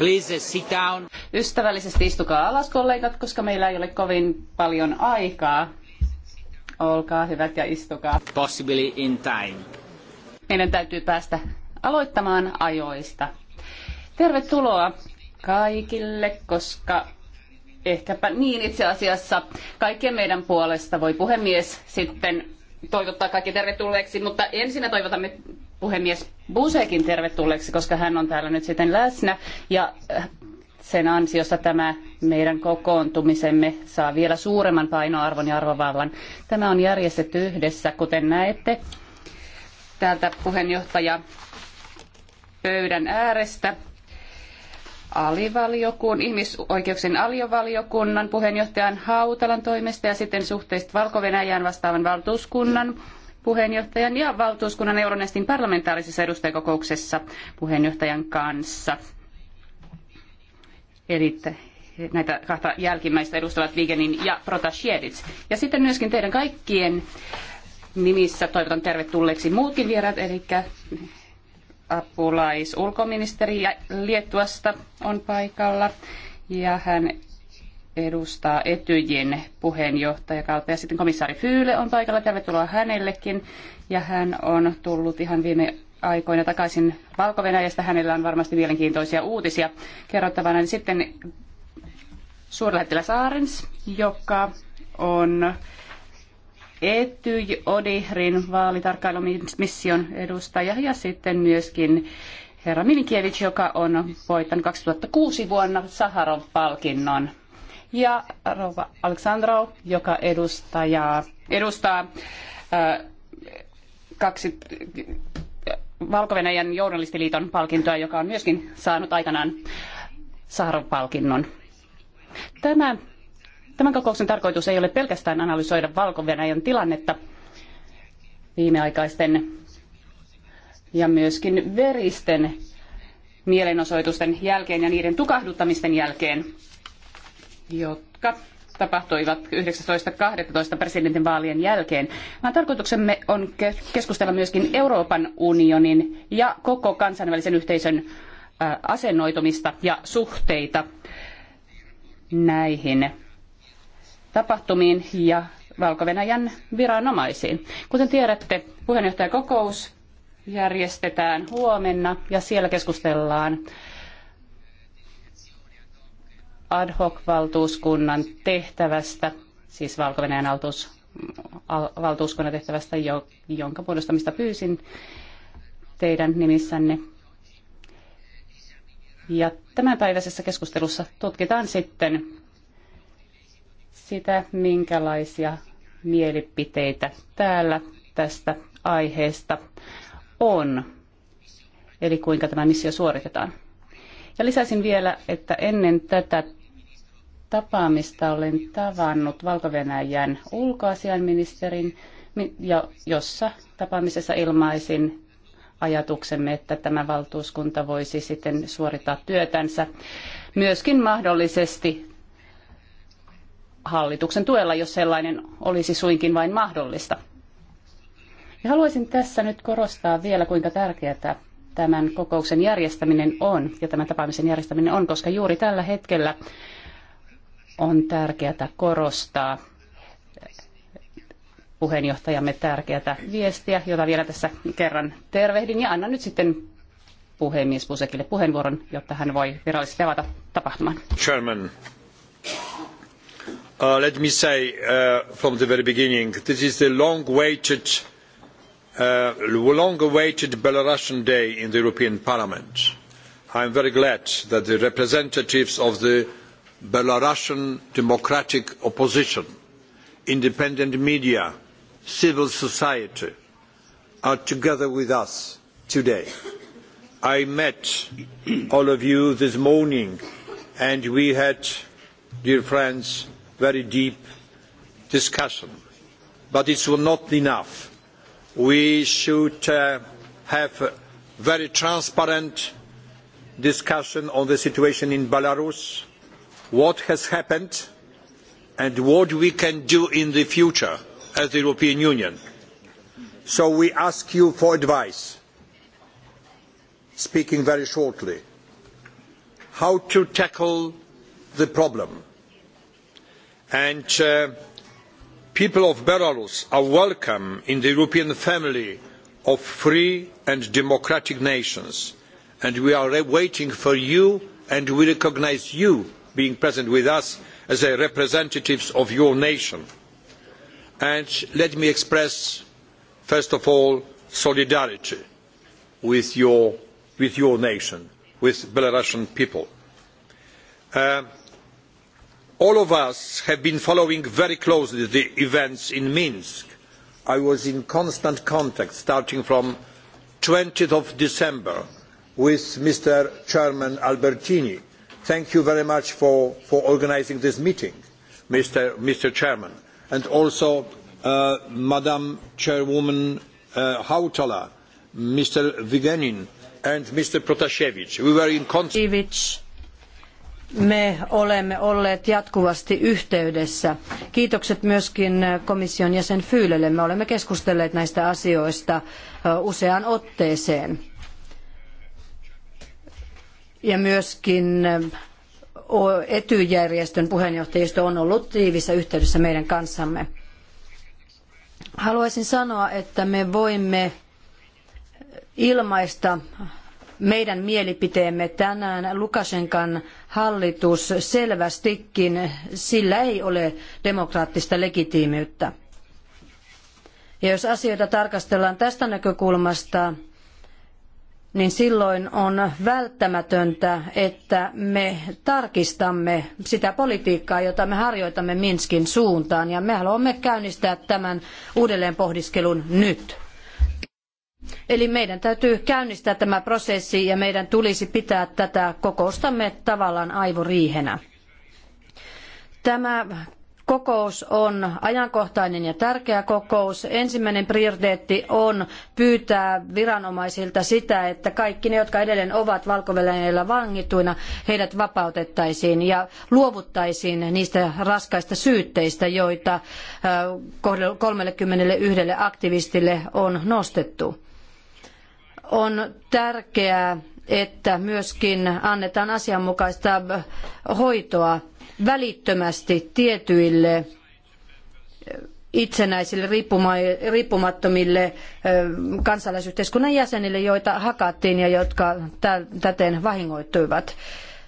Please sit down. Ystävällisesti istukaa alas kollegat, koska meillä ei ole kovin paljon aikaa. Olkaa hyvät ja istukaa. Possibly in time. Meidän täytyy päästä aloittamaan ajoista. Tervetuloa kaikille, koska ehkäpä niin itse asiassa kaikkien meidän puolesta voi puhemies sitten toivottaa kaikki tervetulleeksi, mutta ensinnä toivotamme puhemies Busekin tervetulleeksi, koska hän on täällä nyt sitten läsnä ja äh, sen ansiosta tämä meidän kokoontumisemme saa vielä suuremman painoarvon ja arvovallan. Tämä on järjestetty yhdessä, kuten näette, täältä puheenjohtaja pöydän äärestä alivaliokunnan, ihmisoikeuksien aliovaliokunnan puheenjohtajan Hautalan toimesta ja sitten suhteista valko vastaavan valtuuskunnan puheenjohtajan ja valtuuskunnan Euronestin parlamentaarisessa edustajakokouksessa puheenjohtajan kanssa. Eli näitä kahta jälkimmäistä edustavat Vigenin ja Protasiewicz. Ja sitten myöskin teidän kaikkien nimissä toivotan tervetulleeksi muutkin vieraat, eli apulaisulkoministeri Liettuasta on paikalla ja hän edustaa Etyjin puheenjohtajakautta. Ja sitten komissaari Fyyle on paikalla. Tervetuloa hänellekin. Ja hän on tullut ihan viime aikoina takaisin valko -Venäjästä. Hänellä on varmasti mielenkiintoisia uutisia kerrottavana. Sitten suurlähettiläs Aarens, joka on Etyj Odihrin vaalitarkkailumission edustaja ja sitten myöskin herra Milikievich, joka on voittanut 2006 vuonna Saharov-palkinnon. Ja rouva Aleksandrov, joka edustajaa, edustaa ää, äh, kaksi, Valko-Venäjän journalistiliiton palkintoa, joka on myöskin saanut aikanaan Saharov-palkinnon. Tämä Tämän kokouksen tarkoitus ei ole pelkästään analysoida valko tilannetta viimeaikaisten ja myöskin veristen mielenosoitusten jälkeen ja niiden tukahduttamisten jälkeen, jotka tapahtuivat 19.12. presidentinvaalien jälkeen, vaan tarkoituksemme on keskustella myöskin Euroopan unionin ja koko kansainvälisen yhteisön asennoitumista ja suhteita näihin tapahtumiin ja valko viranomaisiin. Kuten tiedätte, puheenjohtajakokous järjestetään huomenna ja siellä keskustellaan ad hoc-valtuuskunnan tehtävästä, siis valko valtuuskunnan tehtävästä, jonka muodostamista pyysin teidän nimissänne. Ja tämänpäiväisessä keskustelussa tutkitaan sitten sitä, minkälaisia mielipiteitä täällä tästä aiheesta on, eli kuinka tämä missio suoritetaan. Ja lisäisin vielä, että ennen tätä tapaamista olen tavannut Valko-Venäjän ulkoasianministerin, ja jossa tapaamisessa ilmaisin ajatuksemme, että tämä valtuuskunta voisi sitten suorittaa työtänsä myöskin mahdollisesti hallituksen tuella, jos sellainen olisi suinkin vain mahdollista. Ja haluaisin tässä nyt korostaa vielä, kuinka tärkeää tämän kokouksen järjestäminen on ja tämän tapaamisen järjestäminen on, koska juuri tällä hetkellä on tärkeää korostaa puheenjohtajamme tärkeää viestiä, jota vielä tässä kerran tervehdin ja annan nyt sitten puhemies Pusekille puheenvuoron, jotta hän voi virallisesti avata tapahtuman. Chairman. Uh, let me say uh, from the very beginning, this is the long-awaited uh, Belarusian Day in the European Parliament. I am very glad that the representatives of the Belarusian democratic opposition, independent media, civil society are together with us today. I met all of you this morning and we had, dear friends, very deep discussion, but it will not be enough. We should uh, have a very transparent discussion on the situation in Belarus, what has happened, and what we can do in the future as the European Union. So we ask you for advice, speaking very shortly, how to tackle the problem and uh, people of belarus are welcome in the european family of free and democratic nations and we are waiting for you and we recognise you being present with us as representatives of your nation. And let me express first of all solidarity with your, with your nation with the belarusian people. Uh, all of us have been following very closely the events in minsk. i was in constant contact starting from twenty december with mr chairman albertini thank you very much for, for organising this meeting mr, mr chairman and also uh, madam chairwoman uh, hautala mr vigenin and mr protasevich we were in constant me olemme olleet jatkuvasti yhteydessä. Kiitokset myöskin komission jäsen Fyylelle. Me olemme keskustelleet näistä asioista useaan otteeseen. Ja myöskin etyjärjestön puheenjohtajisto on ollut tiivissä yhteydessä meidän kanssamme. Haluaisin sanoa, että me voimme ilmaista meidän mielipiteemme tänään Lukashenkan hallitus selvästikin, sillä ei ole demokraattista legitiimiyttä. Ja jos asioita tarkastellaan tästä näkökulmasta, niin silloin on välttämätöntä, että me tarkistamme sitä politiikkaa, jota me harjoitamme Minskin suuntaan. Ja me haluamme käynnistää tämän uudelleenpohdiskelun nyt. Eli meidän täytyy käynnistää tämä prosessi ja meidän tulisi pitää tätä kokoustamme tavallaan aivoriihenä. Tämä kokous on ajankohtainen ja tärkeä kokous. Ensimmäinen prioriteetti on pyytää viranomaisilta sitä, että kaikki ne, jotka edelleen ovat valko vangittuina, heidät vapautettaisiin ja luovuttaisiin niistä raskaista syytteistä, joita 31 aktivistille on nostettu on tärkeää, että myöskin annetaan asianmukaista hoitoa välittömästi tietyille itsenäisille riippumattomille kansalaisyhteiskunnan jäsenille, joita hakattiin ja jotka täten vahingoittuivat.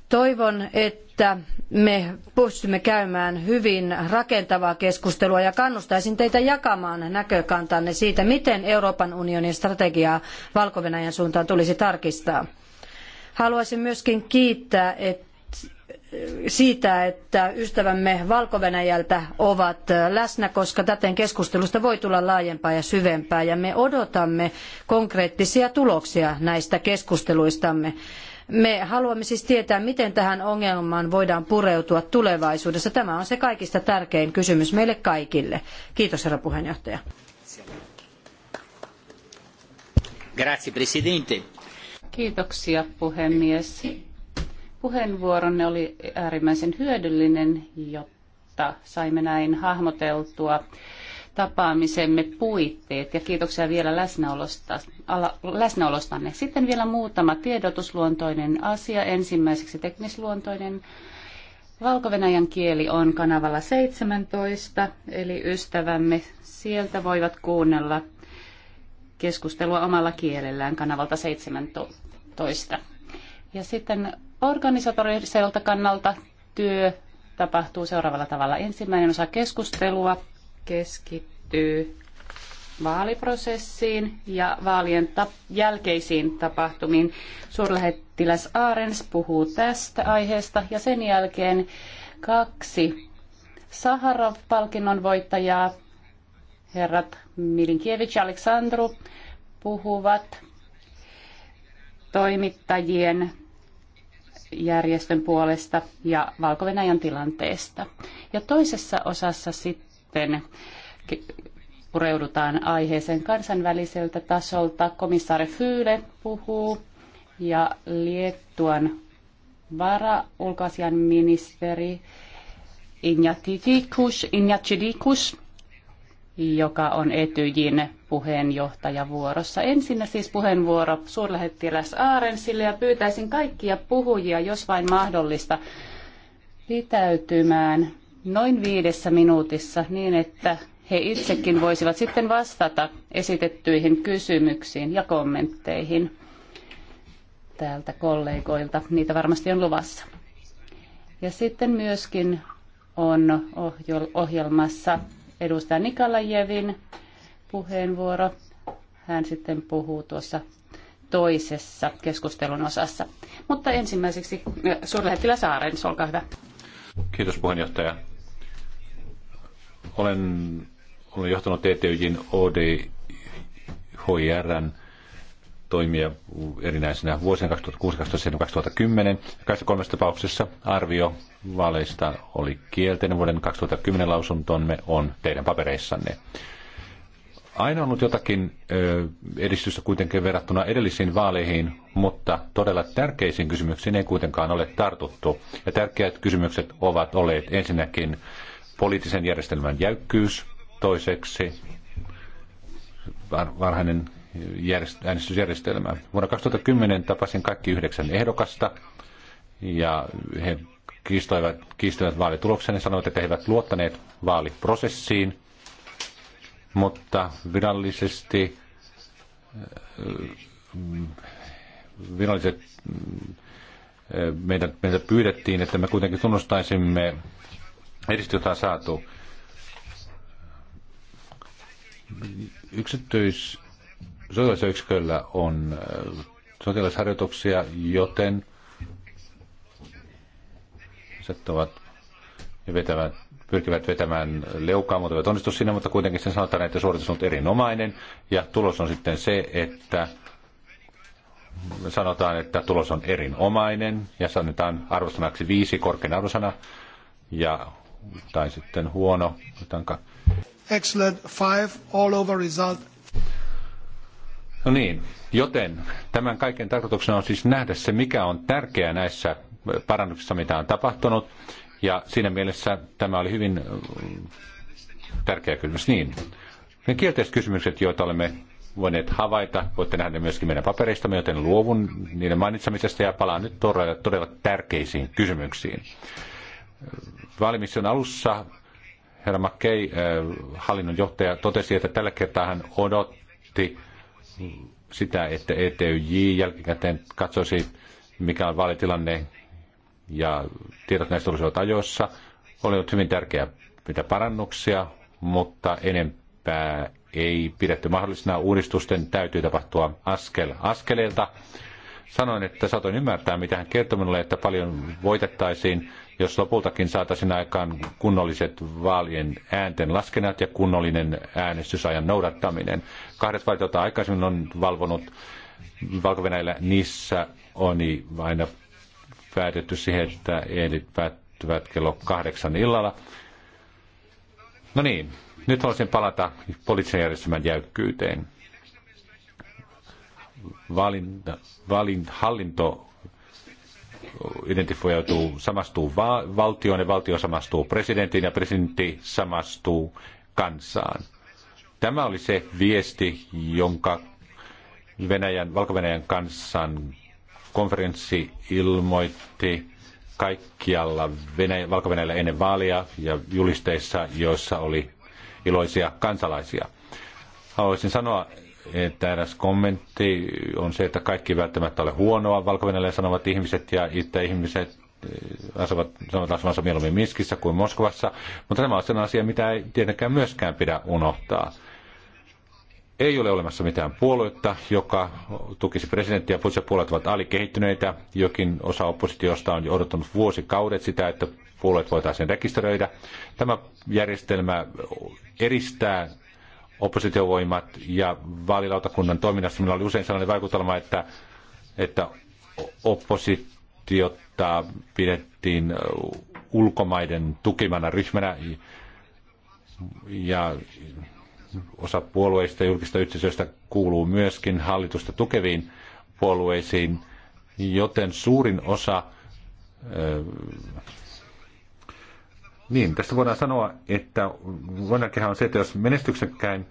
Toivon, että me pystymme käymään hyvin rakentavaa keskustelua ja kannustaisin teitä jakamaan näkökantanne siitä, miten Euroopan unionin strategiaa valko suuntaan tulisi tarkistaa. Haluaisin myöskin kiittää et, siitä, että ystävämme valko ovat läsnä, koska täten keskustelusta voi tulla laajempaa ja syvempää ja me odotamme konkreettisia tuloksia näistä keskusteluistamme. Me haluamme siis tietää, miten tähän ongelmaan voidaan pureutua tulevaisuudessa. Tämä on se kaikista tärkein kysymys meille kaikille. Kiitos, herra puheenjohtaja. Grazie, presidente. Kiitoksia, puhemies. Puheenvuoronne oli äärimmäisen hyödyllinen, jotta saimme näin hahmoteltua tapaamisemme puitteet ja kiitoksia vielä läsnäolosta, ala, läsnäolostanne. Sitten vielä muutama tiedotusluontoinen asia. Ensimmäiseksi teknisluontoinen. valko kieli on kanavalla 17, eli ystävämme sieltä voivat kuunnella keskustelua omalla kielellään kanavalta 17. Ja sitten organisatoriselta kannalta työ tapahtuu seuraavalla tavalla. Ensimmäinen osa keskustelua keskittyy vaaliprosessiin ja vaalien jälkeisiin tapahtumiin. Suurlähettiläs Aarens puhuu tästä aiheesta ja sen jälkeen kaksi Saharov-palkinnon voittajaa, herrat Milinkiewicz ja Aleksandru, puhuvat toimittajien järjestön puolesta ja valko tilanteesta. Ja toisessa osassa sitten sitten pureudutaan aiheeseen kansainväliseltä tasolta. Komissaari Fyyle puhuu ja Liettuan varaulkoasian ministeri Injatidikus, joka on Etyjin puheenjohtaja vuorossa. Ensinnä siis puheenvuoro suurlähettiläs Aarensille ja pyytäisin kaikkia puhujia, jos vain mahdollista, pitäytymään noin viidessä minuutissa niin, että he itsekin voisivat sitten vastata esitettyihin kysymyksiin ja kommentteihin täältä kollegoilta. Niitä varmasti on luvassa. Ja sitten myöskin on ohjelmassa edustaja Nikalajevin puheenvuoro. Hän sitten puhuu tuossa toisessa keskustelun osassa. Mutta ensimmäiseksi äh, suurlähettilä saaren olkaa hyvä. Kiitos puheenjohtaja. Olen, olen johtanut TTYJin ODHRn toimia erinäisenä vuosina 2006-2010. Kaikissa kolmessa tapauksessa arvio vaaleista oli kielteinen. Vuoden 2010 lausuntonne on teidän papereissanne. Aina on ollut jotakin ö, edistystä kuitenkin verrattuna edellisiin vaaleihin, mutta todella tärkeisiin kysymyksiin ei kuitenkaan ole tartuttu. Ja tärkeät kysymykset ovat olleet ensinnäkin poliittisen järjestelmän jäykkyys, toiseksi varhainen järjest- äänestysjärjestelmä. Vuonna 2010 tapasin kaikki yhdeksän ehdokasta ja he kiistoivat, kiistoivat vaalituloksen ja sanoivat, että he eivät luottaneet vaaliprosessiin, mutta virallisesti äh, viralliset meidät äh, meiltä pyydettiin, että me kuitenkin tunnustaisimme edistys, jota on saatu. Yksityis sotilasyksiköllä on äh, sotilasharjoituksia, joten ovat ja vetävät, pyrkivät vetämään leukaa, mutta eivät onnistu sinne, mutta kuitenkin sen sanotaan, että suoritus on erinomainen. Ja tulos on sitten se, että sanotaan, että tulos on erinomainen ja sanotaan arvostanaksi viisi korkein arvosana. Ja tai sitten huono. Otanka. Excellent five all over result. No niin, joten tämän kaiken tarkoituksena on siis nähdä se, mikä on tärkeää näissä parannuksissa, mitä on tapahtunut. Ja siinä mielessä tämä oli hyvin mm, tärkeä kysymys. Niin, ne kielteiset kysymykset, joita olemme voineet havaita, voitte nähdä myöskin meidän paperistamme, joten luovun niiden mainitsemisesta ja palaan nyt todella, todella tärkeisiin kysymyksiin vaalimission alussa herra McKay, äh, hallinnon johtaja, totesi, että tällä kertaa hän odotti sitä, että ETYJ jälkikäteen katsoisi, mikä on vaalitilanne ja tiedot näistä olisivat ajoissa. Oli ollut hyvin tärkeää pitää parannuksia, mutta enempää ei pidetty mahdollisena. Uudistusten täytyy tapahtua askel askeleelta. Sanoin, että saatoin ymmärtää, mitä hän kertoi minulle, että paljon voitettaisiin jos lopultakin saataisiin aikaan kunnolliset vaalien äänten laskennat ja kunnollinen äänestysajan noudattaminen. Kahdet vaalit, joita aikaisemmin on valvonut valko niissä on aina päätetty siihen, että eilit päättyvät kello kahdeksan illalla. No niin, nyt haluaisin palata poliittisen järjestelmän jäykkyyteen. Valin, valin, hallinto identifioituu, samastuu va- valtioon ja valtio samastuu presidentin ja presidentti samastuu kansaan. Tämä oli se viesti, jonka Venäjän, Valko-Venäjän kansan konferenssi ilmoitti kaikkialla Venäjä, valko -Venäjällä ennen vaalia ja julisteissa, joissa oli iloisia kansalaisia. Haluaisin sanoa, että eräs kommentti on se, että kaikki välttämättä ole huonoa. valko sanovat ihmiset ja itse ihmiset eh, asuvat, sanovat asuvansa mieluummin Minskissä kuin Moskovassa, mutta tämä on sellainen asia, mitä ei tietenkään myöskään pidä unohtaa. Ei ole olemassa mitään puoluetta, joka tukisi presidenttiä. Puolueet ovat alikehittyneitä. Jokin osa oppositiosta on jo odottanut vuosikaudet sitä, että puolueet voitaisiin rekisteröidä. Tämä järjestelmä eristää oppositiovoimat ja vaalilautakunnan toiminnassa. Minulla oli usein sellainen vaikutelma, että, että oppositiota pidettiin ulkomaiden tukimana ryhmänä ja osa puolueista ja julkista yhteisöistä kuuluu myöskin hallitusta tukeviin puolueisiin, joten suurin osa niin, tästä voidaan sanoa, että voidaankin on se, että jos menestyksekkäin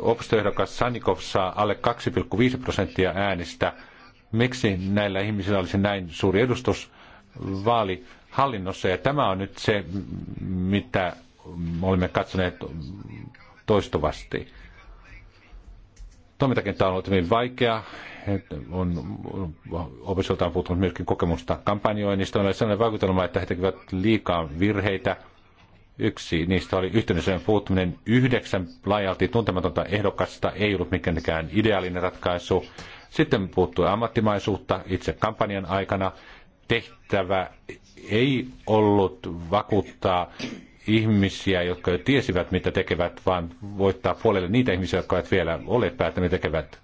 opistoehdokas Sanikov saa alle 2,5 prosenttia äänistä, miksi näillä ihmisillä olisi näin suuri edustus vaalihallinnossa. Ja tämä on nyt se, mitä olemme katsoneet toistuvasti. Toimintakenttä on ollut hyvin vaikea. On, opiskelijoilta on puuttunut myöskin kokemusta kampanjoinnista. On sellainen vaikutelma, että he tekevät liikaa virheitä – Yksi niistä oli yhtenäisyyden puuttuminen. Yhdeksän laajalti tuntematonta ehdokasta ei ollut mikään ideaalinen ratkaisu. Sitten puuttui ammattimaisuutta itse kampanjan aikana. Tehtävä ei ollut vakuuttaa ihmisiä, jotka jo tiesivät, mitä tekevät, vaan voittaa puolelle niitä ihmisiä, jotka eivät vielä ole päättäneet tekevät.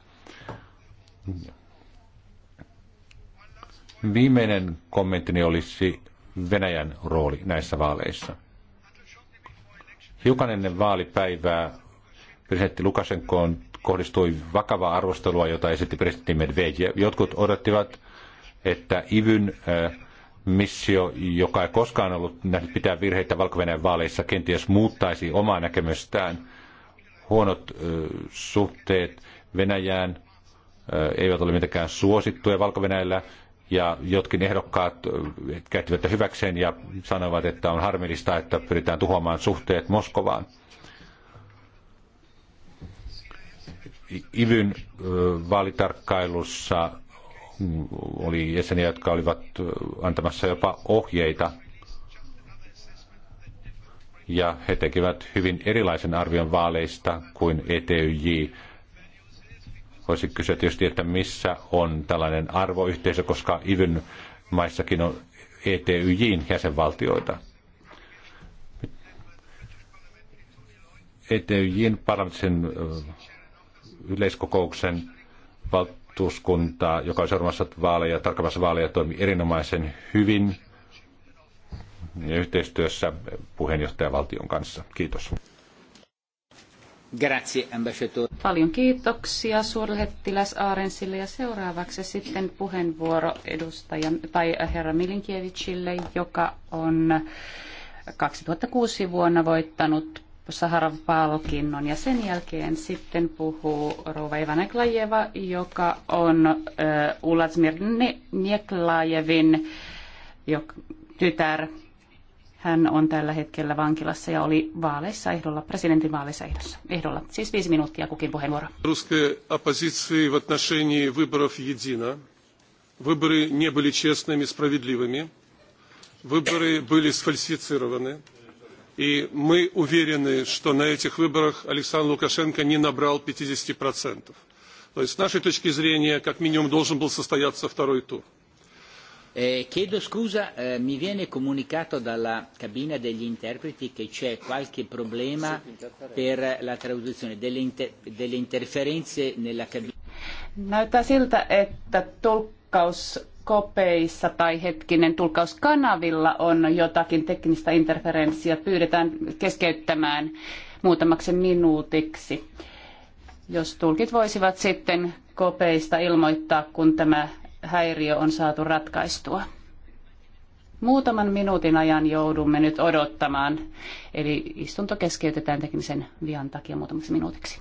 Viimeinen kommenttini olisi Venäjän rooli näissä vaaleissa. Hiukan ennen vaalipäivää presidentti Lukasenkoon kohdistui vakavaa arvostelua, jota esitti presidentti Medvedev. Jotkut odottivat, että IVYn äh, missio, joka ei koskaan ollut nähnyt pitää virheitä valko vaaleissa, kenties muuttaisi omaa näkemystään. Huonot äh, suhteet Venäjään äh, eivät ole mitenkään suosittuja valko -Venäjällä ja jotkin ehdokkaat käyttivät hyväkseen ja sanovat, että on harmillista, että pyritään tuhoamaan suhteet Moskovaan. IVYn vaalitarkkailussa oli jäseniä, jotka olivat antamassa jopa ohjeita. Ja he tekivät hyvin erilaisen arvion vaaleista kuin ETYJ Voisi kysyä tietysti, että missä on tällainen arvoyhteisö, koska IVYn maissakin on ETYJin jäsenvaltioita. ETYJin parlamentin yleiskokouksen valtuuskunta, joka on seuraavassa vaaleja, tarkkaamassa vaaleja, toimi erinomaisen hyvin ja yhteistyössä puheenjohtajavaltion kanssa. Kiitos. Grazie, ambassador. Paljon kiitoksia suurlähettiläs Aarensille ja seuraavaksi sitten puheenvuoro edustaja, tai herra Milinkievicille, joka on 2006 vuonna voittanut Saharov-palkinnon ja sen jälkeen sitten puhuu Rouva Ivana joka on Ulazmir Nieklajevin tytär hän on tällä hetkellä vankilassa ja oli vaaleissa ehdolla, presidentin vaaleissa ehdossa, ehdolla. Siis viisi minuuttia kukin puheenvuoro. Русская оппозиции в отношении выборов едина. Выборы не были честными, справедливыми. Выборы были сфальсифицированы. И мы уверены, что на этих выборах Александр Лукашенко не набрал 50%. То есть с нашей точки зрения, как минимум, должен был состояться второй тур. Eh, chiedo scusa, eh, mi viene comunicato dalla cabina degli interpreti che c'è qualche problema per la traduzione, delle, inter- delle interferenze nella cabina. Näyttää siltä, että tulkkauskopeissa tai hetkinen tulkkauskanavilla on jotakin teknistä interferenssiä. Pyydetään keskeyttämään muutamaksi minuutiksi. Jos tulkit voisivat sitten kopeista ilmoittaa, kun tämä häiriö on saatu ratkaistua. Muutaman minuutin ajan joudumme nyt odottamaan, eli istunto keskeytetään teknisen vian takia muutamaksi minuutiksi.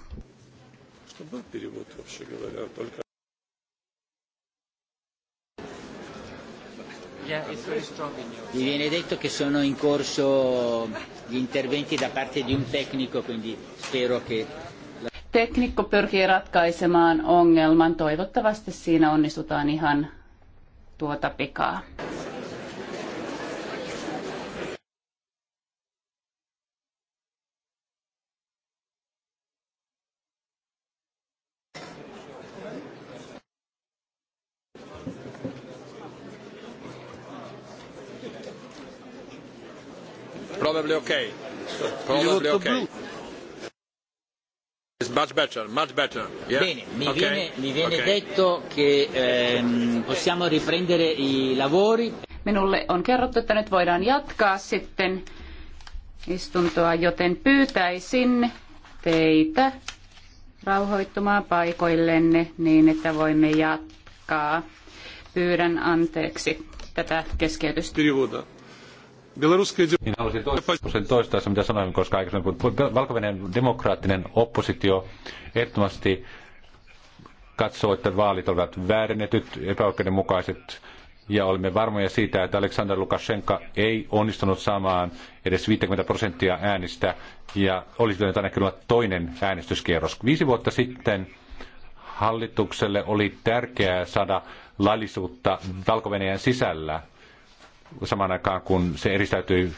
Mi viene detto che sono in corso gli interventi da parte di un tecnico, quindi spero che teknikko pyrkii ratkaisemaan ongelman. Toivottavasti siinä onnistutaan ihan tuota pikaa. Probably okay. Probably okay. Much better, much better. Yeah. Bene, mi okay. viene, mi viene okay. detto che ehm, possiamo riprendere i lavori. Minulle on kerrottu, että nyt voidaan jatkaa sitten istuntoa, joten pyytäisin teitä rauhoittumaan paikoillenne niin, että voimme jatkaa. Pyydän anteeksi tätä keskeytystä. Minä haluaisin toistaa, toistaa se, mitä sanoin, koska aikaisemmin, kun valko demokraattinen oppositio ehdottomasti katsoo, että vaalit olivat väärennetyt, epäoikeudenmukaiset, ja olemme varmoja siitä, että Aleksander Lukashenka ei onnistunut saamaan edes 50 prosenttia äänistä, ja olisi pitänyt ainakin olla toinen äänestyskierros. Viisi vuotta sitten hallitukselle oli tärkeää saada laillisuutta valko sisällä, samaan aikaan kun se eristäytyi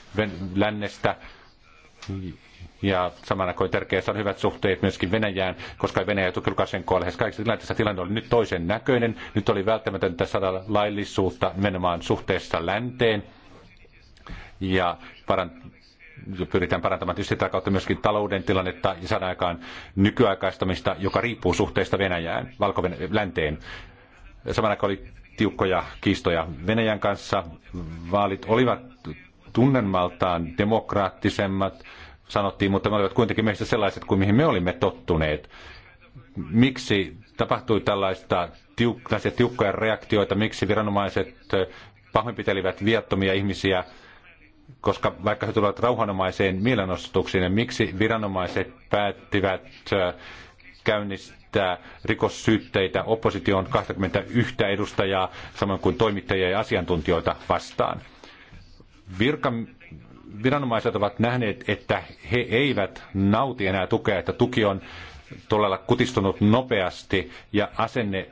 lännestä ja samaan aikaan tärkeää on hyvät suhteet myöskin Venäjään, koska Venäjä tuki Lukashenkoa lähes kaikissa tilanteissa. Tilanne oli nyt toisen näköinen. Nyt oli välttämätöntä saada laillisuutta nimenomaan suhteessa länteen. Ja parant- pyritään parantamaan tietysti tätä kautta myöskin talouden tilannetta ja saada aikaan nykyaikaistamista, joka riippuu suhteesta Venäjään, valko -Venä länteen. Samana oli tiukkoja kiistoja Venäjän kanssa. Vaalit olivat tunnelmaltaan demokraattisemmat, sanottiin, mutta ne olivat kuitenkin meistä sellaiset kuin mihin me olimme tottuneet. Miksi tapahtui tällaista tiuk- tiukkoja reaktioita, miksi viranomaiset pahoinpitelivät viattomia ihmisiä, koska vaikka he tulevat rauhanomaiseen mielenostuksiin, niin miksi viranomaiset päättivät käynnistää esittää rikossyytteitä opposition 21 edustajaa, samoin kuin toimittajia ja asiantuntijoita vastaan. Virka, viranomaiset ovat nähneet, että he eivät nauti enää tukea, että tuki on todella kutistunut nopeasti ja asenne,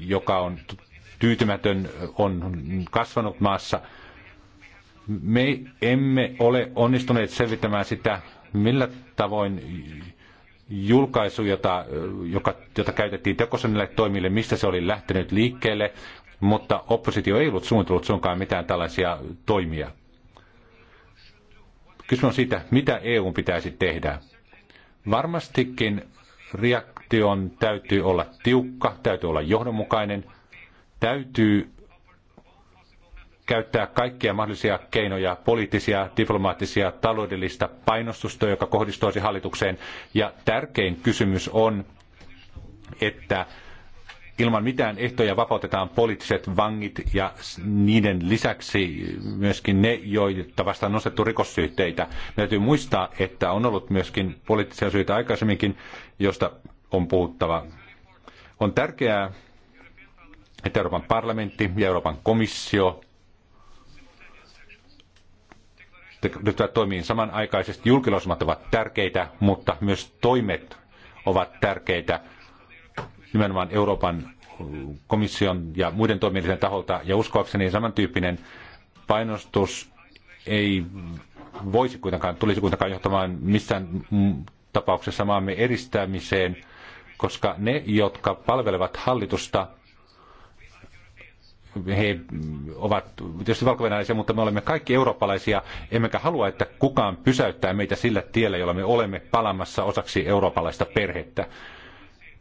joka on tyytymätön, on kasvanut maassa. Me emme ole onnistuneet selvittämään sitä, millä tavoin julkaisu, jota, joka, jota käytettiin tekosanille toimille, mistä se oli lähtenyt liikkeelle, mutta oppositio ei ollut suunnitellut suinkaan mitään tällaisia toimia. Kysymys on siitä, mitä EU pitäisi tehdä. Varmastikin reaktion täytyy olla tiukka, täytyy olla johdonmukainen, täytyy käyttää kaikkia mahdollisia keinoja, poliittisia, diplomaattisia, taloudellista painostusta, joka kohdistuisi hallitukseen. Ja tärkein kysymys on, että ilman mitään ehtoja vapautetaan poliittiset vangit ja niiden lisäksi myöskin ne, joita vastaan nostettu rikossyytteitä. täytyy muistaa, että on ollut myöskin poliittisia syitä aikaisemminkin, josta on puhuttava. On tärkeää, että Euroopan parlamentti ja Euroopan komissio ryhtyä toimiin samanaikaisesti. Julkilausumat ovat tärkeitä, mutta myös toimet ovat tärkeitä nimenomaan Euroopan komission ja muiden toimielinten taholta. Ja uskoakseni samantyyppinen painostus ei voisi kuitenkaan, tulisi kuitenkaan johtamaan missään tapauksessa maamme eristämiseen, koska ne, jotka palvelevat hallitusta, he ovat tietysti valkovenäläisiä, mutta me olemme kaikki eurooppalaisia, emmekä halua, että kukaan pysäyttää meitä sillä tiellä, jolla me olemme palamassa osaksi eurooppalaista perhettä.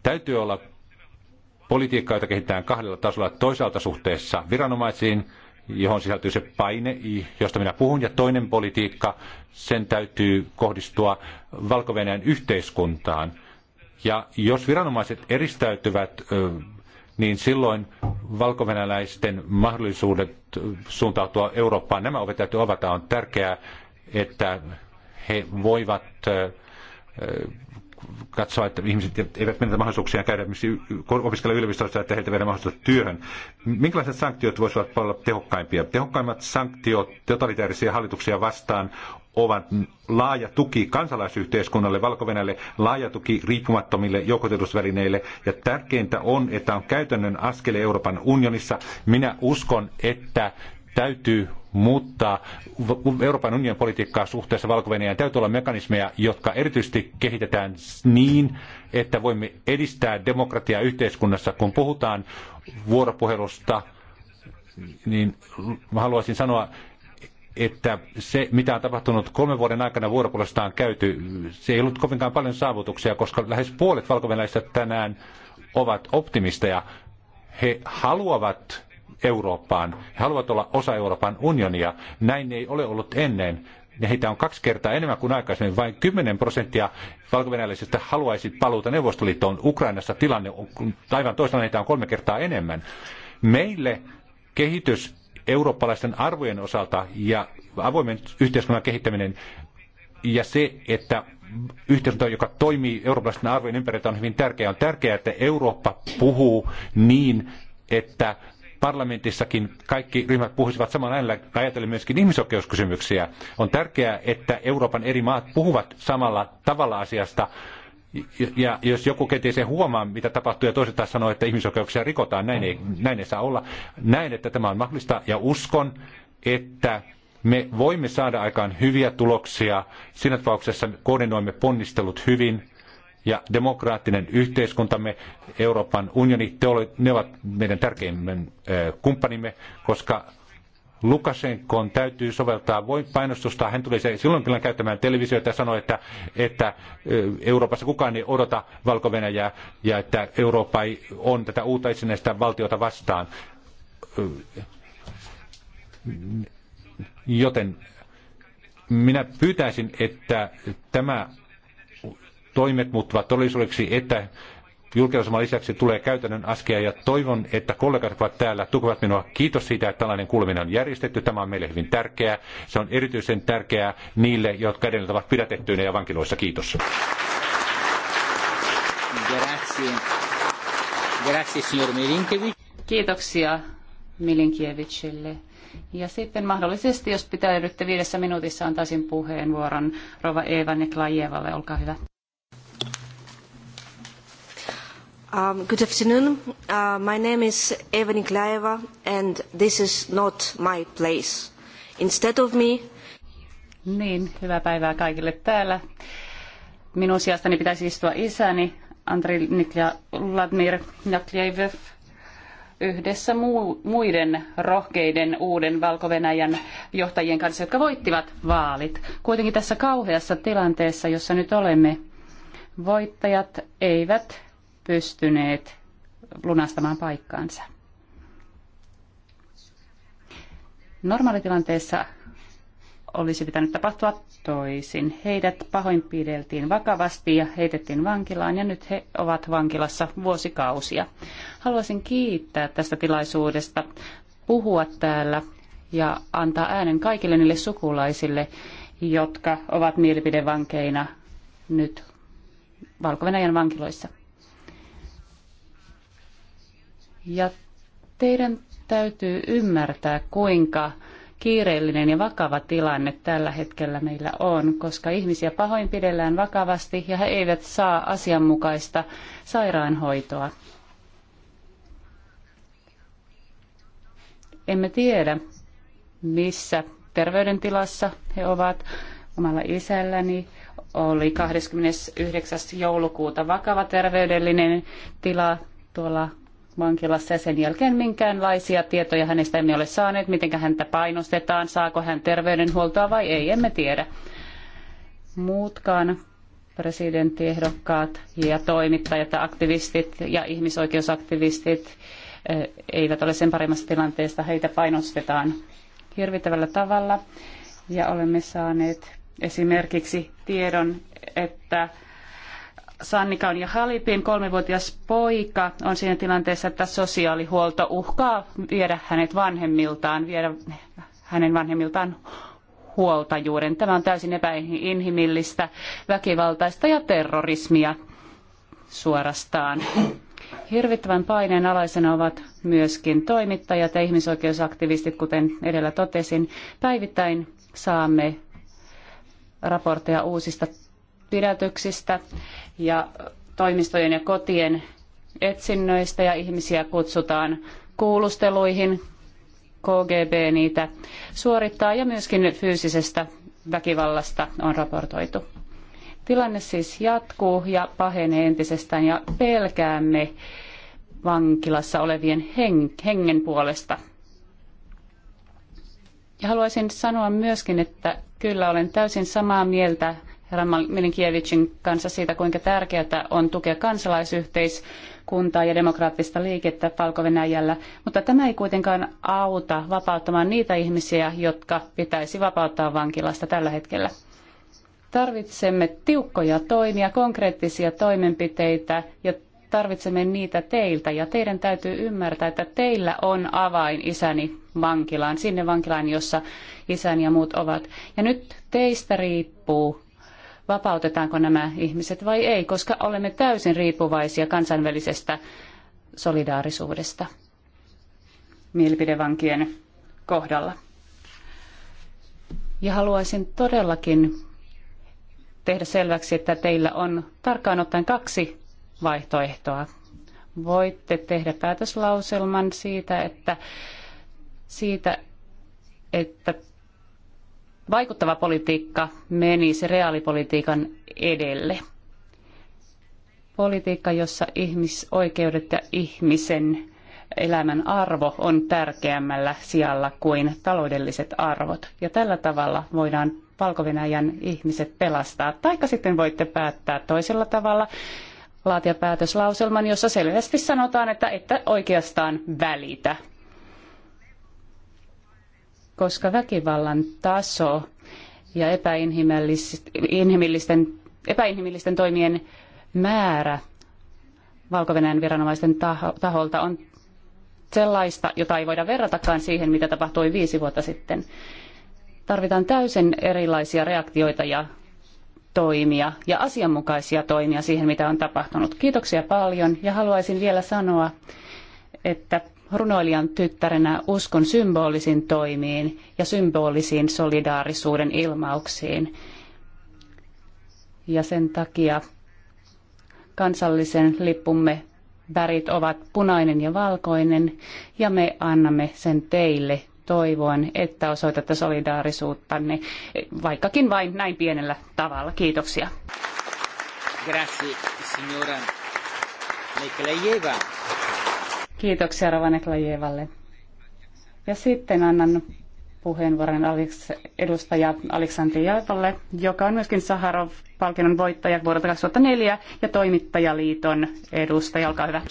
Täytyy olla politiikkaa, jota kehitetään kahdella tasolla. Toisaalta suhteessa viranomaisiin, johon sisältyy se paine, josta minä puhun, ja toinen politiikka, sen täytyy kohdistua valko yhteiskuntaan. Ja jos viranomaiset eristäytyvät niin silloin valkovenäläisten mahdollisuudet suuntautua Eurooppaan, nämä ovet täytyy avata. On tärkeää, että he voivat katsoa, että ihmiset eivät menetä mahdollisuuksia käydä opiskella yliopistossa, että heiltä viedään mahdollisuutta työhön. Minkälaiset sanktiot voisivat olla tehokkaimpia? Tehokkaimmat sanktiot totalitaarisia hallituksia vastaan ovat laaja tuki kansalaisyhteiskunnalle, valko laaja tuki riippumattomille joukotusvälineille. Ja tärkeintä on, että on käytännön askel Euroopan unionissa. Minä uskon, että täytyy muuttaa Euroopan unionin politiikkaa suhteessa valko -Venäjään. Täytyy olla mekanismeja, jotka erityisesti kehitetään niin, että voimme edistää demokratiaa yhteiskunnassa. Kun puhutaan vuoropuhelusta, niin haluaisin sanoa, että se, mitä on tapahtunut kolmen vuoden aikana vuoropuolesta on käyty, se ei ollut kovinkaan paljon saavutuksia, koska lähes puolet valko tänään ovat optimisteja. He haluavat Eurooppaan, he haluavat olla osa Euroopan unionia. Näin ei ole ollut ennen. Ja heitä on kaksi kertaa enemmän kuin aikaisemmin. Vain 10 prosenttia valko haluaisi paluuta Neuvostoliittoon. Ukrainassa tilanne on aivan toisella, heitä on kolme kertaa enemmän. Meille kehitys eurooppalaisten arvojen osalta ja avoimen yhteiskunnan kehittäminen ja se, että yhteiskunta, joka toimii eurooppalaisten arvojen ympäriltä, on hyvin tärkeää. On tärkeää, että Eurooppa puhuu niin, että parlamentissakin kaikki ryhmät puhuisivat saman äänellä, ajatellen myöskin ihmisoikeuskysymyksiä. On tärkeää, että Euroopan eri maat puhuvat samalla tavalla asiasta, ja jos joku kenties se huomaa, mitä tapahtuu, ja toiset taas sanoo, että ihmisoikeuksia rikotaan, näin ei, näin ei saa olla. Näin, että tämä on mahdollista, ja uskon, että me voimme saada aikaan hyviä tuloksia. Siinä tapauksessa koordinoimme ponnistelut hyvin, ja demokraattinen yhteiskuntamme, Euroopan unioni, te ole, ne ovat meidän tärkeimmän kumppanimme, koska Lukashenkon täytyy soveltaa painostusta. Hän tuli se, silloin kyllä käyttämään televisiota ja sanoi, että, että Euroopassa kukaan ei odota valko ja että Eurooppa ei, on tätä uutta itsenäistä valtiota vastaan. Joten minä pyytäisin, että tämä toimet muuttuvat todellisuudeksi, että julkilausuman lisäksi tulee käytännön askelia ja toivon, että kollegat, jotka ovat täällä, tukevat minua. Kiitos siitä, että tällainen kuuleminen on järjestetty. Tämä on meille hyvin tärkeää. Se on erityisen tärkeää niille, jotka edelleen ovat pidätettyinä ja vankiloissa. Kiitos. Kiitoksia Milinkiewicille. Ja sitten mahdollisesti, jos pitäydytte viidessä minuutissa, antaisin puheenvuoron Rova Eeva Neklajevalle. Olkaa hyvä. Um, good afternoon. Uh, my name is Eva Nikolaeva, and this is not my place. Instead of me... Niin, hyvää päivää kaikille täällä. Minun sijastani pitäisi istua isäni, Andrei Nikla, Vladimir Nakljev, yhdessä muiden rohkeiden uuden valko johtajien kanssa, jotka voittivat vaalit. Kuitenkin tässä kauheassa tilanteessa, jossa nyt olemme, voittajat eivät pystyneet lunastamaan paikkaansa. Normaalitilanteessa olisi pitänyt tapahtua toisin. Heidät pahoinpideltiin vakavasti ja heitettiin vankilaan ja nyt he ovat vankilassa vuosikausia. Haluaisin kiittää tästä tilaisuudesta puhua täällä ja antaa äänen kaikille niille sukulaisille, jotka ovat mielipidevankeina nyt valko vankiloissa. Ja teidän täytyy ymmärtää, kuinka kiireellinen ja vakava tilanne tällä hetkellä meillä on, koska ihmisiä pahoinpidellään vakavasti ja he eivät saa asianmukaista sairaanhoitoa. Emme tiedä, missä terveydentilassa he ovat. Omalla isälläni oli 29. joulukuuta vakava terveydellinen tila tuolla vankilassa ja sen jälkeen minkäänlaisia tietoja hänestä emme ole saaneet, miten häntä painostetaan, saako hän terveydenhuoltoa vai ei, emme tiedä. Muutkaan presidenttiehdokkaat ja toimittajat ja aktivistit ja ihmisoikeusaktivistit eh, eivät ole sen paremmassa tilanteesta, heitä painostetaan hirvittävällä tavalla. Ja olemme saaneet esimerkiksi tiedon, että Sannikan ja Halipin kolmivuotias poika on siinä tilanteessa, että sosiaalihuolto uhkaa viedä hänet vanhemmiltaan, viedä hänen vanhemmiltaan huoltajuuden. Tämä on täysin epäinhimillistä, väkivaltaista ja terrorismia suorastaan. Hirvittävän paineen alaisena ovat myöskin toimittajat ja ihmisoikeusaktivistit, kuten edellä totesin. Päivittäin saamme raportteja uusista pidätyksistä ja toimistojen ja kotien etsinnöistä ja ihmisiä kutsutaan kuulusteluihin. KGB niitä suorittaa ja myöskin fyysisestä väkivallasta on raportoitu. Tilanne siis jatkuu ja pahenee entisestään ja pelkäämme vankilassa olevien hengen puolesta. Ja haluaisin sanoa myöskin, että kyllä olen täysin samaa mieltä herra Milinkievicin kanssa siitä, kuinka tärkeää on tukea kansalaisyhteiskuntaa ja demokraattista liikettä valko -Venäjällä. mutta tämä ei kuitenkaan auta vapauttamaan niitä ihmisiä, jotka pitäisi vapauttaa vankilasta tällä hetkellä. Tarvitsemme tiukkoja toimia, konkreettisia toimenpiteitä ja tarvitsemme niitä teiltä ja teidän täytyy ymmärtää, että teillä on avain isäni vankilaan, sinne vankilaan, jossa isäni ja muut ovat. Ja nyt teistä riippuu, vapautetaanko nämä ihmiset vai ei, koska olemme täysin riippuvaisia kansainvälisestä solidaarisuudesta mielipidevankien kohdalla. Ja haluaisin todellakin tehdä selväksi, että teillä on tarkkaan ottaen kaksi vaihtoehtoa. Voitte tehdä päätöslauselman siitä, että, siitä, että vaikuttava politiikka menisi reaalipolitiikan edelle. Politiikka, jossa ihmisoikeudet ja ihmisen elämän arvo on tärkeämmällä sijalla kuin taloudelliset arvot. Ja tällä tavalla voidaan valko ihmiset pelastaa. Taikka sitten voitte päättää toisella tavalla, laatia päätöslauselman, jossa selvästi sanotaan, että, että oikeastaan välitä koska väkivallan taso ja epäinhimillisten, epäinhimillisten toimien määrä valko viranomaisten taholta on sellaista, jota ei voida verratakaan siihen, mitä tapahtui viisi vuotta sitten. Tarvitaan täysin erilaisia reaktioita ja toimia ja asianmukaisia toimia siihen, mitä on tapahtunut. Kiitoksia paljon ja haluaisin vielä sanoa, että runoilijan tyttärenä uskon symbolisiin toimiin ja symbolisiin solidaarisuuden ilmauksiin. Ja sen takia kansallisen lippumme värit ovat punainen ja valkoinen, ja me annamme sen teille toivoen, että osoitatte solidaarisuuttanne, vaikkakin vain näin pienellä tavalla. Kiitoksia. Grazie, signora Kiitoksia Rovanek Lajevalle. Ja sitten annan puheenvuoron edustaja Aleksanti Jaevalle, joka on myöskin Saharov-palkinnon voittaja vuodelta 2004 ja toimittajaliiton edustaja. Olkaa hyvä.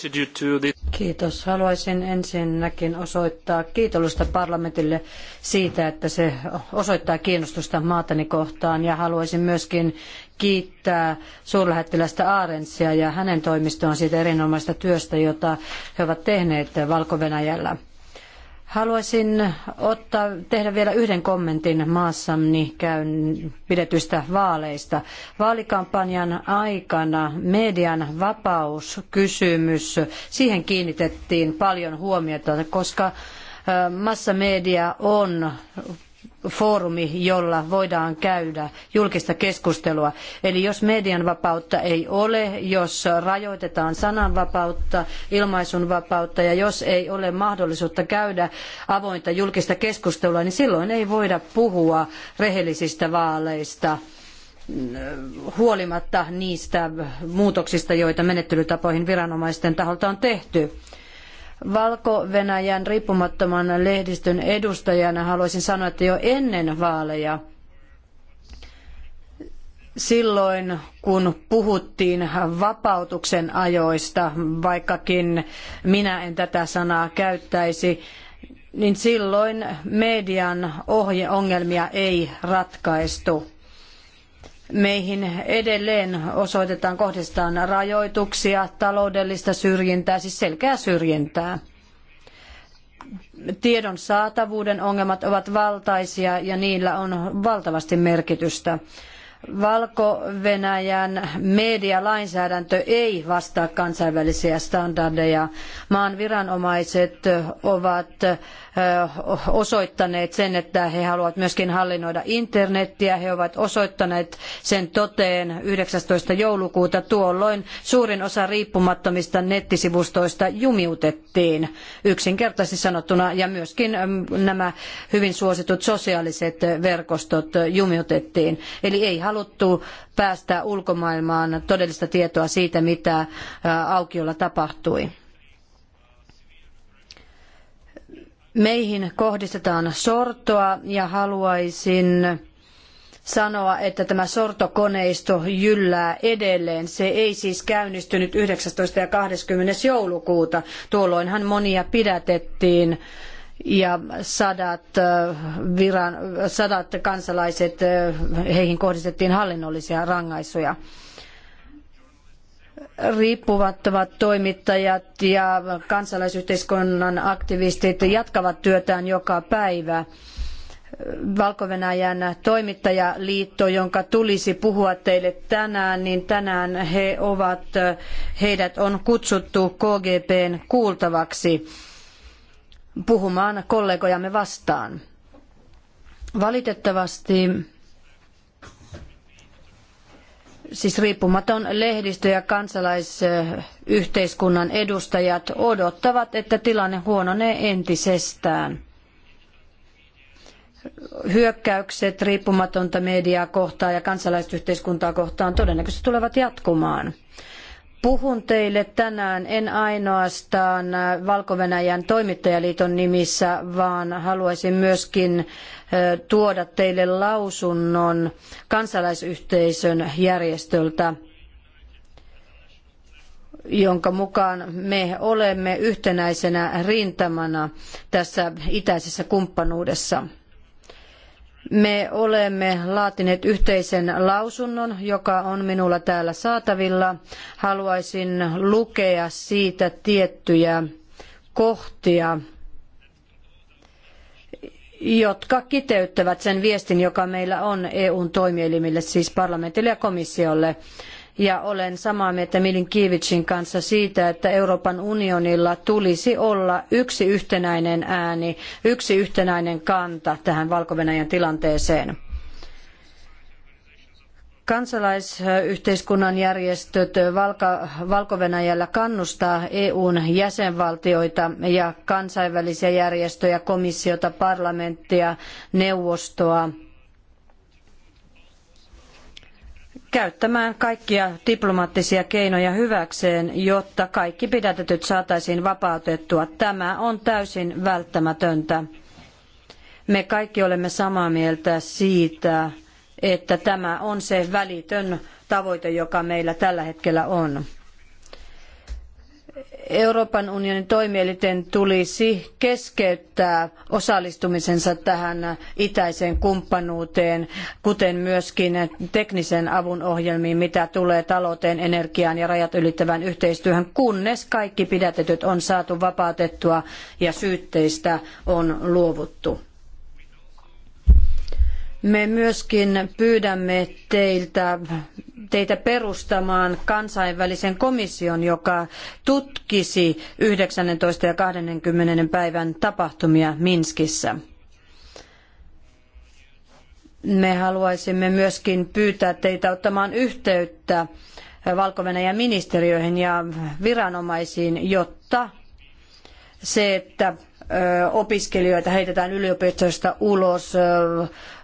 Kiitos. Haluaisin ensinnäkin osoittaa kiitollista parlamentille siitä, että se osoittaa kiinnostusta maatani kohtaan ja haluaisin myöskin kiittää suurlähettilästä Aarensia ja hänen toimistoon siitä erinomaisesta työstä, jota he ovat tehneet Valko-Venäjällä. Haluaisin ottaa, tehdä vielä yhden kommentin maassamni käyn pidetyistä vaaleista. Vaalikampanjan aikana median vapauskysymys, siihen kiinnitettiin paljon huomiota, koska massamedia on foorumi, jolla voidaan käydä julkista keskustelua. Eli jos median vapautta ei ole, jos rajoitetaan sananvapautta, ilmaisun vapautta ja jos ei ole mahdollisuutta käydä avointa julkista keskustelua, niin silloin ei voida puhua rehellisistä vaaleista huolimatta niistä muutoksista, joita menettelytapoihin viranomaisten taholta on tehty. Valko-Venäjän riippumattoman lehdistön edustajana haluaisin sanoa, että jo ennen vaaleja silloin, kun puhuttiin vapautuksen ajoista, vaikkakin minä en tätä sanaa käyttäisi, niin silloin median ohjeongelmia ei ratkaistu meihin edelleen osoitetaan kohdistaan rajoituksia, taloudellista syrjintää, siis selkeää syrjintää. Tiedon saatavuuden ongelmat ovat valtaisia ja niillä on valtavasti merkitystä. Valko-Venäjän medialainsäädäntö ei vastaa kansainvälisiä standardeja. Maan viranomaiset ovat osoittaneet sen, että he haluavat myöskin hallinnoida internettiä. He ovat osoittaneet sen toteen 19. joulukuuta tuolloin suurin osa riippumattomista nettisivustoista jumiutettiin yksinkertaisesti sanottuna ja myöskin nämä hyvin suositut sosiaaliset verkostot jumiutettiin. Eli ei haluttu päästä ulkomaailmaan todellista tietoa siitä, mitä aukiolla tapahtui. Meihin kohdistetaan sortoa ja haluaisin sanoa, että tämä sortokoneisto jyllää edelleen. Se ei siis käynnistynyt 19. ja 20. joulukuuta. Tuolloinhan monia pidätettiin ja sadat, viran, sadat kansalaiset, heihin kohdistettiin hallinnollisia rangaisuja riippumattomat toimittajat ja kansalaisyhteiskunnan aktivistit jatkavat työtään joka päivä. valko toimittajaliitto, jonka tulisi puhua teille tänään, niin tänään he ovat, heidät on kutsuttu KGPn kuultavaksi puhumaan kollegojamme vastaan. Valitettavasti siis riippumaton lehdistö ja kansalaisyhteiskunnan edustajat odottavat, että tilanne huononee entisestään. Hyökkäykset riippumatonta mediaa kohtaan ja kansalaisyhteiskuntaa kohtaan todennäköisesti tulevat jatkumaan. Puhun teille tänään en ainoastaan Valko-Venäjän toimittajaliiton nimissä, vaan haluaisin myöskin tuoda teille lausunnon kansalaisyhteisön järjestöltä jonka mukaan me olemme yhtenäisenä rintamana tässä itäisessä kumppanuudessa. Me olemme laatineet yhteisen lausunnon, joka on minulla täällä saatavilla. Haluaisin lukea siitä tiettyjä kohtia, jotka kiteyttävät sen viestin, joka meillä on EUn toimielimille, siis parlamentille ja komissiolle ja olen samaa mieltä Milin Kiivitsin kanssa siitä, että Euroopan unionilla tulisi olla yksi yhtenäinen ääni, yksi yhtenäinen kanta tähän valko tilanteeseen. Kansalaisyhteiskunnan järjestöt valko kannustaa EUn jäsenvaltioita ja kansainvälisiä järjestöjä, komissiota, parlamenttia, neuvostoa – käyttämään kaikkia diplomaattisia keinoja hyväkseen, jotta kaikki pidätetyt saataisiin vapautettua. Tämä on täysin välttämätöntä. Me kaikki olemme samaa mieltä siitä, että tämä on se välitön tavoite, joka meillä tällä hetkellä on. Euroopan unionin toimielinten tulisi keskeyttää osallistumisensa tähän itäiseen kumppanuuteen, kuten myöskin teknisen avun ohjelmiin, mitä tulee talouteen, energiaan ja rajat ylittävään yhteistyöhön, kunnes kaikki pidätetyt on saatu vapautettua ja syytteistä on luovuttu. Me myöskin pyydämme teiltä, teitä perustamaan kansainvälisen komission, joka tutkisi 19 ja 20 päivän tapahtumia Minskissä. Me haluaisimme myöskin pyytää teitä ottamaan yhteyttä valko ministeriöihin ja viranomaisiin, jotta se, että opiskelijoita heitetään yliopistoista ulos,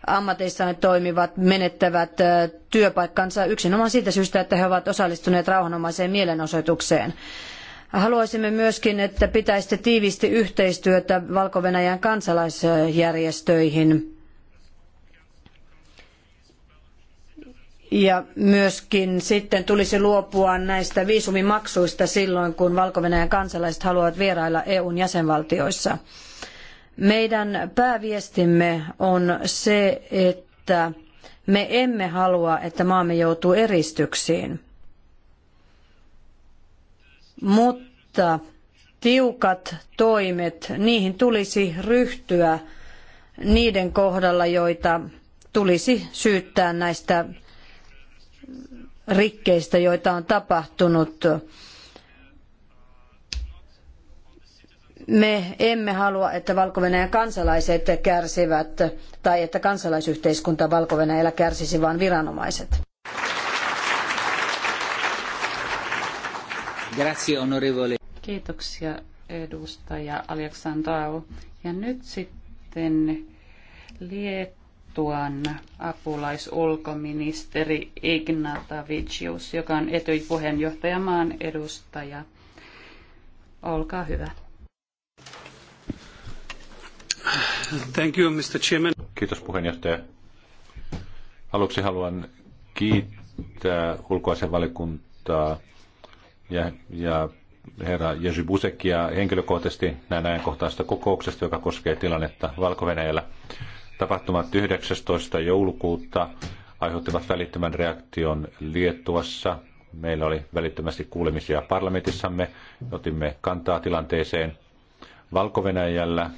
ammateissaan toimivat menettävät työpaikkansa yksinomaan siitä syystä, että he ovat osallistuneet rauhanomaiseen mielenosoitukseen. Haluaisimme myöskin, että pitäisitte tiiviisti yhteistyötä Valko-Venäjän kansalaisjärjestöihin. Ja myöskin sitten tulisi luopua näistä viisumimaksuista silloin, kun Valko-Venäjän kansalaiset haluavat vierailla EUn jäsenvaltioissa. Meidän pääviestimme on se, että me emme halua, että maamme joutuu eristyksiin. Mutta tiukat toimet, niihin tulisi ryhtyä niiden kohdalla, joita tulisi syyttää näistä rikkeistä, joita on tapahtunut. Me emme halua, että valko kansalaiset kärsivät tai että kansalaisyhteiskunta valko kärsisi, vaan viranomaiset. Kiitoksia, edustaja Aleksandrau. Ja nyt sitten Liettuan apulaisulkoministeri Ignatavicius, joka on Etyj-puheenjohtajamaan edustaja. Olkaa hyvä. Thank you, Mr. Chairman. Kiitos puheenjohtaja. Aluksi haluan kiittää ulkoasevaliokuntaa ja, ja herra Jerzy Busekia henkilökohtaisesti näin ajankohtaisesta kokouksesta, joka koskee tilannetta valko -Venäjällä. Tapahtumat 19. joulukuuta aiheuttivat välittömän reaktion Liettuassa. Meillä oli välittömästi kuulemisia parlamentissamme, otimme kantaa tilanteeseen. valko -Venäjällä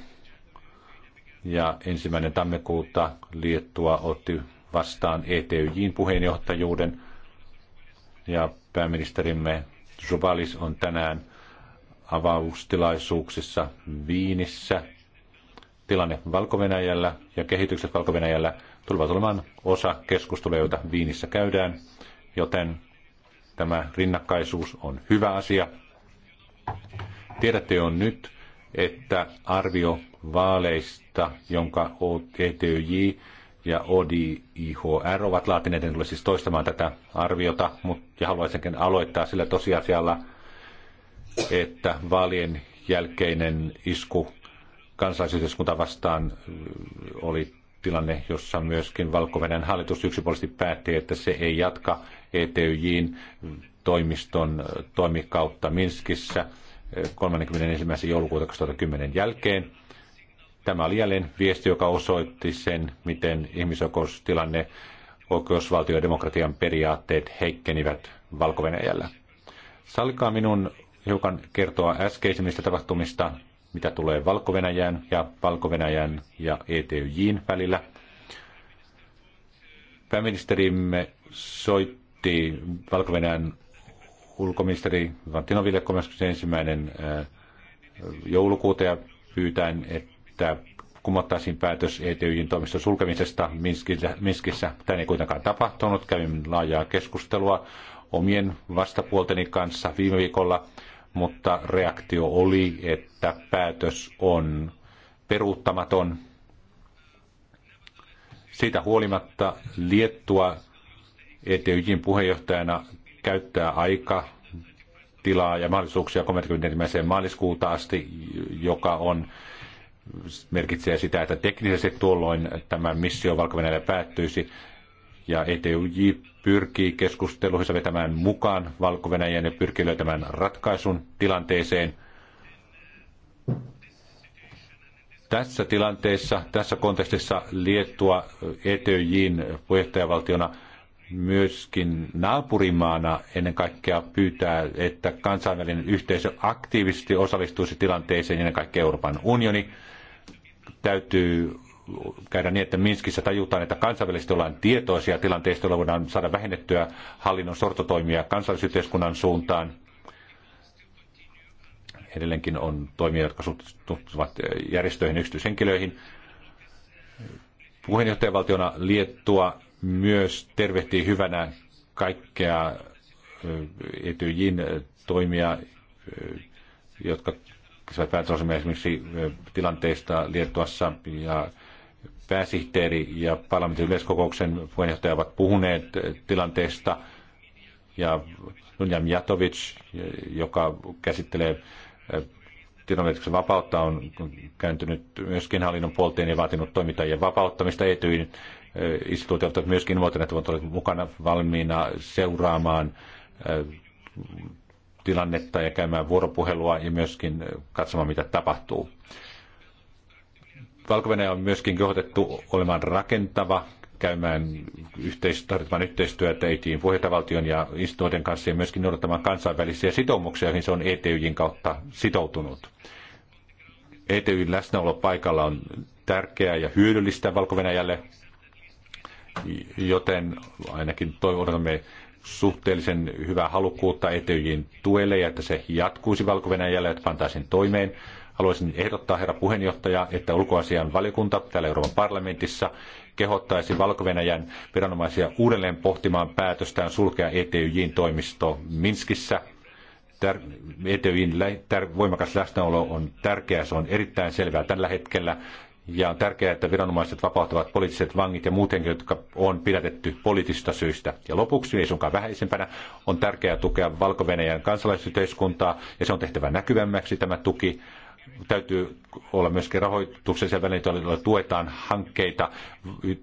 ja ensimmäinen tammikuuta Liettua otti vastaan ETYJin puheenjohtajuuden ja pääministerimme Zubalis on tänään avaustilaisuuksissa Viinissä. Tilanne valko ja kehitykset valko tulevat olemaan osa keskustelua, joita Viinissä käydään, joten tämä rinnakkaisuus on hyvä asia. Tiedätte jo nyt, että arvio vaaleista, jonka ETYJ ja ODIHR ovat laatineet, en tule siis toistamaan tätä arviota, mutta ja haluaisinkin aloittaa sillä tosiasialla, että vaalien jälkeinen isku kansalaisyhteiskunta vastaan äh, oli tilanne, jossa myöskin valko hallitus yksipuolisesti päätti, että se ei jatka ETYJin toimiston äh, toimikautta Minskissä – 31. joulukuuta 2010 jälkeen. Tämä oli jälleen viesti, joka osoitti sen, miten ihmisoikeustilanne, oikeusvaltio ja demokratian periaatteet heikkenivät valko -Venäjällä. Sallikaa minun hiukan kertoa äskeisimmistä tapahtumista, mitä tulee valko ja valko ja ETYJin välillä. Pääministerimme soitti valko ulkoministeri Vantinoville 31. Äh, joulukuuta ja pyytäen, että kumottaisiin päätös ETYin toimiston sulkemisesta Minskissä. Tämä ei kuitenkaan tapahtunut. Kävin laajaa keskustelua omien vastapuolteni kanssa viime viikolla, mutta reaktio oli, että päätös on peruuttamaton. Siitä huolimatta Liettua ETYJin puheenjohtajana käyttää aika, tilaa ja mahdollisuuksia 31. maaliskuuta asti, joka on merkitsee sitä, että teknisesti tuolloin tämä missio valko päättyisi ja ETUJ pyrkii keskusteluissa vetämään mukaan valko ja pyrkii löytämään ratkaisun tilanteeseen. Tässä tilanteessa, tässä kontekstissa Liettua ETYJin puheenjohtajavaltiona – myöskin naapurimaana ennen kaikkea pyytää, että kansainvälinen yhteisö aktiivisesti osallistuisi tilanteeseen, ennen kaikkea Euroopan unioni. Täytyy käydä niin, että Minskissä tajutaan, että kansainvälisesti ollaan tietoisia tilanteista, joilla voidaan saada vähennettyä hallinnon sortotoimia kansallisyhteiskunnan suuntaan. Edelleenkin on toimia, jotka suhtuvat järjestöihin ja yksityishenkilöihin. Puheenjohtajavaltiona Liettua myös tervehtii hyvänä kaikkea Etyjin toimia, jotka saivat päätösasemia esimerkiksi tilanteista Liettuassa ja pääsihteeri ja parlamentin yleiskokouksen puheenjohtaja ovat puhuneet tilanteesta ja Lunjam Mjatovic, joka käsittelee tilanteeksi vapautta, on kääntynyt myöskin hallinnon puolteen ja vaatinut toimittajien vapauttamista. Etyin instituutiot ovat myöskin ilmoittaneet, että ovat mukana valmiina seuraamaan tilannetta ja käymään vuoropuhelua ja myöskin katsomaan, mitä tapahtuu. valko on myöskin kehotettu olemaan rakentava, käymään yhteistyötä yhteistyötä ETYin puheenjohtajavaltion ja instituutioiden kanssa ja myöskin noudattamaan kansainvälisiä sitoumuksia, joihin se on ETYin kautta sitoutunut. ETYin läsnäolo paikalla on tärkeää ja hyödyllistä valko -Venäjälle joten ainakin toivomme suhteellisen hyvää halukkuutta Etyjin tuelle ja että se jatkuisi valko ja että pantaisiin toimeen. Haluaisin ehdottaa, herra puheenjohtaja, että ulkoasian valiokunta täällä Euroopan parlamentissa kehottaisi valko viranomaisia uudelleen pohtimaan päätöstään sulkea ETYJin toimisto Minskissä. ETYJin voimakas läsnäolo on tärkeää, se on erittäin selvää tällä hetkellä ja on tärkeää, että viranomaiset vapauttavat poliittiset vangit ja muut henkilöt, jotka on pidätetty poliittisista syistä. Ja lopuksi, ei suinkaan vähäisempänä, on tärkeää tukea valko kansalaisyhteiskuntaa, ja se on tehtävä näkyvämmäksi tämä tuki. Täytyy olla myöskin rahoituksellisia välineitä, joilla tuetaan hankkeita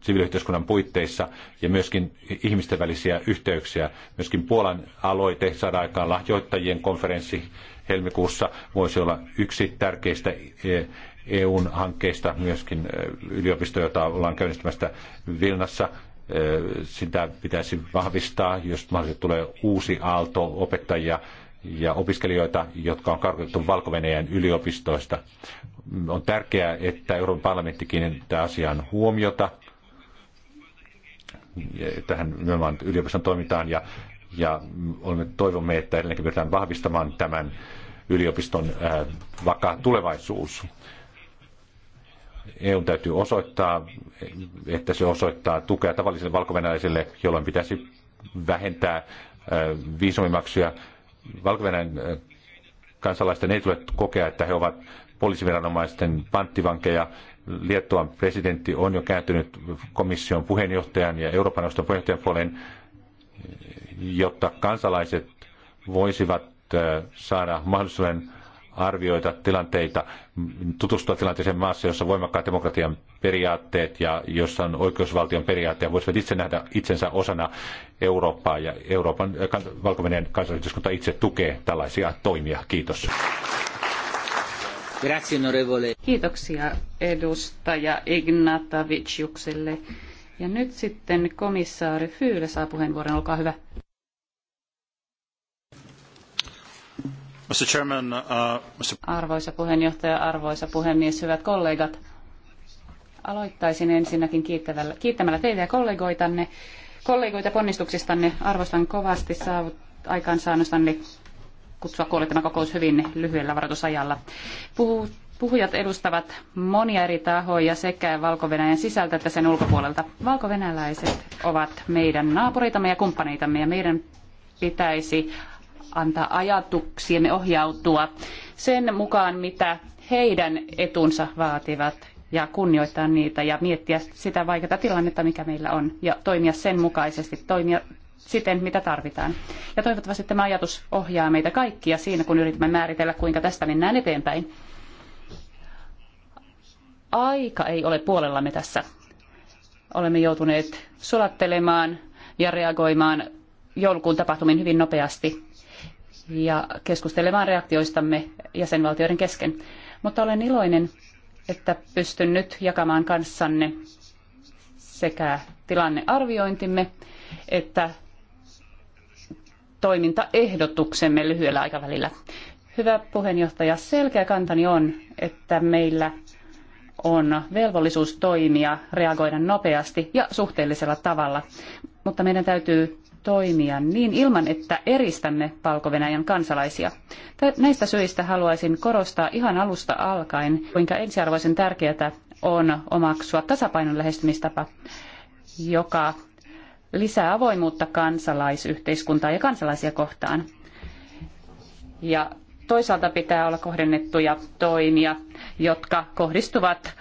siviiliyhteiskunnan puitteissa ja myöskin ihmisten välisiä yhteyksiä. Myöskin Puolan aloite saada aikaan lahjoittajien konferenssi helmikuussa voisi olla yksi tärkeistä eh, EUn hankkeista, myöskin yliopisto, jota ollaan käynnistämästä Vilnassa. Sitä pitäisi vahvistaa, jos mahdollisesti tulee uusi aalto opettajia ja opiskelijoita, jotka on karkotettu valko yliopistoista. On tärkeää, että Euroopan parlamentti kiinnittää asiaan huomiota tähän nimenomaan yliopiston toimintaan ja, ja olemme, toivomme, että edelleenkin pyritään vahvistamaan tämän yliopiston ää, vakaa tulevaisuus. EU täytyy osoittaa, että se osoittaa tukea tavallisille valkovenäläisille, jolloin pitäisi vähentää viisumimaksuja. valko kansalaisten ei tule kokea, että he ovat poliisiviranomaisten panttivankeja. Liettuan presidentti on jo kääntynyt komission puheenjohtajan ja Euroopan neuvoston puheenjohtajan puoleen, jotta kansalaiset voisivat saada mahdollisuuden arvioida tilanteita, tutustua tilanteeseen maassa, jossa voimakkaat demokratian periaatteet ja jossa on oikeusvaltion periaatteet, voisivat itse nähdä itsensä osana Eurooppaa ja Euroopan äh, valko kansallisyhteiskunta itse tukee tällaisia toimia. Kiitos. Kiitoksia edustaja Ignataviciukselle. Ja nyt sitten komissaari Fyyle saa puheenvuoron, olkaa hyvä. Mr. Chairman, uh, Arvoisa puheenjohtaja, arvoisa puhemies, hyvät kollegat. Aloittaisin ensinnäkin kiittämällä teitä ja kollegoitanne, kollegoita ponnistuksistanne. Arvostan kovasti saavut, aikaansaannostanne kutsua koolle tämä kokous hyvin lyhyellä varoitusajalla. Puhu, puhujat edustavat monia eri tahoja sekä valko sisältä että sen ulkopuolelta. valko ovat meidän naapureitamme ja kumppaneitamme ja meidän pitäisi antaa ajatuksiemme ohjautua sen mukaan, mitä heidän etunsa vaativat ja kunnioittaa niitä ja miettiä sitä vaikeaa tilannetta, mikä meillä on ja toimia sen mukaisesti, toimia siten, mitä tarvitaan. Ja toivottavasti tämä ajatus ohjaa meitä kaikkia siinä, kun yritämme määritellä, kuinka tästä mennään eteenpäin. Aika ei ole puolellamme tässä. Olemme joutuneet sulattelemaan ja reagoimaan joulukuun tapahtumiin hyvin nopeasti ja keskustelemaan reaktioistamme jäsenvaltioiden kesken. Mutta olen iloinen, että pystyn nyt jakamaan kanssanne sekä tilannearviointimme että toimintaehdotuksemme lyhyellä aikavälillä. Hyvä puheenjohtaja, selkeä kantani on, että meillä on velvollisuus toimia, reagoida nopeasti ja suhteellisella tavalla, mutta meidän täytyy toimia niin ilman, että eristämme valko kansalaisia. Näistä syistä haluaisin korostaa ihan alusta alkaen, kuinka ensiarvoisen tärkeää on omaksua tasapainon lähestymistapa, joka lisää avoimuutta kansalaisyhteiskuntaa ja kansalaisia kohtaan. Ja toisaalta pitää olla kohdennettuja toimia, jotka kohdistuvat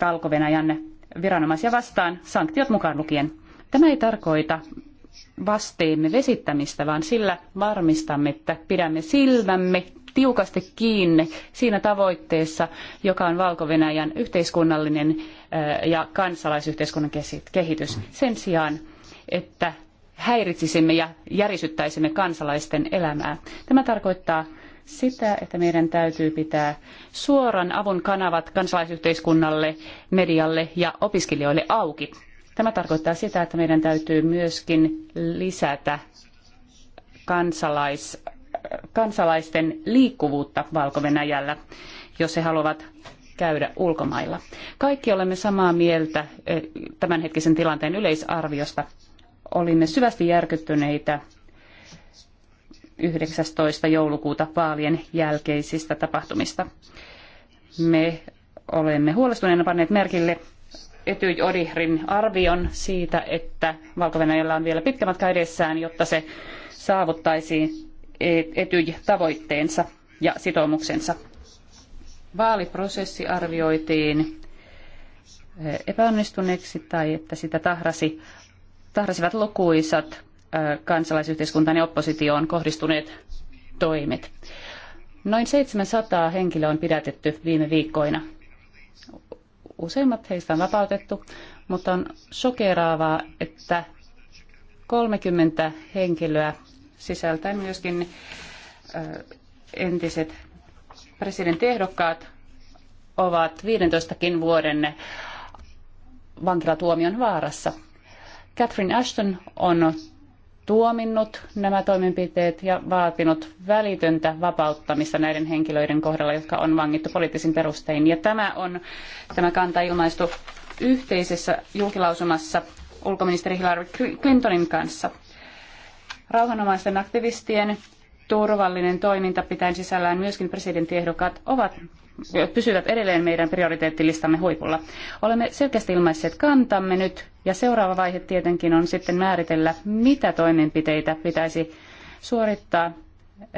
valko viranomaisia vastaan, sanktiot mukaan lukien. Tämä ei tarkoita vasteemme vesittämistä, vaan sillä varmistamme, että pidämme silmämme tiukasti kiinni siinä tavoitteessa, joka on valko yhteiskunnallinen äh, ja kansalaisyhteiskunnan kehitys. Sen sijaan, että häiritsisimme ja järisyttäisimme kansalaisten elämää. Tämä tarkoittaa sitä, että meidän täytyy pitää suoran avun kanavat kansalaisyhteiskunnalle, medialle ja opiskelijoille auki Tämä tarkoittaa sitä, että meidän täytyy myöskin lisätä kansalais, kansalaisten liikkuvuutta valko -Venäjällä, jos he haluavat käydä ulkomailla. Kaikki olemme samaa mieltä eh, tämänhetkisen tilanteen yleisarviosta. Olimme syvästi järkyttyneitä 19. joulukuuta vaalien jälkeisistä tapahtumista. Me olemme huolestuneena panneet merkille Etyj Odihrin arvion siitä, että valko on vielä pitkä matka edessään, jotta se saavuttaisi e- Etyj-tavoitteensa ja sitoumuksensa. Vaaliprosessi arvioitiin e, epäonnistuneeksi tai että sitä tahrasi, tahrasivat lukuisat e, kansalaisyhteiskuntaan ja oppositioon kohdistuneet toimet. Noin 700 henkilöä on pidätetty viime viikkoina Useimmat heistä on vapautettu, mutta on sokeraavaa, että 30 henkilöä sisältäen myöskin entiset presidenttiehdokkaat ovat 15kin vuoden vankilatuomion vaarassa. Catherine Ashton on tuominnut nämä toimenpiteet ja vaatinut välitöntä vapauttamista näiden henkilöiden kohdalla, jotka on vangittu poliittisin perustein. Ja tämä on tämä kanta ilmaistu yhteisessä julkilausumassa ulkoministeri Hillary Clintonin kanssa. Rauhanomaisten aktivistien turvallinen toiminta pitäen sisällään myöskin presidenttiehdokkaat ovat pysyvät edelleen meidän prioriteettilistamme huipulla. Olemme selkeästi ilmaisseet kantamme nyt ja seuraava vaihe tietenkin on sitten määritellä, mitä toimenpiteitä pitäisi suorittaa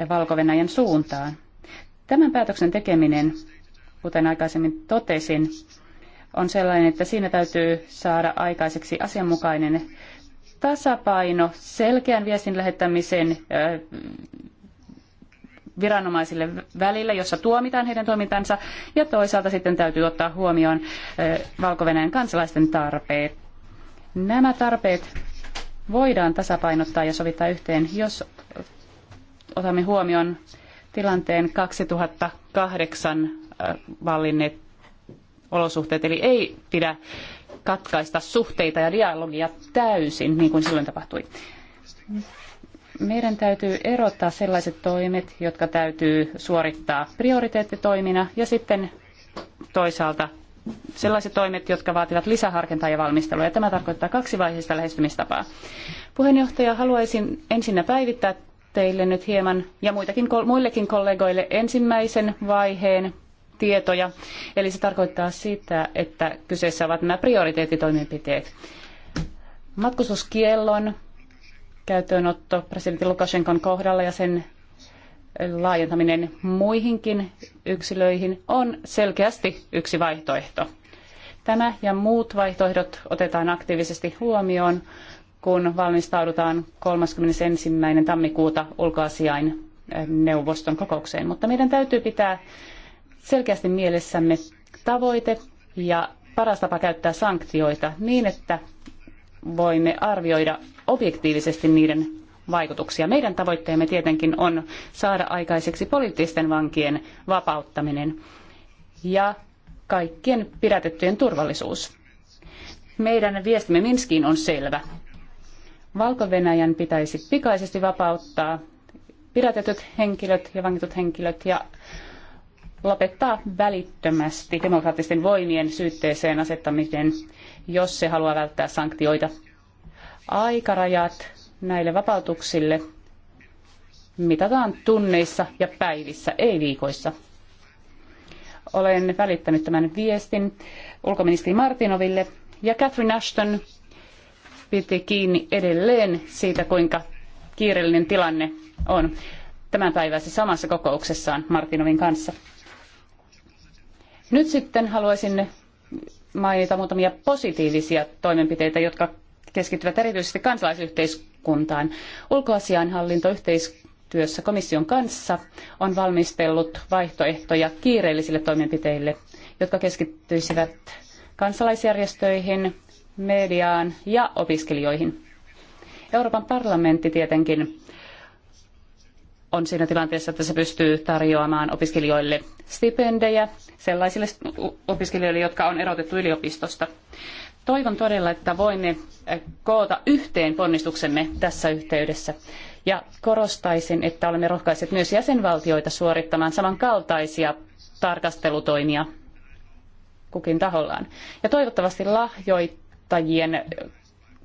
valko suuntaan. Tämän päätöksen tekeminen, kuten aikaisemmin totesin, on sellainen, että siinä täytyy saada aikaiseksi asianmukainen tasapaino selkeän viestin lähettämisen viranomaisille välillä, jossa tuomitaan heidän toimintansa, ja toisaalta sitten täytyy ottaa huomioon valko kansalaisten tarpeet. Nämä tarpeet voidaan tasapainottaa ja sovittaa yhteen, jos otamme huomioon tilanteen 2008 vallinneet olosuhteet. Eli ei pidä katkaista suhteita ja dialogia täysin, niin kuin silloin tapahtui meidän täytyy erottaa sellaiset toimet, jotka täytyy suorittaa prioriteettitoimina ja sitten toisaalta sellaiset toimet, jotka vaativat lisäharkintaa ja valmistelua. Ja tämä tarkoittaa kaksivaiheista lähestymistapaa. Puheenjohtaja, haluaisin ensinnä päivittää teille nyt hieman ja muitakin, muillekin kollegoille ensimmäisen vaiheen tietoja. Eli se tarkoittaa sitä, että kyseessä ovat nämä prioriteettitoimenpiteet. Matkustuskiellon käytöönotto presidentti Lukashenkan kohdalla ja sen laajentaminen muihinkin yksilöihin on selkeästi yksi vaihtoehto. Tämä ja muut vaihtoehdot otetaan aktiivisesti huomioon, kun valmistaudutaan 31. tammikuuta ulkoasiain eh, neuvoston kokoukseen. Mutta meidän täytyy pitää selkeästi mielessämme tavoite ja paras tapa käyttää sanktioita niin, että voimme arvioida objektiivisesti niiden vaikutuksia. Meidän tavoitteemme tietenkin on saada aikaiseksi poliittisten vankien vapauttaminen ja kaikkien pidätettyjen turvallisuus. Meidän viestimme Minskiin on selvä. Valko-Venäjän pitäisi pikaisesti vapauttaa pidätetyt henkilöt ja vangitut henkilöt ja lopettaa välittömästi demokraattisten voimien syytteeseen asettaminen jos se haluaa välttää sanktioita. Aikarajat näille vapautuksille mitataan tunneissa ja päivissä, ei viikoissa. Olen välittänyt tämän viestin ulkoministeri Martinoville ja Catherine Ashton piti kiinni edelleen siitä, kuinka kiireellinen tilanne on tämän päivässä samassa kokouksessaan Martinovin kanssa. Nyt sitten haluaisin mainita muutamia positiivisia toimenpiteitä, jotka keskittyvät erityisesti kansalaisyhteiskuntaan. Ulkoasiainhallinto yhteistyössä komission kanssa on valmistellut vaihtoehtoja kiireellisille toimenpiteille, jotka keskittyisivät kansalaisjärjestöihin, mediaan ja opiskelijoihin. Euroopan parlamentti tietenkin on siinä tilanteessa, että se pystyy tarjoamaan opiskelijoille stipendejä sellaisille opiskelijoille, jotka on erotettu yliopistosta. Toivon todella, että voimme koota yhteen ponnistuksemme tässä yhteydessä. Ja korostaisin, että olemme rohkaiset myös jäsenvaltioita suorittamaan samankaltaisia tarkastelutoimia kukin tahollaan. Ja toivottavasti lahjoittajien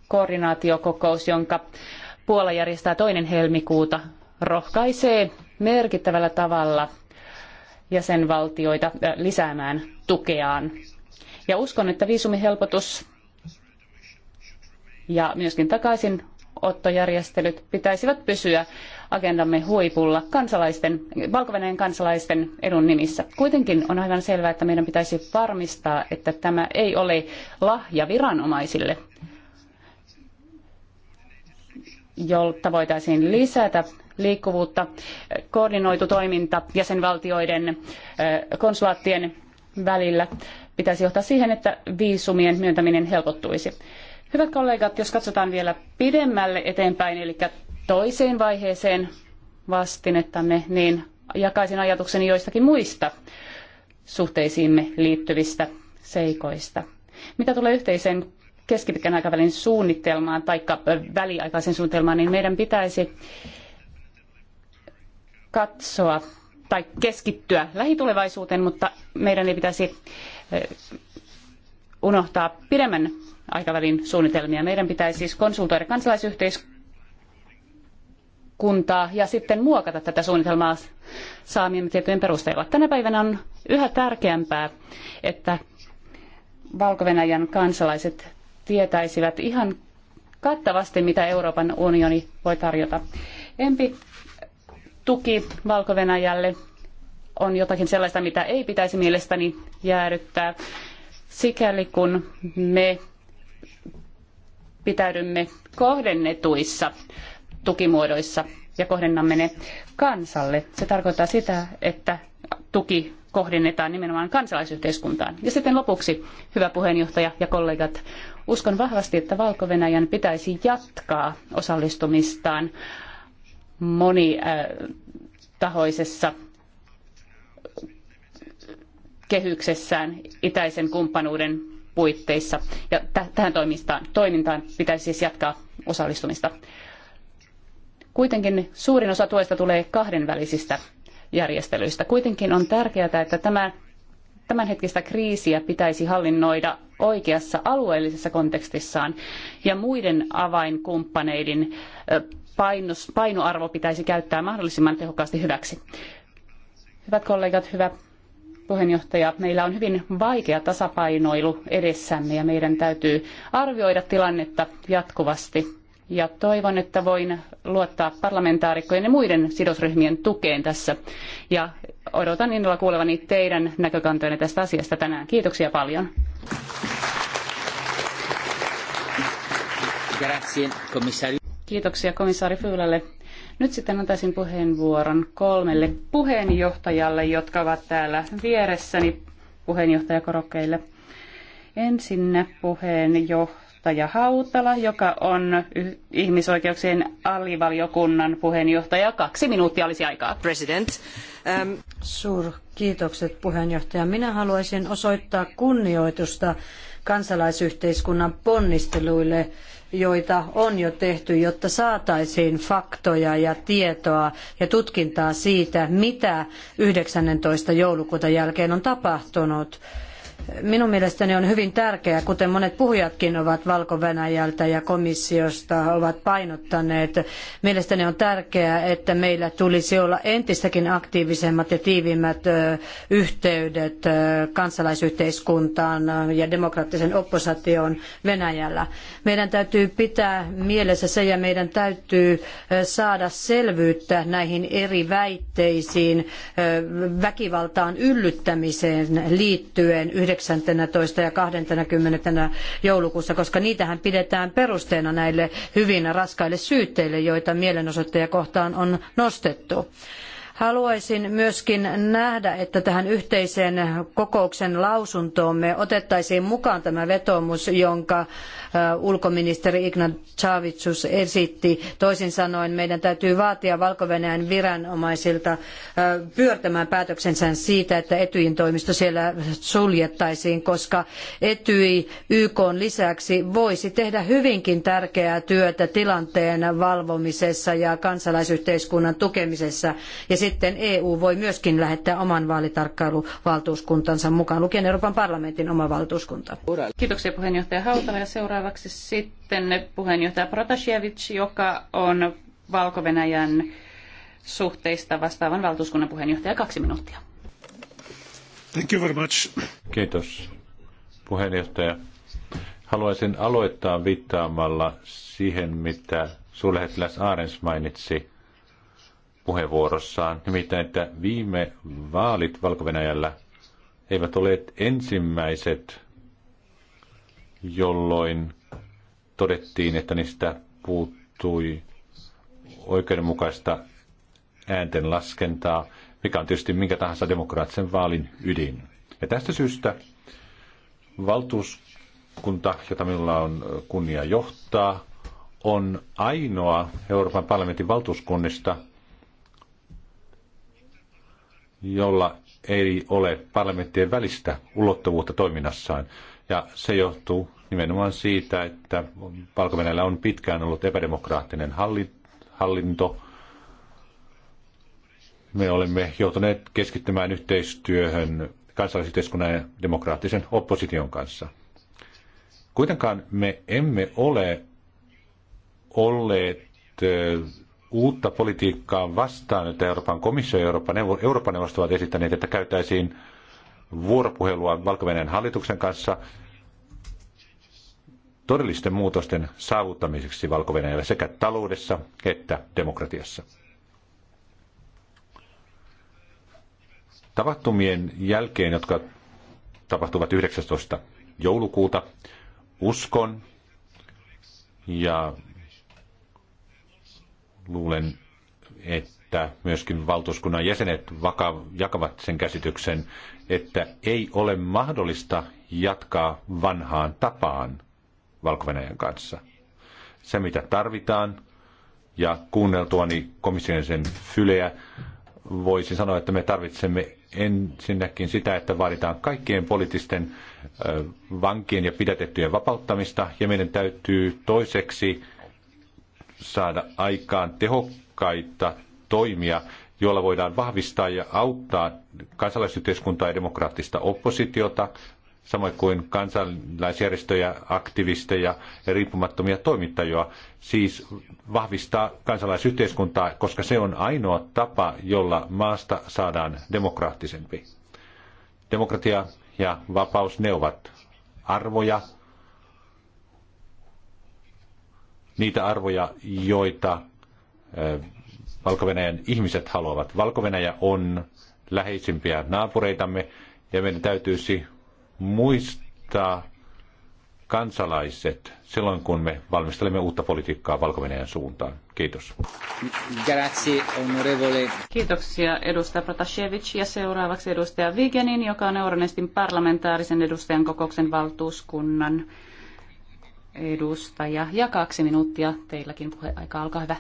koordinaatiokokous, jonka Puola järjestää toinen helmikuuta, rohkaisee merkittävällä tavalla jäsenvaltioita lisäämään tukeaan. Ja uskon, että viisumihelpotus ja myöskin takaisinottojärjestelyt pitäisivät pysyä agendamme huipulla kansalaisten, valko kansalaisten edun nimissä. Kuitenkin on aivan selvää, että meidän pitäisi varmistaa, että tämä ei ole lahja viranomaisille, jolta voitaisiin lisätä liikkuvuutta, koordinoitu toiminta jäsenvaltioiden konsulaattien välillä pitäisi johtaa siihen, että viisumien myöntäminen helpottuisi. Hyvät kollegat, jos katsotaan vielä pidemmälle eteenpäin, eli toiseen vaiheeseen vastinettamme, niin jakaisin ajatukseni joistakin muista suhteisiimme liittyvistä seikoista. Mitä tulee yhteiseen keskipitkän aikavälin suunnitelmaan tai väliaikaisen suunnitelmaan, niin meidän pitäisi katsoa tai keskittyä lähitulevaisuuteen, mutta meidän ei pitäisi unohtaa pidemmän aikavälin suunnitelmia. Meidän pitäisi siis konsultoida kansalaisyhteiskuntaa ja sitten muokata tätä suunnitelmaa saamiemme tietojen perusteella. Tänä päivänä on yhä tärkeämpää, että valko kansalaiset tietäisivät ihan kattavasti, mitä Euroopan unioni voi tarjota. Empi tuki valko on jotakin sellaista, mitä ei pitäisi mielestäni jäädyttää, sikäli kun me pitäydymme kohdennetuissa tukimuodoissa ja kohdennamme ne kansalle. Se tarkoittaa sitä, että tuki kohdennetaan nimenomaan kansalaisyhteiskuntaan. Ja sitten lopuksi, hyvä puheenjohtaja ja kollegat, uskon vahvasti, että valko pitäisi jatkaa osallistumistaan monitahoisessa äh, kehyksessään itäisen kumppanuuden puitteissa. Ja tähän toimintaan pitäisi siis jatkaa osallistumista. Kuitenkin suurin osa tuesta tulee kahdenvälisistä järjestelyistä. Kuitenkin on tärkeää, että tämä, tämänhetkistä kriisiä pitäisi hallinnoida oikeassa alueellisessa kontekstissaan ja muiden avainkumppaneiden painos, painoarvo pitäisi käyttää mahdollisimman tehokkaasti hyväksi. Hyvät kollegat, hyvä puheenjohtaja, meillä on hyvin vaikea tasapainoilu edessämme ja meidän täytyy arvioida tilannetta jatkuvasti. Ja toivon, että voin luottaa parlamentaarikkojen ja muiden sidosryhmien tukeen tässä. Ja odotan innolla kuulevani teidän näkökantojanne tästä asiasta tänään. Kiitoksia paljon. Grazie, Kiitoksia komissaari Fyylälle. Nyt sitten antaisin puheenvuoron kolmelle puheenjohtajalle, jotka ovat täällä vieressäni puheenjohtajakorokkeille. Ensinnä puheenjohtaja Hautala, joka on ihmisoikeuksien alivaliokunnan puheenjohtaja. Kaksi minuuttia olisi aikaa. President. Um... Suur kiitokset puheenjohtaja. Minä haluaisin osoittaa kunnioitusta kansalaisyhteiskunnan ponnisteluille joita on jo tehty, jotta saataisiin faktoja ja tietoa ja tutkintaa siitä, mitä 19. joulukuuta jälkeen on tapahtunut. Minun mielestäni on hyvin tärkeää, kuten monet puhujatkin ovat Valko-Venäjältä ja komissiosta ovat painottaneet, mielestäni on tärkeää, että meillä tulisi olla entistäkin aktiivisemmat ja tiiviimmät yhteydet kansalaisyhteiskuntaan ja demokraattisen oppositioon Venäjällä. Meidän täytyy pitää mielessä se ja meidän täytyy saada selvyyttä näihin eri väitteisiin väkivaltaan yllyttämiseen liittyen 19. ja 20. joulukuussa, koska niitähän pidetään perusteena näille hyvin raskaille syytteille, joita mielenosoittajia kohtaan on nostettu. Haluaisin myöskin nähdä, että tähän yhteiseen kokouksen me otettaisiin mukaan tämä vetoomus, jonka äh, ulkoministeri Ignat Chavitsus esitti. Toisin sanoen meidän täytyy vaatia valko viranomaisilta äh, pyörtämään päätöksensä siitä, että Etyjin toimisto siellä suljettaisiin, koska Etyi YK lisäksi voisi tehdä hyvinkin tärkeää työtä tilanteen valvomisessa ja kansalaisyhteiskunnan tukemisessa ja sitten EU voi myöskin lähettää oman vaalitarkkailuvaltuuskuntansa mukaan lukien Euroopan parlamentin oma valtuuskunta. Kiitoksia puheenjohtaja Hautala ja seuraavaksi sitten puheenjohtaja Protasiewicz, joka on Valko-Venäjän suhteista vastaavan valtuuskunnan puheenjohtaja. Kaksi minuuttia. Thank you very much. Kiitos puheenjohtaja. Haluaisin aloittaa viittaamalla siihen, mitä suurlähettiläs Aarens mainitsi puheenvuorossaan, nimittäin, että viime vaalit valko eivät ole ensimmäiset, jolloin todettiin, että niistä puuttui oikeudenmukaista äänten laskentaa, mikä on tietysti minkä tahansa demokraattisen vaalin ydin. Ja tästä syystä valtuuskunta, jota minulla on kunnia johtaa, on ainoa Euroopan parlamentin valtuuskunnista, jolla ei ole parlamenttien välistä ulottuvuutta toiminnassaan. Ja se johtuu nimenomaan siitä, että valko on pitkään ollut epädemokraattinen hallinto. Me olemme joutuneet keskittymään yhteistyöhön kansallisyhteiskunnan ja demokraattisen opposition kanssa. Kuitenkaan me emme ole olleet uutta politiikkaa vastaan, että Euroopan komissio ja Euroopan, Euroopan neuvosto ovat esittäneet, että käytäisiin vuoropuhelua valko hallituksen kanssa todellisten muutosten saavuttamiseksi valko sekä taloudessa että demokratiassa. Tapahtumien jälkeen, jotka tapahtuvat 19. joulukuuta, uskon ja luulen, että myöskin valtuuskunnan jäsenet jakavat sen käsityksen, että ei ole mahdollista jatkaa vanhaan tapaan valko kanssa. Se, mitä tarvitaan, ja kuunneltuani komission sen fyleä, voisin sanoa, että me tarvitsemme ensinnäkin sitä, että vaaditaan kaikkien poliittisten vankien ja pidätettyjen vapauttamista, ja meidän täytyy toiseksi saada aikaan tehokkaita toimia, joilla voidaan vahvistaa ja auttaa kansalaisyhteiskuntaa ja demokraattista oppositiota, samoin kuin kansalaisjärjestöjä, aktivisteja ja riippumattomia toimittajia, siis vahvistaa kansalaisyhteiskuntaa, koska se on ainoa tapa, jolla maasta saadaan demokraattisempi. Demokratia ja vapaus, ne ovat arvoja, niitä arvoja, joita valko ihmiset haluavat. valko on läheisimpiä naapureitamme ja meidän täytyisi muistaa kansalaiset silloin, kun me valmistelemme uutta politiikkaa valko suuntaan. Kiitos. Grazie, Kiitoksia edustaja Protasevich ja seuraavaksi edustaja Vigenin, joka on Euronestin parlamentaarisen edustajan kokouksen valtuuskunnan edustaja. Ja kaksi minuuttia teilläkin puheaika, alkaa hyvä.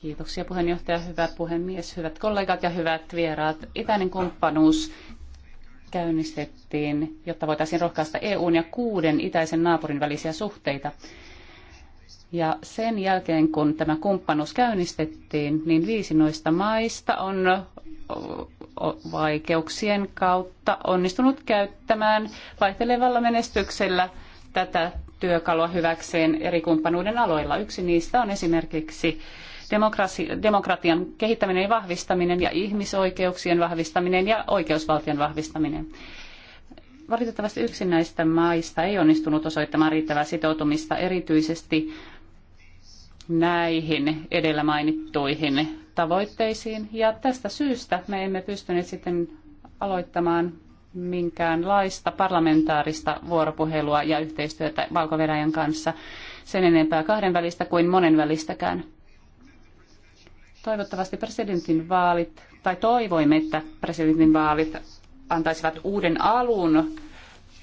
Kiitoksia puheenjohtaja, hyvä puhemies, hyvät kollegat ja hyvät vieraat. Itäinen kumppanuus käynnistettiin, jotta voitaisiin rohkaista EUn ja kuuden itäisen naapurin välisiä suhteita. Ja sen jälkeen, kun tämä kumppanuus käynnistettiin, niin viisi noista maista on vaikeuksien kautta onnistunut käyttämään vaihtelevalla menestyksellä – tätä työkalua hyväkseen eri kumppanuuden aloilla. Yksi niistä on esimerkiksi demokratian kehittäminen ja vahvistaminen ja ihmisoikeuksien vahvistaminen ja oikeusvaltion vahvistaminen. Valitettavasti yksi näistä maista ei onnistunut osoittamaan riittävää sitoutumista erityisesti näihin edellä mainittuihin tavoitteisiin. Ja tästä syystä me emme pystyneet sitten aloittamaan minkäänlaista parlamentaarista vuoropuhelua ja yhteistyötä valko kanssa sen enempää kahdenvälistä kuin monenvälistäkään. Toivottavasti presidentin vaalit, tai toivoimme, että presidentin vaalit antaisivat uuden alun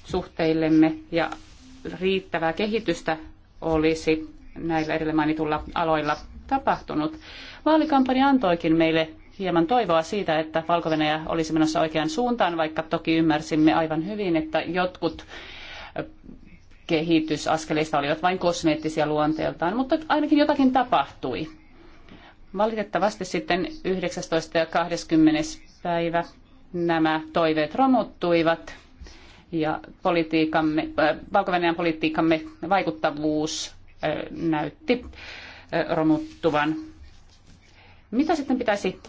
suhteillemme ja riittävää kehitystä olisi näillä edellä mainitulla aloilla tapahtunut. Vaalikampanja antoikin meille hieman toivoa siitä, että valko olisi menossa oikeaan suuntaan, vaikka toki ymmärsimme aivan hyvin, että jotkut kehitysaskeleista olivat vain kosmeettisia luonteeltaan, mutta ainakin jotakin tapahtui. Valitettavasti sitten 19. ja 20. päivä nämä toiveet romuttuivat ja politiikamme, valko politiikkamme vaikuttavuus näytti romuttuvan. Mitä sitten pitäisi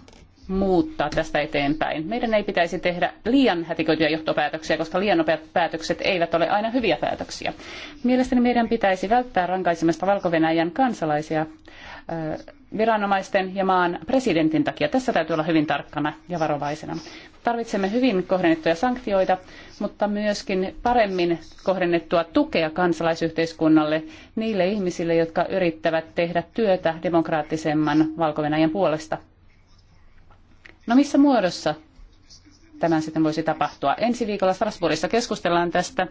muuttaa tästä eteenpäin. Meidän ei pitäisi tehdä liian hätiköityjä johtopäätöksiä, koska liian nopeat päätökset eivät ole aina hyviä päätöksiä. Mielestäni meidän pitäisi välttää rankaisemasta valko kansalaisia viranomaisten ja maan presidentin takia. Tässä täytyy olla hyvin tarkkana ja varovaisena. Tarvitsemme hyvin kohdennettuja sanktioita, mutta myöskin paremmin kohdennettua tukea kansalaisyhteiskunnalle niille ihmisille, jotka yrittävät tehdä työtä demokraattisemman valko puolesta No missä muodossa tämä sitten voisi tapahtua? Ensi viikolla Strasbourgissa keskustellaan tästä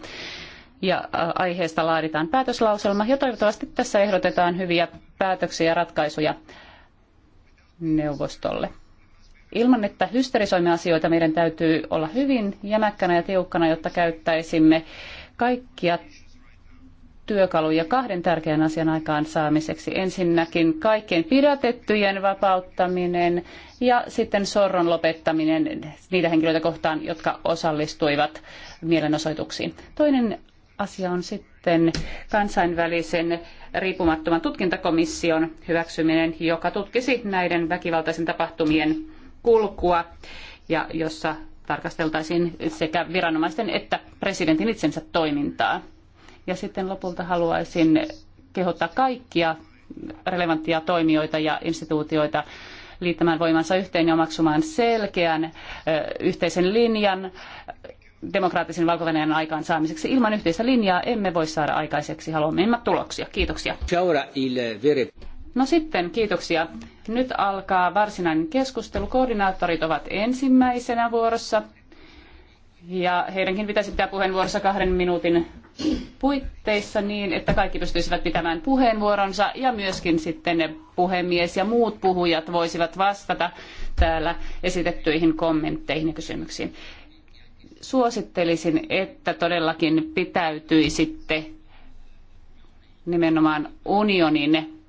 ja aiheesta laaditaan päätöslauselma ja toivottavasti tässä ehdotetaan hyviä päätöksiä ja ratkaisuja neuvostolle. Ilman, että hysterisoimme asioita, meidän täytyy olla hyvin jämäkkänä ja tiukkana, jotta käyttäisimme kaikkia työkaluja kahden tärkeän asian aikaan saamiseksi. Ensinnäkin kaikkien pidätettyjen vapauttaminen ja sitten sorron lopettaminen niitä henkilöitä kohtaan, jotka osallistuivat mielenosoituksiin. Toinen asia on sitten kansainvälisen riippumattoman tutkintakomission hyväksyminen, joka tutkisi näiden väkivaltaisen tapahtumien kulkua ja jossa tarkasteltaisiin sekä viranomaisten että presidentin itsensä toimintaa. Ja sitten lopulta haluaisin kehottaa kaikkia relevanttia toimijoita ja instituutioita liittämään voimansa yhteen ja omaksumaan selkeän yhteisen linjan demokraattisen valko aikaansaamiseksi. Ilman yhteistä linjaa emme voi saada aikaiseksi haluamme tuloksia. Kiitoksia. No sitten, kiitoksia. Nyt alkaa varsinainen keskustelu. Koordinaattorit ovat ensimmäisenä vuorossa. Ja heidänkin pitäisi pitää puheenvuorossa kahden minuutin puitteissa niin, että kaikki pystyisivät pitämään puheenvuoronsa ja myöskin sitten puhemies ja muut puhujat voisivat vastata täällä esitettyihin kommentteihin ja kysymyksiin. Suosittelisin, että todellakin pitäytyisitte nimenomaan unionin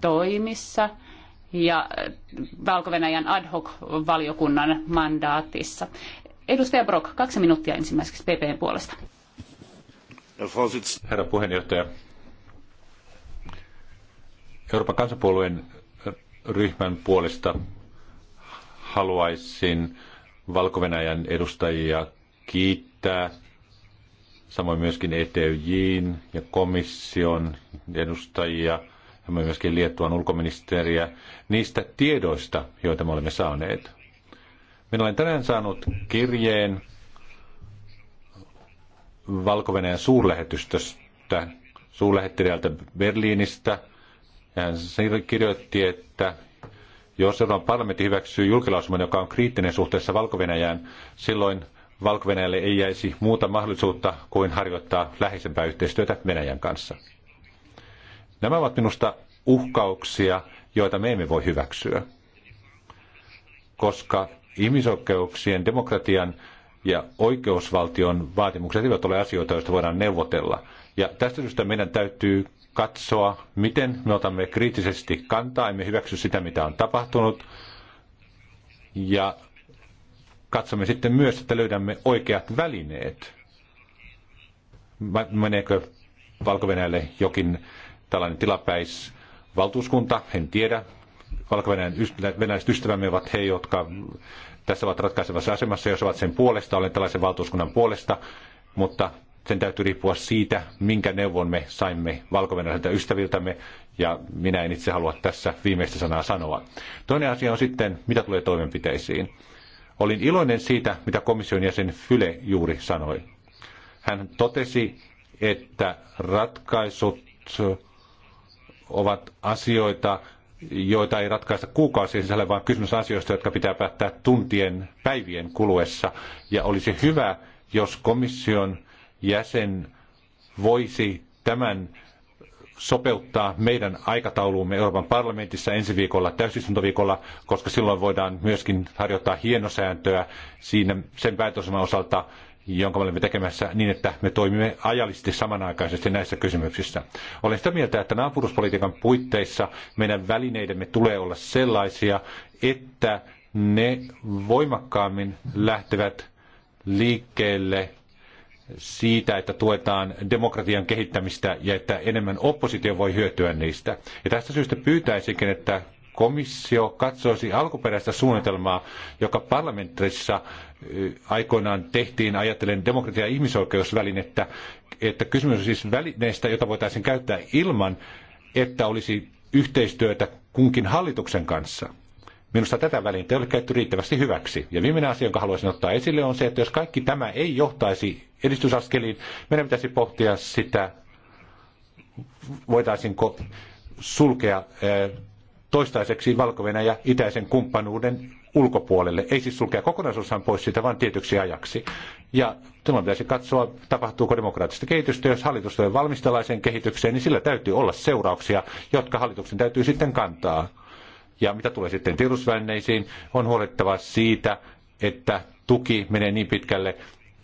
toimissa ja valko ad hoc-valiokunnan mandaatissa. Edustaja Brok, kaksi minuuttia ensimmäiseksi PPn puolesta. Herra puheenjohtaja, Euroopan kansanpuolueen ryhmän puolesta haluaisin valko edustajia kiittää, samoin myöskin ETYJin ja komission edustajia samoin myöskin Liettuan ulkoministeriä niistä tiedoista, joita me olemme saaneet. Minä olen tänään saanut kirjeen valko suurlähetystöstä, suurlähettiläältä Berliinistä. Hän kirjoitti, että jos Euroopan parlamentti hyväksyy julkilausuman, joka on kriittinen suhteessa valko silloin valko ei jäisi muuta mahdollisuutta kuin harjoittaa läheisempää yhteistyötä Venäjän kanssa. Nämä ovat minusta uhkauksia, joita me emme voi hyväksyä, koska ihmisoikeuksien, demokratian ja oikeusvaltion vaatimukset eivät ole asioita, joista voidaan neuvotella. Ja tästä syystä meidän täytyy katsoa, miten me otamme kriittisesti kantaa, emme hyväksy sitä, mitä on tapahtunut, ja katsomme sitten myös, että löydämme oikeat välineet. Meneekö valko jokin tällainen tilapäisvaltuuskunta? En tiedä. valko ystävämme ovat he, jotka tässä ovat ratkaisevassa asemassa, jos ovat sen puolesta, olen tällaisen valtuuskunnan puolesta, mutta sen täytyy riippua siitä, minkä neuvon me saimme valko ystäviltämme, ja minä en itse halua tässä viimeistä sanaa sanoa. Toinen asia on sitten, mitä tulee toimenpiteisiin. Olin iloinen siitä, mitä komission jäsen Fyle juuri sanoi. Hän totesi, että ratkaisut ovat asioita, joita ei ratkaista kuukausien sisällä, vaan kysymys asioista, jotka pitää päättää tuntien, päivien kuluessa. Ja olisi hyvä, jos komission jäsen voisi tämän sopeuttaa meidän aikatauluumme Euroopan parlamentissa ensi viikolla täysistuntoviikolla, koska silloin voidaan myöskin harjoittaa hienosääntöä siinä sen päätösman osalta, jonka me olemme tekemässä niin, että me toimimme ajallisesti samanaikaisesti näissä kysymyksissä. Olen sitä mieltä, että naapuruspolitiikan puitteissa meidän välineidemme tulee olla sellaisia, että ne voimakkaammin lähtevät liikkeelle siitä, että tuetaan demokratian kehittämistä ja että enemmän oppositio voi hyötyä niistä. Ja tästä syystä pyytäisinkin, että komissio katsoisi alkuperäistä suunnitelmaa, joka parlamentissa aikoinaan tehtiin, ajatellen demokratia- ja ihmisoikeusvälinettä, että kysymys on siis välineestä, jota voitaisiin käyttää ilman, että olisi yhteistyötä kunkin hallituksen kanssa. Minusta tätä välintä ei ole käytetty riittävästi hyväksi. Ja viimeinen asia, jonka haluaisin ottaa esille, on se, että jos kaikki tämä ei johtaisi edistysaskeliin, meidän pitäisi pohtia sitä, voitaisiinko sulkea eh, toistaiseksi valko ja itäisen kumppanuuden ulkopuolelle. Ei siis sulkea kokonaisuudessaan pois siitä, vaan tietyksi ajaksi. Ja silloin pitäisi katsoa, tapahtuuko demokraattista kehitystä. Jos hallitus tulee valmistalaiseen kehitykseen, niin sillä täytyy olla seurauksia, jotka hallituksen täytyy sitten kantaa. Ja mitä tulee sitten tiedusvälineisiin, on huolettava siitä, että tuki menee niin pitkälle,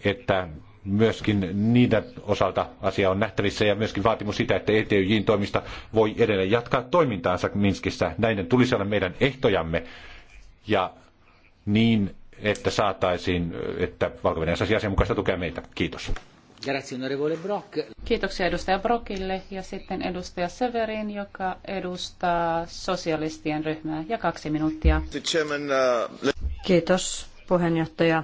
että myöskin niiden osalta asia on nähtävissä ja myöskin vaatimus sitä, että ETYJin toimista voi edelleen jatkaa toimintaansa Minskissä. Näiden tulisi olla meidän ehtojamme ja niin, että saataisiin, että valko saisi asianmukaista tukea meitä. Kiitos. Kiitoksia edustaja Brokille ja sitten edustaja Severin, joka edustaa sosialistien ryhmää ja kaksi minuuttia. Kiitos puheenjohtaja.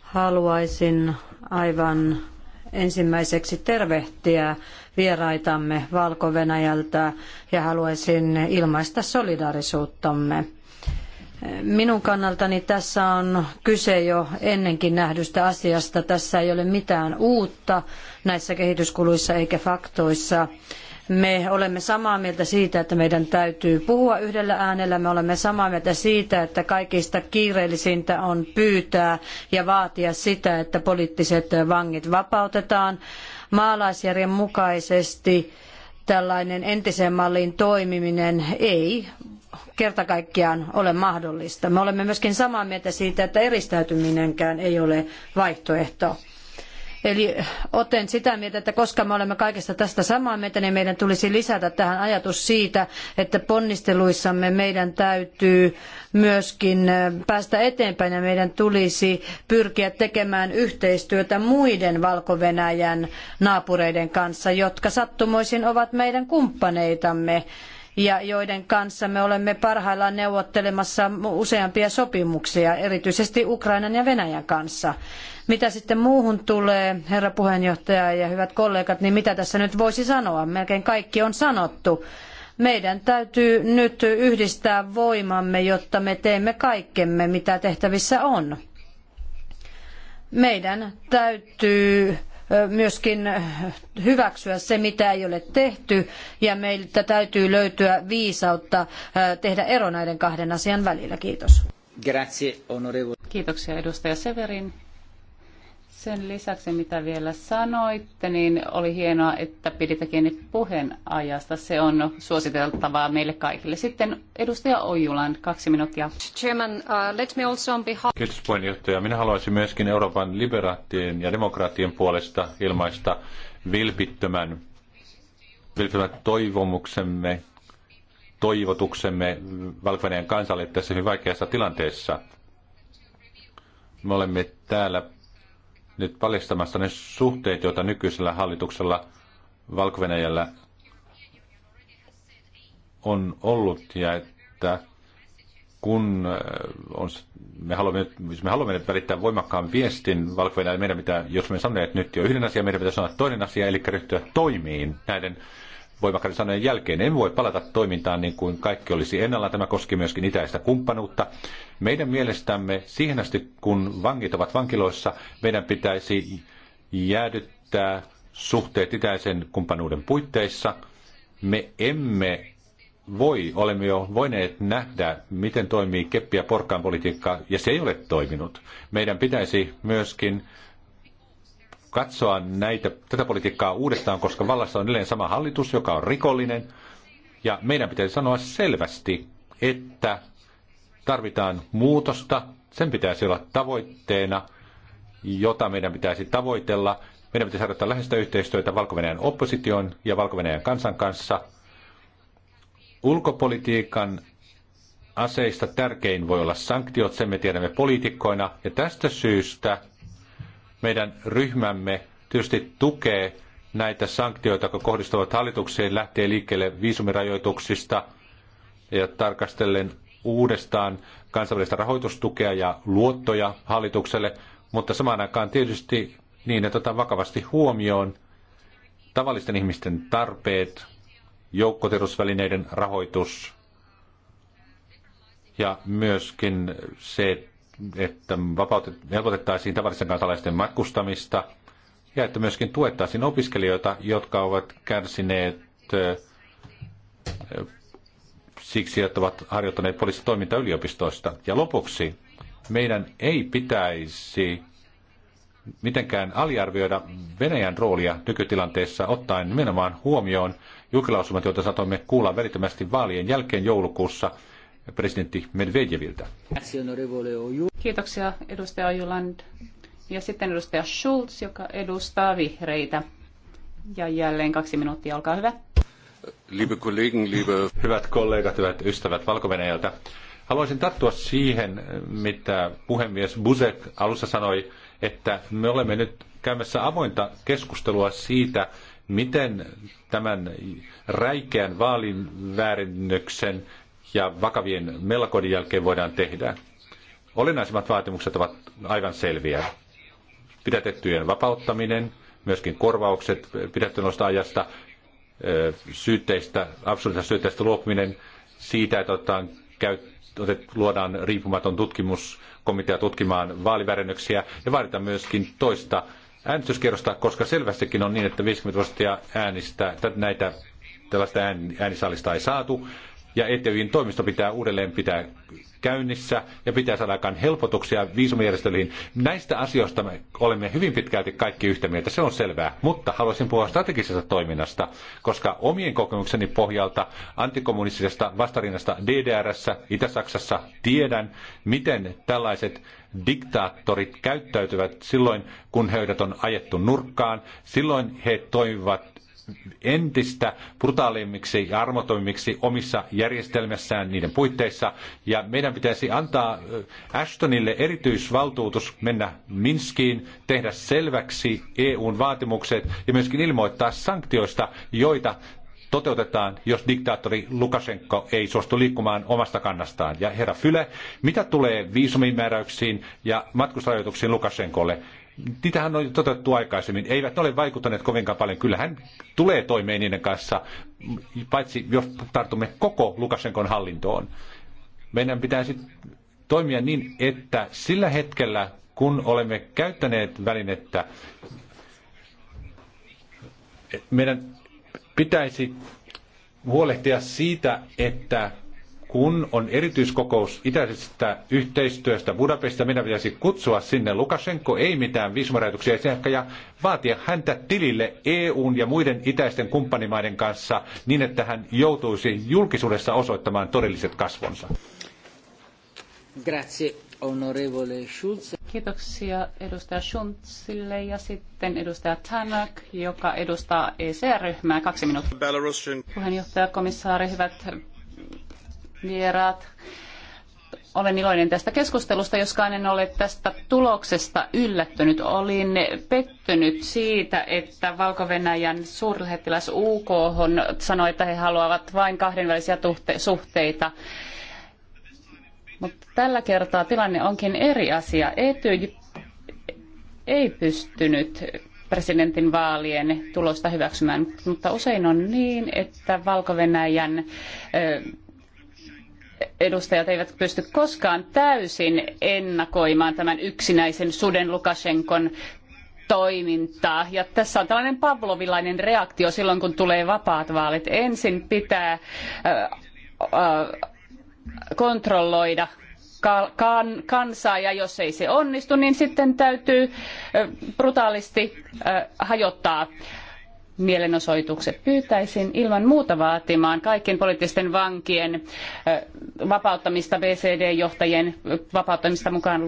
Haluaisin aivan ensimmäiseksi tervehtiä vieraitamme Valko-Venäjältä ja haluaisin ilmaista solidarisuuttamme. Minun kannaltani tässä on kyse jo ennenkin nähdystä asiasta. Tässä ei ole mitään uutta näissä kehityskuluissa eikä faktoissa. Me olemme samaa mieltä siitä, että meidän täytyy puhua yhdellä äänellä. Me olemme samaa mieltä siitä, että kaikista kiireellisintä on pyytää ja vaatia sitä, että poliittiset vangit vapautetaan. Maalaisjärjen mukaisesti tällainen entiseen malliin toimiminen ei kerta kaikkiaan ole mahdollista. Me olemme myöskin samaa mieltä siitä, että eristäytyminenkään ei ole vaihtoehto. Eli oten sitä mieltä, että koska me olemme kaikesta tästä samaa mieltä, niin meidän tulisi lisätä tähän ajatus siitä, että ponnisteluissamme meidän täytyy myöskin päästä eteenpäin ja meidän tulisi pyrkiä tekemään yhteistyötä muiden Valko-Venäjän naapureiden kanssa, jotka sattumoisin ovat meidän kumppaneitamme ja joiden kanssa me olemme parhaillaan neuvottelemassa useampia sopimuksia, erityisesti Ukrainan ja Venäjän kanssa. Mitä sitten muuhun tulee, herra puheenjohtaja ja hyvät kollegat, niin mitä tässä nyt voisi sanoa? Melkein kaikki on sanottu. Meidän täytyy nyt yhdistää voimamme, jotta me teemme kaikkemme, mitä tehtävissä on. Meidän täytyy myöskin hyväksyä se, mitä ei ole tehty, ja meiltä täytyy löytyä viisautta tehdä ero näiden kahden asian välillä. Kiitos. Grazie, Kiitoksia edustaja Severin sen lisäksi, mitä vielä sanoitte, niin oli hienoa, että piditte kiinni puheen ajasta. Se on suositeltavaa meille kaikille. Sitten edustaja Ojulan, kaksi minuuttia. Chairman, uh, let me also on behalf... Kiitos puheenjohtaja. Minä haluaisin myöskin Euroopan liberaattien ja demokraattien puolesta ilmaista vilpittömän, vilpittömän toivomuksemme, toivotuksemme valko kansalle tässä hyvin vaikeassa tilanteessa. Me olemme täällä nyt paljastamasta ne suhteet, joita nykyisellä hallituksella valko on ollut ja että kun äh, on, me, haluamme, jos siis me haluamme nyt välittää voimakkaan viestin valko meidän pitää, jos me sanomme nyt jo yhden asian, meidän pitää sanoa toinen asia, eli ryhtyä toimiin näiden voimakkaiden sanojen jälkeen. Emme voi palata toimintaan niin kuin kaikki olisi ennallaan. Tämä koski myöskin itäistä kumppanuutta. Meidän mielestämme siihen asti, kun vangit ovat vankiloissa, meidän pitäisi jäädyttää suhteet itäisen kumppanuuden puitteissa. Me emme voi, olemme jo voineet nähdä, miten toimii keppi- ja porkkaan politiikka, ja se ei ole toiminut. Meidän pitäisi myöskin katsoa näitä, tätä politiikkaa uudestaan, koska vallassa on yleensä sama hallitus, joka on rikollinen. Ja meidän pitäisi sanoa selvästi, että tarvitaan muutosta. Sen pitäisi olla tavoitteena, jota meidän pitäisi tavoitella. Meidän pitäisi harjoittaa läheistä yhteistyötä valko opposition ja valko kansan kanssa. Ulkopolitiikan aseista tärkein voi olla sanktiot, sen me tiedämme poliitikkoina. Ja tästä syystä meidän ryhmämme tietysti tukee näitä sanktioita, jotka kohdistuvat hallitukseen, lähtee liikkeelle viisumirajoituksista ja tarkastellen uudestaan kansainvälistä rahoitustukea ja luottoja hallitukselle, mutta samaan aikaan tietysti niin, että otetaan vakavasti huomioon tavallisten ihmisten tarpeet, joukkoterusvälineiden rahoitus ja myöskin se, että helpotettaisiin tavallisten kansalaisten matkustamista ja että myöskin tuettaisiin opiskelijoita, jotka ovat kärsineet siksi, että ovat harjoittaneet poliisin toiminta yliopistoista. Ja lopuksi meidän ei pitäisi mitenkään aliarvioida Venäjän roolia nykytilanteessa ottaen nimenomaan huomioon julkilausumat, joita saatoimme kuulla välittömästi vaalien jälkeen joulukuussa – presidentti Medvedeviltä. Kiitoksia edustaja Ojuland. Ja sitten edustaja Schulz, joka edustaa vihreitä. Ja jälleen kaksi minuuttia, olkaa hyvä. Liebe Kollegen, liebe... Hyvät kollegat, hyvät ystävät valko Haluaisin tarttua siihen, mitä puhemies Buzek alussa sanoi, että me olemme nyt käymässä avointa keskustelua siitä, miten tämän räikeän vaalin ja vakavien melkoiden jälkeen voidaan tehdä. Olennaisimmat vaatimukset ovat aivan selviä. Pidätettyjen vapauttaminen, myöskin korvaukset pidättynosta ajasta, syytteistä, absoluutista syytteistä luopuminen, siitä, että otetaan otet, luodaan riippumaton tutkimuskomitea tutkimaan vaalivärennöksiä ja vaaditaan myöskin toista äänestyskierrosta, koska selvästikin on niin, että 50 prosenttia äänistä, näitä tällaista äänisalista ei saatu ja Etyjin toimisto pitää uudelleen pitää käynnissä ja pitää saada aikaan helpotuksia viisumijärjestelyihin. Näistä asioista me olemme hyvin pitkälti kaikki yhtä mieltä, se on selvää, mutta haluaisin puhua strategisesta toiminnasta, koska omien kokemukseni pohjalta antikommunistisesta vastarinnasta DDRssä, Itä-Saksassa tiedän, miten tällaiset diktaattorit käyttäytyvät silloin, kun heidät on ajettu nurkkaan. Silloin he toimivat entistä brutaalimmiksi ja armotoimmiksi omissa järjestelmässään niiden puitteissa. Ja meidän pitäisi antaa Ashtonille erityisvaltuutus mennä Minskiin, tehdä selväksi EUn vaatimukset ja myöskin ilmoittaa sanktioista, joita toteutetaan, jos diktaattori Lukashenko ei suostu liikkumaan omasta kannastaan. Ja herra Fyle, mitä tulee viisumimääräyksiin ja matkustusrajoituksiin Lukashenkolle? niitähän on toteutettu aikaisemmin. Eivät ole vaikuttaneet kovinkaan paljon. Kyllähän tulee toimeen niiden kanssa, paitsi jos tartumme koko Lukashenkon hallintoon. Meidän pitää sitten toimia niin, että sillä hetkellä, kun olemme käyttäneet välinettä, meidän pitäisi huolehtia siitä, että kun on erityiskokous itäisestä yhteistyöstä Budapestissa, meidän pitäisi kutsua sinne Lukashenko, ei mitään viisumarajoituksia ja vaatia häntä tilille EUn ja muiden itäisten kumppanimaiden kanssa niin, että hän joutuisi julkisuudessa osoittamaan todelliset kasvonsa. Grazie, onorevole Schulz. Kiitoksia edustaja Schulzille ja sitten edustaja Tanak, joka edustaa ECR-ryhmää. Kaksi minuuttia. Puheenjohtaja, komissaari, hyvät vieraat. Olen iloinen tästä keskustelusta, joskaan en ole tästä tuloksesta yllättynyt. Olin pettynyt siitä, että Valko-Venäjän suurlähettiläs UK sanoi, että he haluavat vain kahdenvälisiä suhteita. Mutta tällä kertaa tilanne onkin eri asia. Etyj ei pystynyt presidentin vaalien tulosta hyväksymään, mutta usein on niin, että valko edustajat eivät pysty koskaan täysin ennakoimaan tämän yksinäisen suden Lukashenkon toimintaa. Ja tässä on tällainen pavlovilainen reaktio silloin, kun tulee vapaat vaalit. Ensin pitää äh, äh, kontrolloida kansaa ja jos ei se onnistu, niin sitten täytyy äh, brutaalisti hajottaa mielenosoitukset. Pyytäisin ilman muuta vaatimaan kaikkien poliittisten vankien vapauttamista, BCD-johtajien vapauttamista mukaan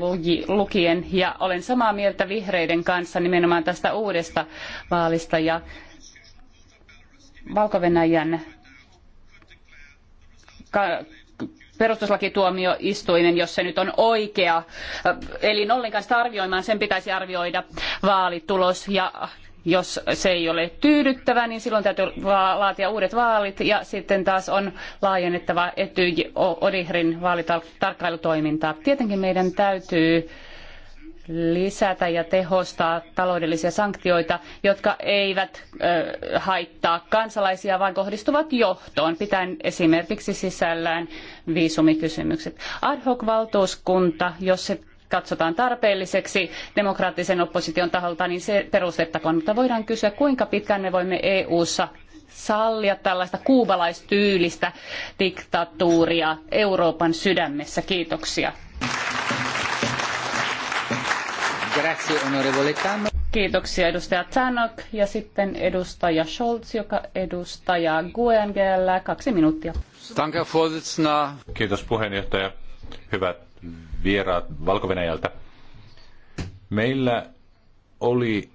lukien. Ja olen samaa mieltä vihreiden kanssa nimenomaan tästä uudesta vaalista ja valko perustuslakituomioistuimen, jos se nyt on oikea. Eli ollenkaan sitä arvioimaan, sen pitäisi arvioida vaalitulos ja jos se ei ole tyydyttävä, niin silloin täytyy laatia uudet vaalit ja sitten taas on laajennettava Etyj Odihrin vaalitarkkailutoimintaa. Tietenkin meidän täytyy lisätä ja tehostaa taloudellisia sanktioita, jotka eivät haittaa kansalaisia, vaan kohdistuvat johtoon, pitäen esimerkiksi sisällään viisumikysymykset. Ad hoc-valtuuskunta, jos se katsotaan tarpeelliseksi demokraattisen opposition taholta, niin se perustettakoon. Mutta voidaan kysyä, kuinka pitkään me voimme EU-ssa sallia tällaista kuubalaistyylistä diktatuuria Euroopan sydämessä. Kiitoksia. Kiitoksia edustaja Tanok ja sitten edustaja Scholz, joka edustaa GUNGL. Kaksi minuuttia. Kiitos puheenjohtaja. Hyvät vieraat valko -Venäjältä. Meillä oli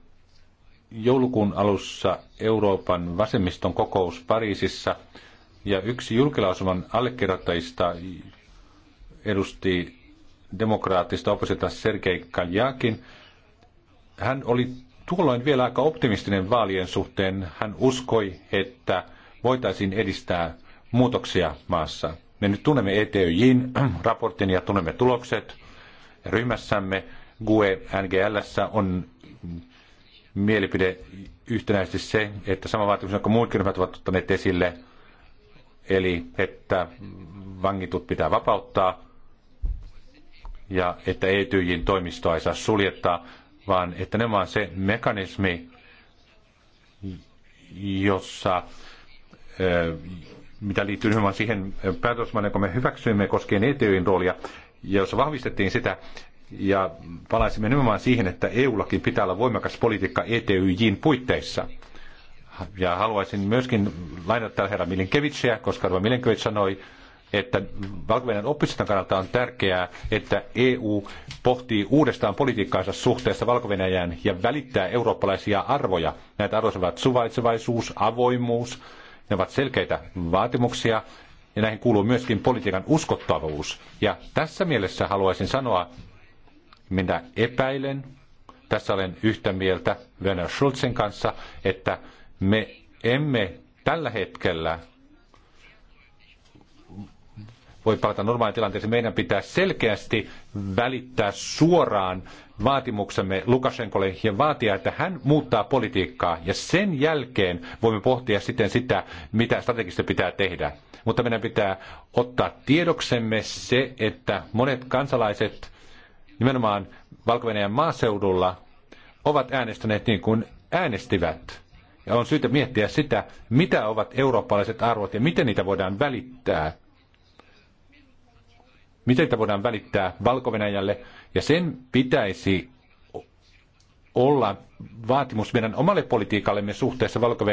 joulukuun alussa Euroopan vasemmiston kokous Pariisissa, ja yksi julkilausuman allekirjoittajista edusti demokraattista oppositiota Sergei Kajakin. Hän oli tuolloin vielä aika optimistinen vaalien suhteen. Hän uskoi, että voitaisiin edistää muutoksia maassa. Me nyt tunnemme ETYJin raportin ja tunnemme tulokset. Ryhmässämme GUE NGLssä on mielipide yhtenäisesti se, että sama vaatimus, jonka muutkin ryhmät ovat ottaneet esille, eli että vangitut pitää vapauttaa ja että Etyjin toimistoa ei saa suljettaa, vaan että ne on se mekanismi, jossa mitä liittyy nimenomaan siihen päätösmaan, jonka me hyväksyimme koskien ETYin roolia, ja jos vahvistettiin sitä, ja palaisimme nimenomaan siihen, että EUllakin pitää olla voimakas politiikka ETYjin puitteissa. Ja haluaisin myöskin lainata täällä herra Milinkevitsiä, koska herra Milinkevits sanoi, että valko oppiston kannalta on tärkeää, että EU pohtii uudestaan politiikkaansa suhteessa valko ja välittää eurooppalaisia arvoja. Näitä arvoja ovat suvaitsevaisuus, avoimuus, ne ovat selkeitä vaatimuksia ja näihin kuuluu myöskin politiikan uskottavuus. Ja tässä mielessä haluaisin sanoa, minä epäilen, tässä olen yhtä mieltä Werner Schulzin kanssa, että me emme tällä hetkellä voi palata normaaliin tilanteeseen. Meidän pitää selkeästi välittää suoraan vaatimuksemme Lukashenkolle ja vaatia, että hän muuttaa politiikkaa. Ja sen jälkeen voimme pohtia sitten sitä, mitä strategista pitää tehdä. Mutta meidän pitää ottaa tiedoksemme se, että monet kansalaiset nimenomaan valko maaseudulla ovat äänestäneet niin kuin äänestivät. Ja on syytä miettiä sitä, mitä ovat eurooppalaiset arvot ja miten niitä voidaan välittää – miten niitä voidaan välittää valko ja sen pitäisi olla vaatimus meidän omalle politiikallemme suhteessa valko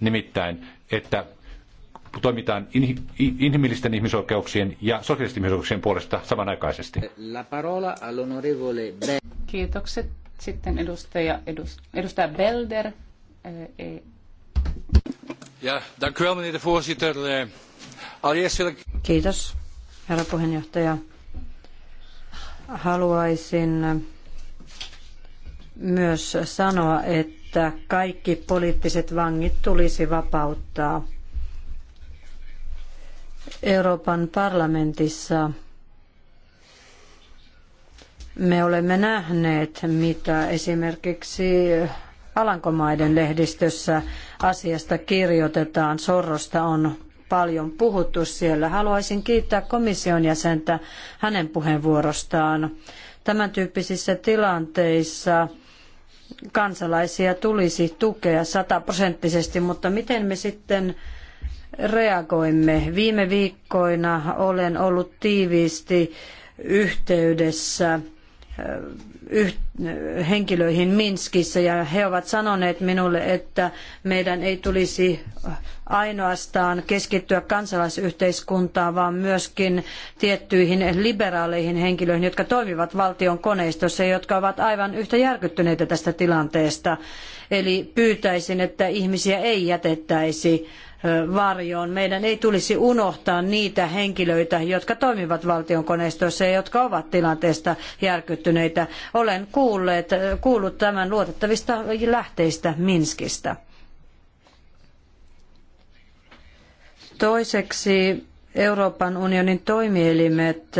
nimittäin, että toimitaan inhi- inhimillisten ihmisoikeuksien ja sosiaalisten ihmisoikeuksien puolesta samanaikaisesti. La parola all'onorevole Kiitokset. Sitten edustaja, edust, edustaja Belder. Eh, eh. Ja, dank u wel, meneer de voorzitter. Eh, allereerst wil ik... Kiitos, herra puheenjohtaja. Haluaisin myös sanoa, että kaikki poliittiset vangit tulisi vapauttaa. Euroopan parlamentissa me olemme nähneet, mitä esimerkiksi Alankomaiden lehdistössä asiasta kirjoitetaan. Sorrosta on paljon puhuttu siellä. Haluaisin kiittää komission jäsentä hänen puheenvuorostaan. Tämän tyyppisissä tilanteissa kansalaisia tulisi tukea sataprosenttisesti, mutta miten me sitten reagoimme? Viime viikkoina olen ollut tiiviisti yhteydessä henkilöihin Minskissä ja he ovat sanoneet minulle, että meidän ei tulisi ainoastaan keskittyä kansalaisyhteiskuntaan, vaan myöskin tiettyihin liberaaleihin henkilöihin, jotka toimivat valtion koneistossa ja jotka ovat aivan yhtä järkyttyneitä tästä tilanteesta. Eli pyytäisin, että ihmisiä ei jätettäisi varjoon. Meidän ei tulisi unohtaa niitä henkilöitä, jotka toimivat valtion ja jotka ovat tilanteesta järkyttyneitä. Olen kuullut tämän luotettavista lähteistä Minskistä. Toiseksi Euroopan unionin toimielimet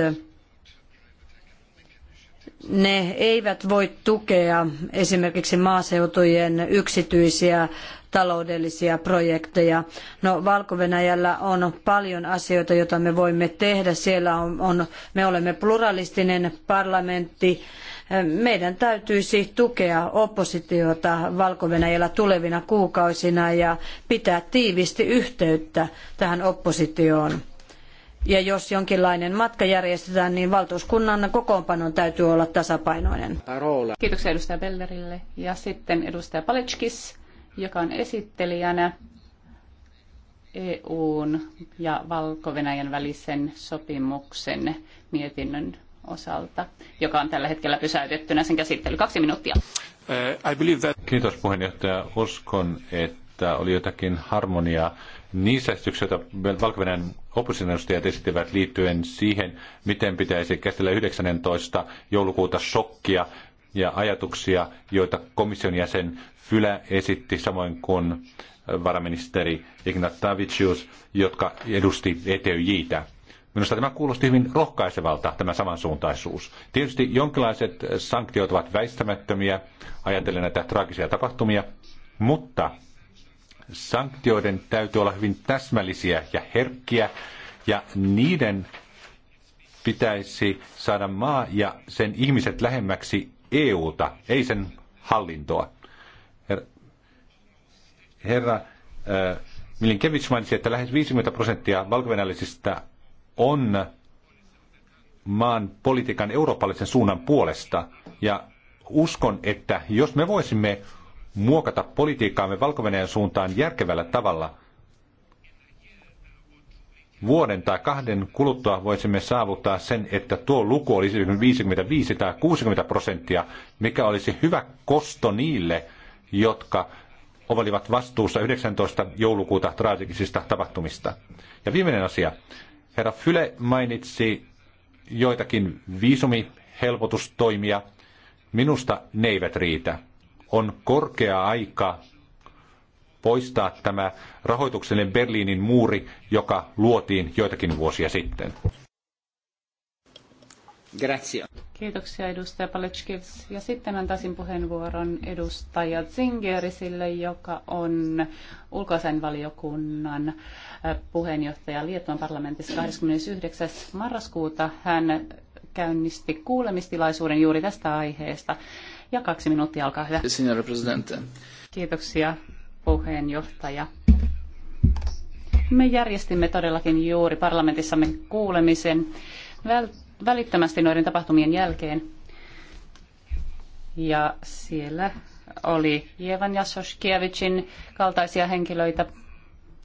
ne eivät voi tukea esimerkiksi maaseutujen yksityisiä taloudellisia projekteja. No valko on paljon asioita, joita me voimme tehdä. Siellä on, on me olemme pluralistinen parlamentti. Meidän täytyisi tukea oppositiota valko tulevina kuukausina ja pitää tiivisti yhteyttä tähän oppositioon. Ja jos jonkinlainen matka järjestetään, niin valtuuskunnan kokoonpanon täytyy olla tasapainoinen. Kiitoksia edustaja Bellerille. Ja sitten edustaja Paletskis joka on esittelijänä EUn ja valko välisen sopimuksen mietinnön osalta, joka on tällä hetkellä pysäytettynä sen käsittely. Kaksi minuuttia. Uh, Kiitos puheenjohtaja. Uskon, että oli jotakin harmoniaa niissä esityksissä, joita valko oppositionedustajat esittivät liittyen siihen, miten pitäisi käsitellä 19. joulukuuta shokkia ja ajatuksia, joita komission jäsen Fylä esitti, samoin kuin varaministeri Ignatavicius, jotka edusti Etyjitä. Minusta tämä kuulosti hyvin rohkaisevalta, tämä samansuuntaisuus. Tietysti jonkinlaiset sanktiot ovat väistämättömiä, ajatellen näitä traagisia tapahtumia, mutta sanktioiden täytyy olla hyvin täsmällisiä ja herkkiä, ja niiden pitäisi saada maa ja sen ihmiset lähemmäksi EUta, ei sen hallintoa. Herra äh, Milinkevich mainitsi, että lähes 50 prosenttia valkovenäläisistä on maan politiikan eurooppalaisen suunnan puolesta. Ja uskon, että jos me voisimme muokata politiikkaamme valko suuntaan järkevällä tavalla, vuoden tai kahden kuluttua voisimme saavuttaa sen, että tuo luku olisi 55 tai 60 prosenttia, mikä olisi hyvä kosto niille, jotka olivat vastuussa 19. joulukuuta traagisista tapahtumista. Ja viimeinen asia. Herra Fyle mainitsi joitakin viisumihelpotustoimia. Minusta ne eivät riitä. On korkea aika poistaa tämä rahoituksellinen Berliinin muuri, joka luotiin joitakin vuosia sitten. Grazie. Kiitoksia edustaja Paletskivs. Ja sitten antaisin puheenvuoron edustaja Zingerisille, joka on ulkoasainvaliokunnan äh, puheenjohtaja Liettuan parlamentissa 29. marraskuuta. Hän käynnisti kuulemistilaisuuden juuri tästä aiheesta. Ja kaksi minuuttia, alkaa hyvä. Signora Presidente. Kiitoksia puheenjohtaja. Me järjestimme todellakin juuri parlamentissamme kuulemisen. Vält- välittömästi noiden tapahtumien jälkeen. Ja siellä oli Jevan Jasoskiewiczin kaltaisia henkilöitä,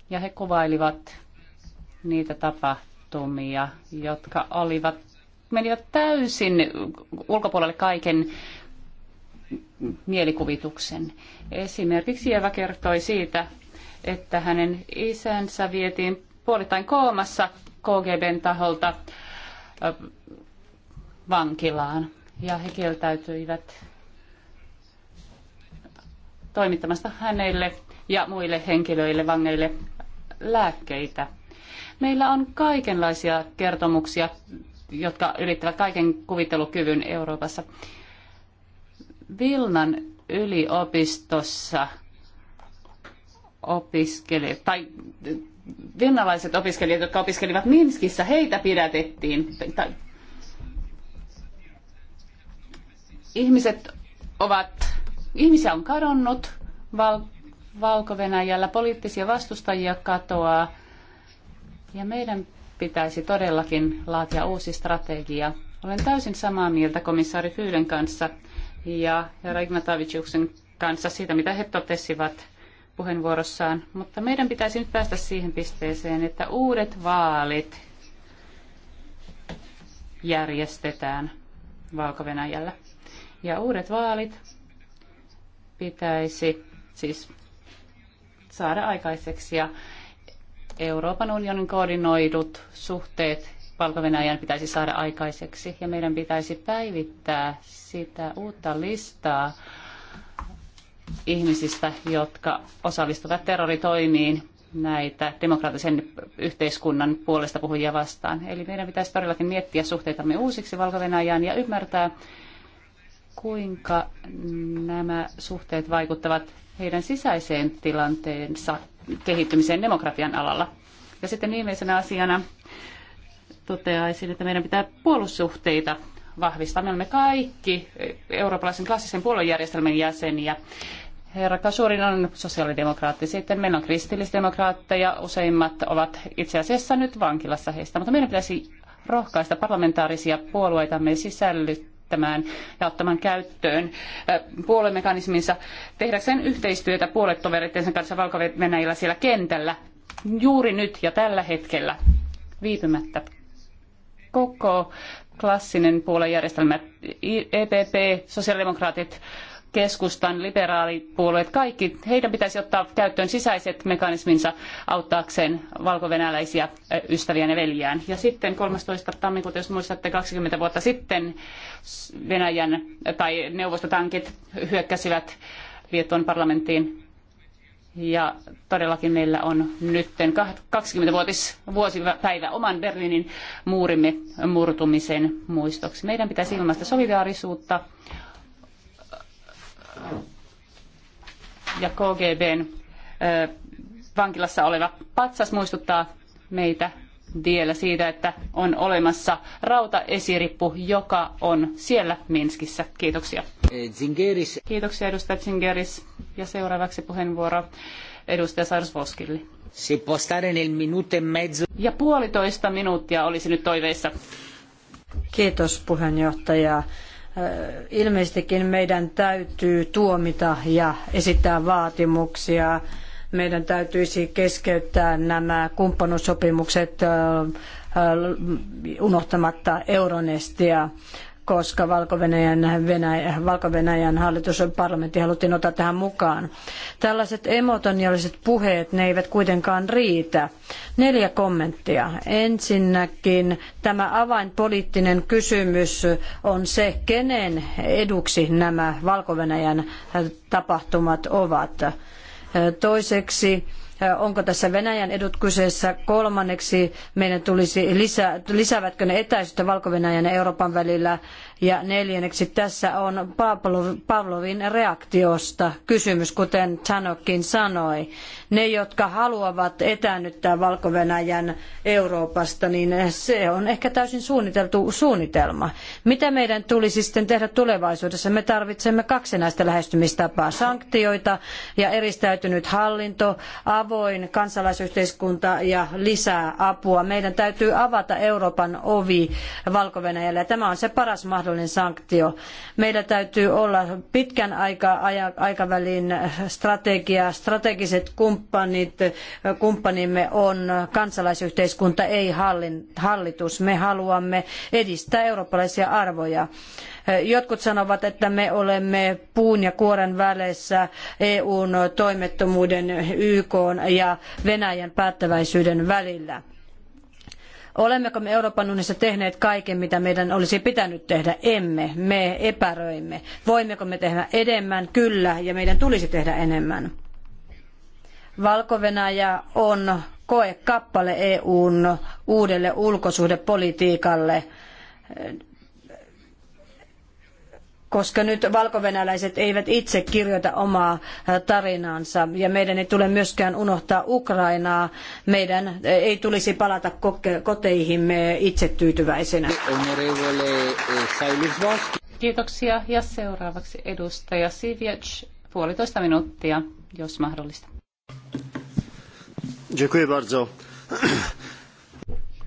ja he kuvailivat niitä tapahtumia, jotka olivat, menivät täysin ulkopuolelle kaiken mielikuvituksen. Esimerkiksi Jeva kertoi siitä, että hänen isänsä vietiin puolittain koomassa KGBn taholta vankilaan ja he kieltäytyivät toimittamasta hänelle ja muille henkilöille, vangeille lääkkeitä. Meillä on kaikenlaisia kertomuksia, jotka ylittävät kaiken kuvittelukyvyn Euroopassa. Vilnan yliopistossa opiskelee tai venäläiset opiskelijat, jotka opiskelivat Minskissä, heitä pidätettiin. Ihmiset ovat, ihmisiä on kadonnut val, Valko-Venäjällä, poliittisia vastustajia katoaa. Ja meidän pitäisi todellakin laatia uusi strategia. Olen täysin samaa mieltä komissaari Fyylen kanssa ja Ragnar kanssa siitä, mitä he totesivat puheenvuorossaan, mutta meidän pitäisi nyt päästä siihen pisteeseen, että uudet vaalit järjestetään valko -Venäjällä. Ja uudet vaalit pitäisi siis saada aikaiseksi ja Euroopan unionin koordinoidut suhteet valko pitäisi saada aikaiseksi ja meidän pitäisi päivittää sitä uutta listaa ihmisistä, jotka osallistuvat terroritoimiin näitä demokraattisen yhteiskunnan puolesta puhujia vastaan. Eli meidän pitäisi todellakin miettiä suhteitamme uusiksi valko ja ymmärtää, kuinka nämä suhteet vaikuttavat heidän sisäiseen tilanteensa kehittymiseen demokratian alalla. Ja sitten viimeisenä asiana toteaisin, että meidän pitää puolussuhteita vahvistaa. Me olemme kaikki eurooppalaisen klassisen puoluejärjestelmän jäseniä. Herra Kasurin on sosiaalidemokraatti, sitten meillä on kristillisdemokraatteja, useimmat ovat itse asiassa nyt vankilassa heistä, mutta meidän pitäisi rohkaista parlamentaarisia puolueitamme sisällyttämään ja ottamaan käyttöön äh, puoluemekanisminsa tehdäkseen yhteistyötä puoletovereittensa kanssa valko siellä kentällä juuri nyt ja tällä hetkellä viipymättä koko klassinen puoluejärjestelmä, EPP, sosiaalidemokraatit, keskustan, liberaalipuolueet, kaikki, heidän pitäisi ottaa käyttöön sisäiset mekanisminsa auttaakseen valkovenäläisiä ystäviään ja veljiään. Ja sitten 13. tammikuuta, jos muistatte, 20 vuotta sitten Venäjän tai neuvostotankit hyökkäsivät Liettuan parlamenttiin ja todellakin meillä on nyt 20-vuotis vuosipäivä oman Berliinin muurimme murtumisen muistoksi. Meidän pitäisi ilmaista solidaarisuutta ja KGBn vankilassa oleva patsas muistuttaa meitä tiellä siitä, että on olemassa rautaesirippu, joka on siellä Minskissä. Kiitoksia. Eh, Zingeris. Kiitoksia edustaja Zingeris. Ja seuraavaksi puheenvuoro edustaja Sarsvoskille. Si può stare nel minuto e mezzo. Ja puolitoista minuuttia olisi nyt toiveissa. Kiitos puheenjohtaja. Eh, ilmeisestikin meidän täytyy tuomita ja esittää vaatimuksia meidän täytyisi keskeyttää nämä kumppanuussopimukset unohtamatta Euronestia koska Valko-Venäjän, Venäjä, valko hallitus ja parlamentti haluttiin ottaa tähän mukaan. Tällaiset emotonialiset puheet, ne eivät kuitenkaan riitä. Neljä kommenttia. Ensinnäkin tämä avainpoliittinen kysymys on se, kenen eduksi nämä Valko-Venäjän tapahtumat ovat. Toiseksi äh, onko tässä Venäjän edut kyseessä. Kolmanneksi meidän tulisi lisää, lisäävätkö ne etäisyyttä valko ja Euroopan välillä. Ja neljänneksi tässä on Pavlovin reaktiosta kysymys, kuten Tanokkin sanoi. Ne, jotka haluavat etäännyttää valko Euroopasta, niin se on ehkä täysin suunniteltu suunnitelma. Mitä meidän tulisi sitten tehdä tulevaisuudessa? Me tarvitsemme kaksinaista lähestymistapaa. Sanktioita ja eristäytynyt hallinto, avoin kansalaisyhteiskunta ja lisää apua. Meidän täytyy avata Euroopan ovi valko -Venäjälle. Tämä on se paras mahdollinen mahdollinen sanktio. Meillä täytyy olla pitkän aika, aikavälin strategia, strategiset kumppanit, kumppanimme on kansalaisyhteiskunta, ei hallitus. Me haluamme edistää eurooppalaisia arvoja. Jotkut sanovat, että me olemme puun ja kuoren välissä EUn toimettomuuden, YK ja Venäjän päättäväisyyden välillä Olemmeko me Euroopan unionissa tehneet kaiken, mitä meidän olisi pitänyt tehdä? Emme. Me epäröimme. Voimmeko me tehdä enemmän? Kyllä, ja meidän tulisi tehdä enemmän. valko on koekappale EUn uudelle ulkosuhdepolitiikalle koska nyt valkovenäläiset eivät itse kirjoita omaa tarinaansa ja meidän ei tule myöskään unohtaa Ukrainaa. Meidän ei tulisi palata koteihimme itsetyytyväisenä. Kiitoksia ja seuraavaksi edustaja Siviec, puolitoista minuuttia, jos mahdollista.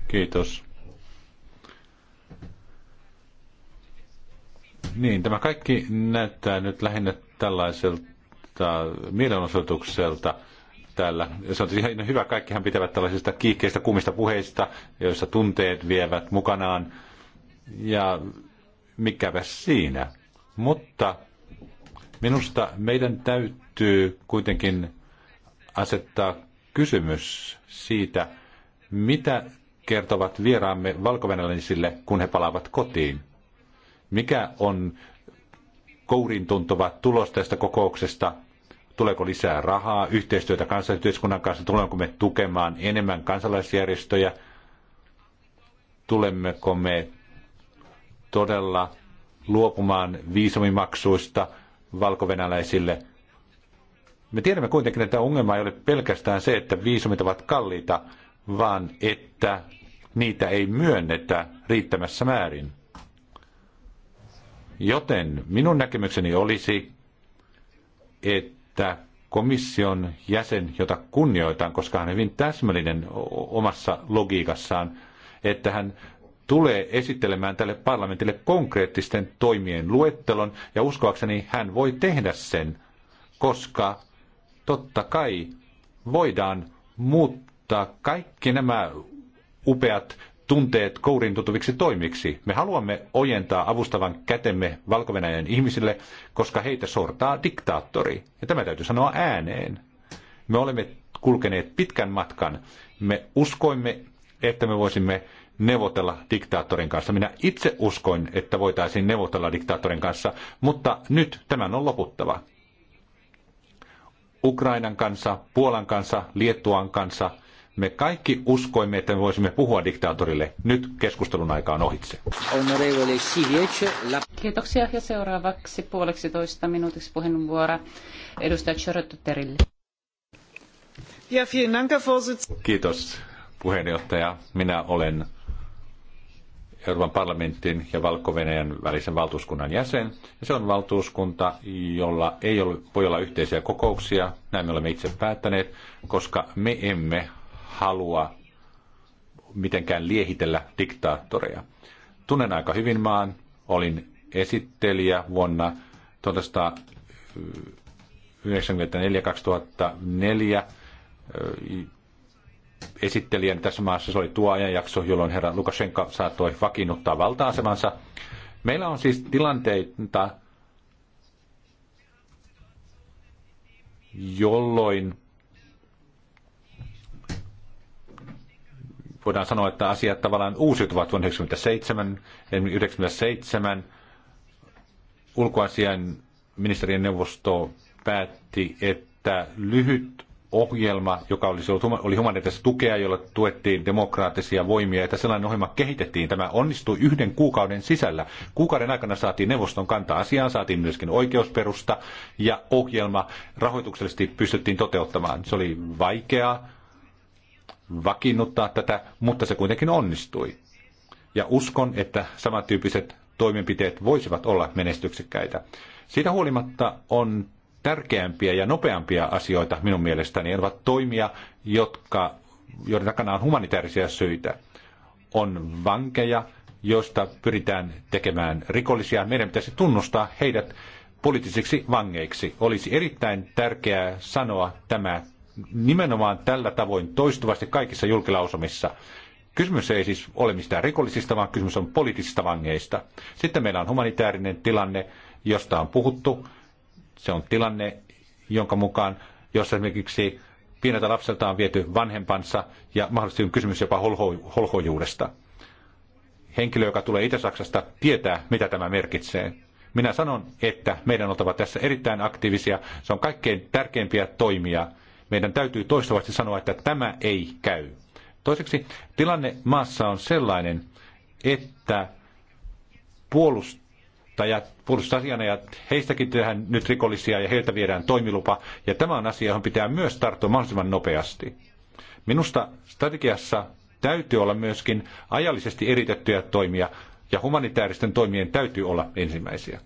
Kiitos. Niin, tämä kaikki näyttää nyt lähinnä tällaiselta mielenosoitukselta täällä. Se on ihan hyvä, kaikkihan pitävät tällaisista kiihkeistä kumista puheista, joissa tunteet vievät mukanaan. Ja mikäpä siinä. Mutta minusta meidän täytyy kuitenkin asettaa kysymys siitä, mitä kertovat vieraamme valko kun he palaavat kotiin. Mikä on kourin tuntuva tulos tästä kokouksesta? Tuleeko lisää rahaa, yhteistyötä kansalaisyhteiskunnan kanssa? Tulemmeko me tukemaan enemmän kansalaisjärjestöjä? Tulemmeko me todella luopumaan viisumimaksuista valkovenäläisille? Me tiedämme kuitenkin, että ongelma ei ole pelkästään se, että viisumit ovat kalliita, vaan että niitä ei myönnetä riittämässä määrin. Joten minun näkemykseni olisi, että komission jäsen, jota kunnioitan, koska hän on hyvin täsmällinen omassa logiikassaan, että hän tulee esittelemään tälle parlamentille konkreettisten toimien luettelon, ja uskoakseni hän voi tehdä sen, koska totta kai voidaan muuttaa kaikki nämä upeat tunteet kouriin tutuviksi toimiksi. Me haluamme ojentaa avustavan kätemme valko ihmisille, koska heitä sortaa diktaattori. Ja tämä täytyy sanoa ääneen. Me olemme kulkeneet pitkän matkan. Me uskoimme, että me voisimme neuvotella diktaattorin kanssa. Minä itse uskoin, että voitaisiin neuvotella diktaattorin kanssa, mutta nyt tämän on loputtava. Ukrainan kanssa, Puolan kanssa, Liettuan kanssa – me kaikki uskoimme, että me voisimme puhua diktaattorille. Nyt keskustelun aika on ohitse. Kiitoksia ja seuraavaksi puoleksi toista minuutiksi puheenvuoro edustaja Chorotterille. Kiitos puheenjohtaja. Minä olen Euroopan parlamentin ja valko välisen valtuuskunnan jäsen. se on valtuuskunta, jolla ei ole, voi olla yhteisiä kokouksia, näin me olemme itse päättäneet, koska me emme halua mitenkään liehitellä diktaattoreja. Tunnen aika hyvin maan. Olin esittelijä vuonna 1994-2004 esittelijän tässä maassa. Se oli tuo ajanjakso, jolloin herra Lukashenka saattoi vakiinnuttaa valta-asemansa. Meillä on siis tilanteita, jolloin voidaan sanoa, että asiat tavallaan uusiutuvat vuonna 1997. ulkoasian ministerien neuvosto päätti, että lyhyt ohjelma, joka olisi ollut, oli humanitaarista tukea, jolla tuettiin demokraattisia voimia, että sellainen ohjelma kehitettiin. Tämä onnistui yhden kuukauden sisällä. Kuukauden aikana saatiin neuvoston kanta asiaan, saatiin myöskin oikeusperusta ja ohjelma rahoituksellisesti pystyttiin toteuttamaan. Se oli vaikeaa, vakiinnuttaa tätä, mutta se kuitenkin onnistui. Ja uskon, että samantyyppiset toimenpiteet voisivat olla menestyksekkäitä. Siitä huolimatta on tärkeämpiä ja nopeampia asioita minun mielestäni, ovat toimia, jotka, joiden takana on humanitaarisia syitä. On vankeja, joista pyritään tekemään rikollisia. Meidän pitäisi tunnustaa heidät poliittisiksi vangeiksi. Olisi erittäin tärkeää sanoa tämä nimenomaan tällä tavoin toistuvasti kaikissa julkilausumissa. Kysymys ei siis ole mistään rikollisista, vaan kysymys on poliittisista vangeista. Sitten meillä on humanitaarinen tilanne, josta on puhuttu. Se on tilanne, jonka mukaan, jossa esimerkiksi pieneltä lapselta on viety vanhempansa ja mahdollisesti on kysymys jopa holho, holhojuudesta. Henkilö, joka tulee Itä-Saksasta, tietää, mitä tämä merkitsee. Minä sanon, että meidän on oltava tässä erittäin aktiivisia. Se on kaikkein tärkeimpiä toimia, meidän täytyy toistuvasti sanoa, että tämä ei käy. Toiseksi tilanne maassa on sellainen, että puolustajat, puolustusasianajat, heistäkin tehdään nyt rikollisia ja heiltä viedään toimilupa. Ja tämä on asia, johon pitää myös tarttua mahdollisimman nopeasti. Minusta strategiassa täytyy olla myöskin ajallisesti eritettyjä toimia, ja humanitaaristen toimien täytyy olla ensimmäisiä.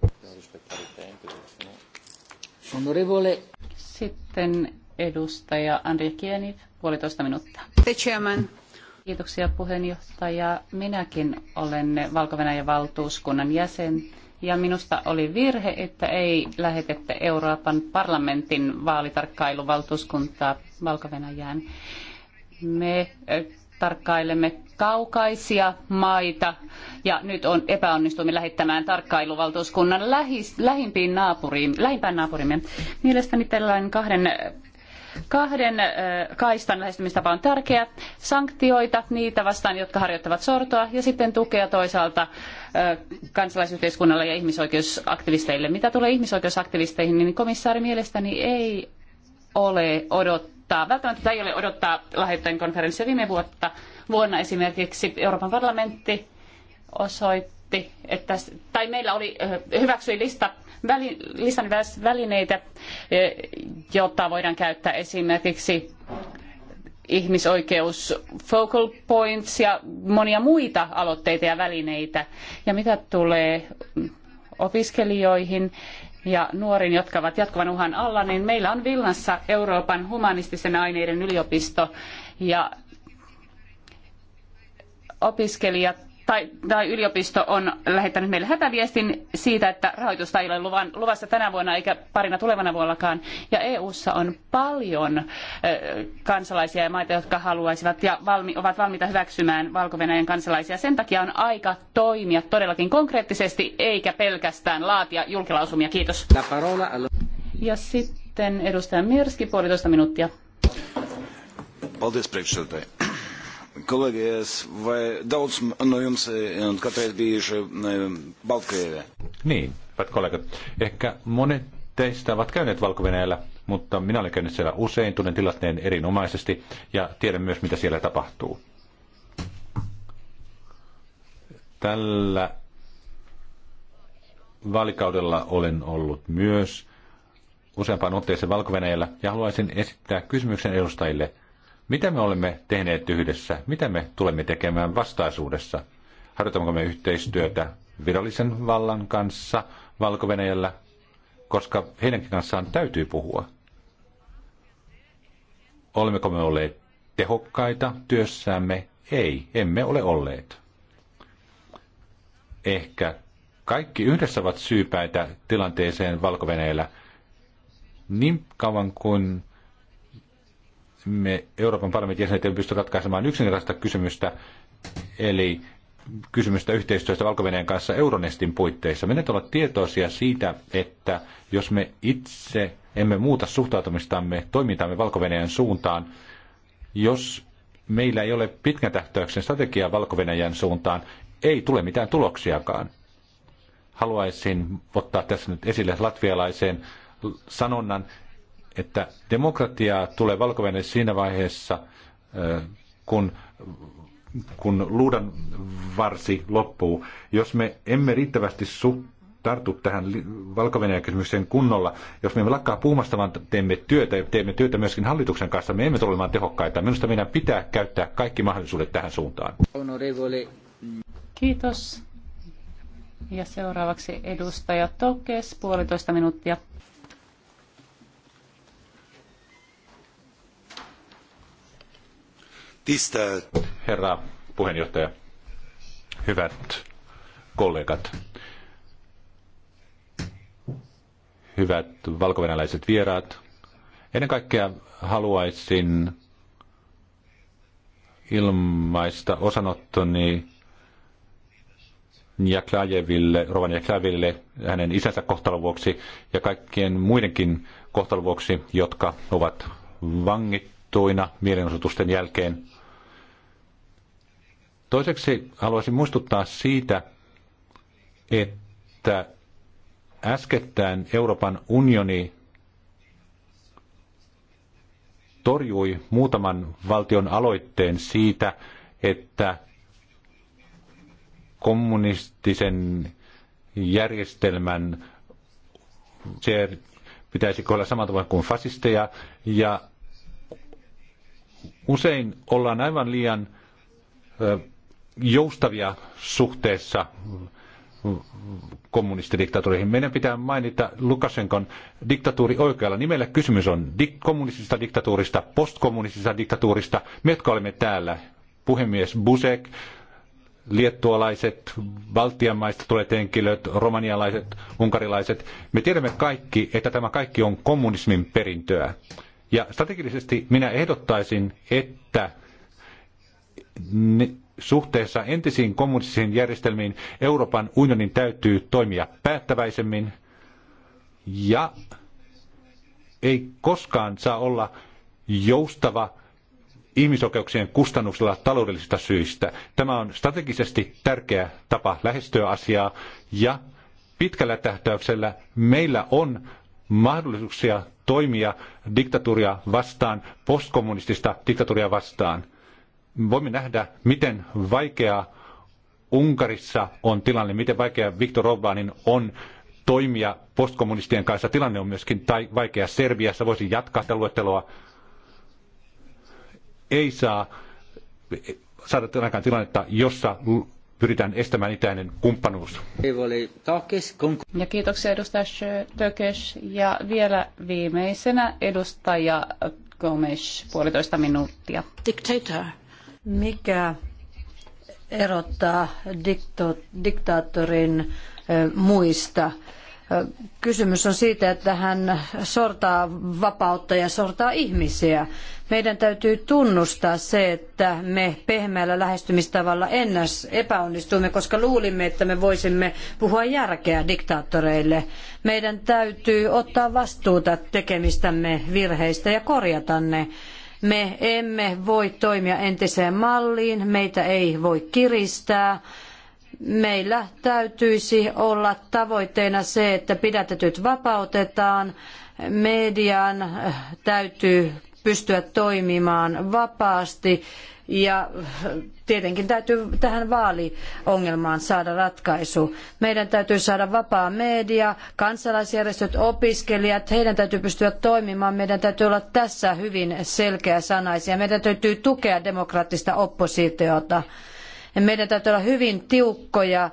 Sitten Edustaja Andri Kieni, puolitoista minuuttia. The chairman. Kiitoksia puheenjohtaja. Minäkin olen valko valtuuskunnan jäsen ja minusta oli virhe, että ei lähetettä Euroopan parlamentin vaalitarkkailuvaltuuskuntaa valko -Venäjään. Me eh, tarkkailemme kaukaisia maita ja nyt on epäonnistumme lähettämään tarkkailuvaltuuskunnan lähis, lähimpiin naapuriin, lähimpään naapurimme. Mielestäni tällainen kahden Kahden kaistan lähestymistapa on tärkeä. Sanktioita niitä vastaan, jotka harjoittavat sortoa, ja sitten tukea toisaalta kansalaisyhteiskunnalle ja ihmisoikeusaktivisteille. Mitä tulee ihmisoikeusaktivisteihin, niin komissaari mielestäni ei ole odottaa, välttämättä ei ole odottaa lahjoittajien konferenssia viime vuotta. Vuonna esimerkiksi Euroopan parlamentti osoitti, että, tai meillä oli, hyväksyi lista väli, listan välineitä, e, voidaan käyttää esimerkiksi ihmisoikeus focal points ja monia muita aloitteita ja välineitä. Ja mitä tulee opiskelijoihin ja nuoriin, jotka ovat jatkuvan uhan alla, niin meillä on Vilnassa Euroopan humanististen aineiden yliopisto ja opiskelijat tai, tai yliopisto on lähettänyt meille hätäviestin siitä, että rahoitusta ei ole luvan, luvassa tänä vuonna eikä parina tulevana vuonnakaan. Ja EU:ssa on paljon ö, kansalaisia ja maita, jotka haluaisivat ja valmi, ovat valmiita hyväksymään valko kansalaisia. Sen takia on aika toimia todellakin konkreettisesti eikä pelkästään laatia julkilausumia. Kiitos. Ja sitten edustaja Mirski, puolitoista minuuttia kollegies, vai daudz noimse on katreiz bijuši Niin, hyvät kollegat. Ehkä monet teistä ovat käyneet valko mutta minä olen käynyt siellä usein, tunnen tilanteen erinomaisesti ja tiedän myös, mitä siellä tapahtuu. Tällä vaalikaudella olen ollut myös useampaan otteeseen valko ja haluaisin esittää kysymyksen edustajille – mitä me olemme tehneet yhdessä? Mitä me tulemme tekemään vastaisuudessa? Harjoitammeko me yhteistyötä virallisen vallan kanssa valko -Venäjällä? Koska heidänkin kanssaan täytyy puhua. Olemmeko me olleet tehokkaita työssämme? Ei, emme ole olleet. Ehkä kaikki yhdessä ovat syypäitä tilanteeseen valko -Venäjällä. Niin kauan kuin me Euroopan parlamentin jäsenet emme pysty ratkaisemaan yksinkertaista kysymystä, eli kysymystä yhteistyöstä valko kanssa Euronestin puitteissa. Meidän olla tietoisia siitä, että jos me itse emme muuta suhtautumistamme, toimintaamme valko suuntaan, jos meillä ei ole pitkän tähtäyksen strategiaa valko suuntaan, ei tule mitään tuloksiakaan. Haluaisin ottaa tässä nyt esille latvialaisen sanonnan, että demokratiaa tulee valko siinä vaiheessa, kun, kun luudan varsi loppuu. Jos me emme riittävästi su- tartu tähän valko kysymykseen kunnolla, jos me emme lakkaa puumasta, vaan teemme työtä, ja teemme työtä myöskin hallituksen kanssa, me emme tule olemaan tehokkaita. Minusta meidän pitää käyttää kaikki mahdollisuudet tähän suuntaan. Kiitos. Ja seuraavaksi edustaja Tokes, puolitoista minuuttia. Tisztelt herra puheenjohtaja, hyvät kollegat, hyvät valkovenäläiset vieraat. Ennen kaikkea haluaisin ilmaista osanottoni Jaklajeville, Rovan Jaklajeville, hänen isänsä kohtalon vuoksi ja kaikkien muidenkin kohtalon vuoksi, jotka ovat vangittuina mielenosoitusten jälkeen. Toiseksi haluaisin muistuttaa siitä, että äskettäin Euroopan unioni torjui muutaman valtion aloitteen siitä, että kommunistisen järjestelmän se pitäisi olla samalla tavalla kuin fasisteja. Ja usein ollaan aivan liian joustavia suhteessa kommunistidiktatuureihin. Meidän pitää mainita Lukashenkon diktatuuri oikealla nimellä. Kysymys on di- kommunistisesta diktatuurista, postkommunistisesta diktatuurista. Me, jotka olemme täällä, puhemies Busek, liettualaiset, Baltian maista tulevat henkilöt, romanialaiset, unkarilaiset. Me tiedämme kaikki, että tämä kaikki on kommunismin perintöä. Ja strategisesti minä ehdottaisin, että suhteessa entisiin kommunistisiin järjestelmiin Euroopan unionin täytyy toimia päättäväisemmin ja ei koskaan saa olla joustava ihmisoikeuksien kustannuksella taloudellisista syistä. Tämä on strategisesti tärkeä tapa lähestyä asiaa ja pitkällä tähtäyksellä meillä on mahdollisuuksia toimia diktatuuria vastaan, postkommunistista diktatuuria vastaan voimme nähdä, miten vaikea Unkarissa on tilanne, miten vaikea Viktor Orbanin on toimia postkommunistien kanssa. Tilanne on myöskin tai vaikea Serbiassa, voisi jatkaa tätä luetteloa. Ei saa saada ainakaan tilannetta, jossa pyritään estämään itäinen kumppanuus. Ja kiitoksia edustaja Tökes. Ja vielä viimeisenä edustaja Gomes, puolitoista minuuttia. Diktator. Mikä erottaa dikto, diktaattorin muista? Kysymys on siitä, että hän sortaa vapautta ja sortaa ihmisiä. Meidän täytyy tunnustaa se, että me pehmeällä lähestymistavalla ennäs epäonnistuimme, koska luulimme, että me voisimme puhua järkeä diktaattoreille. Meidän täytyy ottaa vastuuta tekemistämme virheistä ja korjata ne. Me emme voi toimia entiseen malliin, meitä ei voi kiristää. Meillä täytyisi olla tavoitteena se, että pidätetyt vapautetaan, median äh, täytyy pystyä toimimaan vapaasti ja äh, tietenkin täytyy tähän vaaliongelmaan saada ratkaisu. Meidän täytyy saada vapaa media, kansalaisjärjestöt, opiskelijat, heidän täytyy pystyä toimimaan. Meidän täytyy olla tässä hyvin selkeäsanaisia. Meidän täytyy tukea demokraattista oppositiota. Meidän täytyy olla hyvin tiukkoja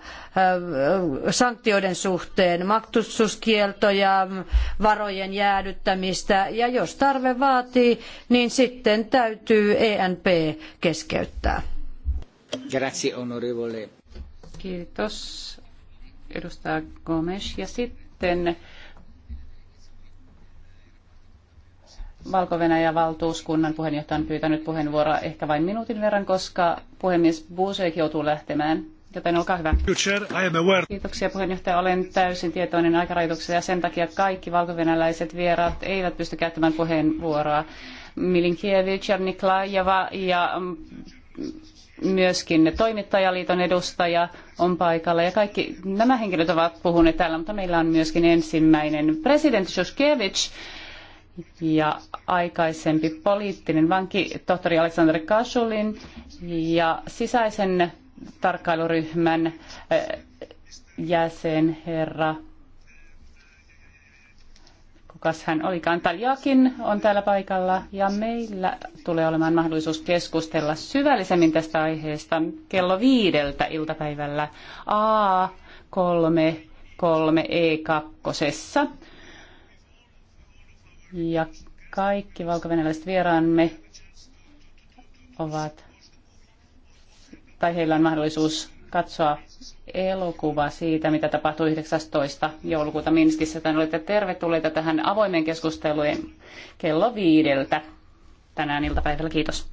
sanktioiden suhteen, maksutuskieltoja, varojen jäädyttämistä ja jos tarve vaatii, niin sitten täytyy ENP keskeyttää. Grazie, onorevole. Kiitos, edustaja Gomes. Ja sitten valko valtuuskunnan puheenjohtaja on pyytänyt puheenvuoroa ehkä vain minuutin verran, koska puhemies Busek joutuu lähtemään. Joten olkaa hyvä. Kiitoksia puheenjohtaja. Olen täysin tietoinen aikarajoituksesta ja sen takia kaikki valkovenäläiset vieraat eivät pysty käyttämään puheenvuoroa. Milinkiewicz, Jarniklajeva ja mm, myöskin toimittajaliiton edustaja on paikalla ja kaikki nämä henkilöt ovat puhuneet täällä, mutta meillä on myöskin ensimmäinen presidentti Shoshkevich ja aikaisempi poliittinen vanki tohtori Aleksandr Kasulin ja sisäisen tarkkailuryhmän eh, jäsen herra kukas hän olikaan. Taljakin on täällä paikalla ja meillä tulee olemaan mahdollisuus keskustella syvällisemmin tästä aiheesta kello viideltä iltapäivällä A3 kolme kolme e 2 Ja kaikki valkovenäläiset vieraamme ovat, tai heillä on mahdollisuus katsoa elokuva siitä, mitä tapahtui 19. joulukuuta Minskissä. Joten olette tervetulleita tähän avoimeen keskusteluun kello viideltä tänään iltapäivällä. Kiitos.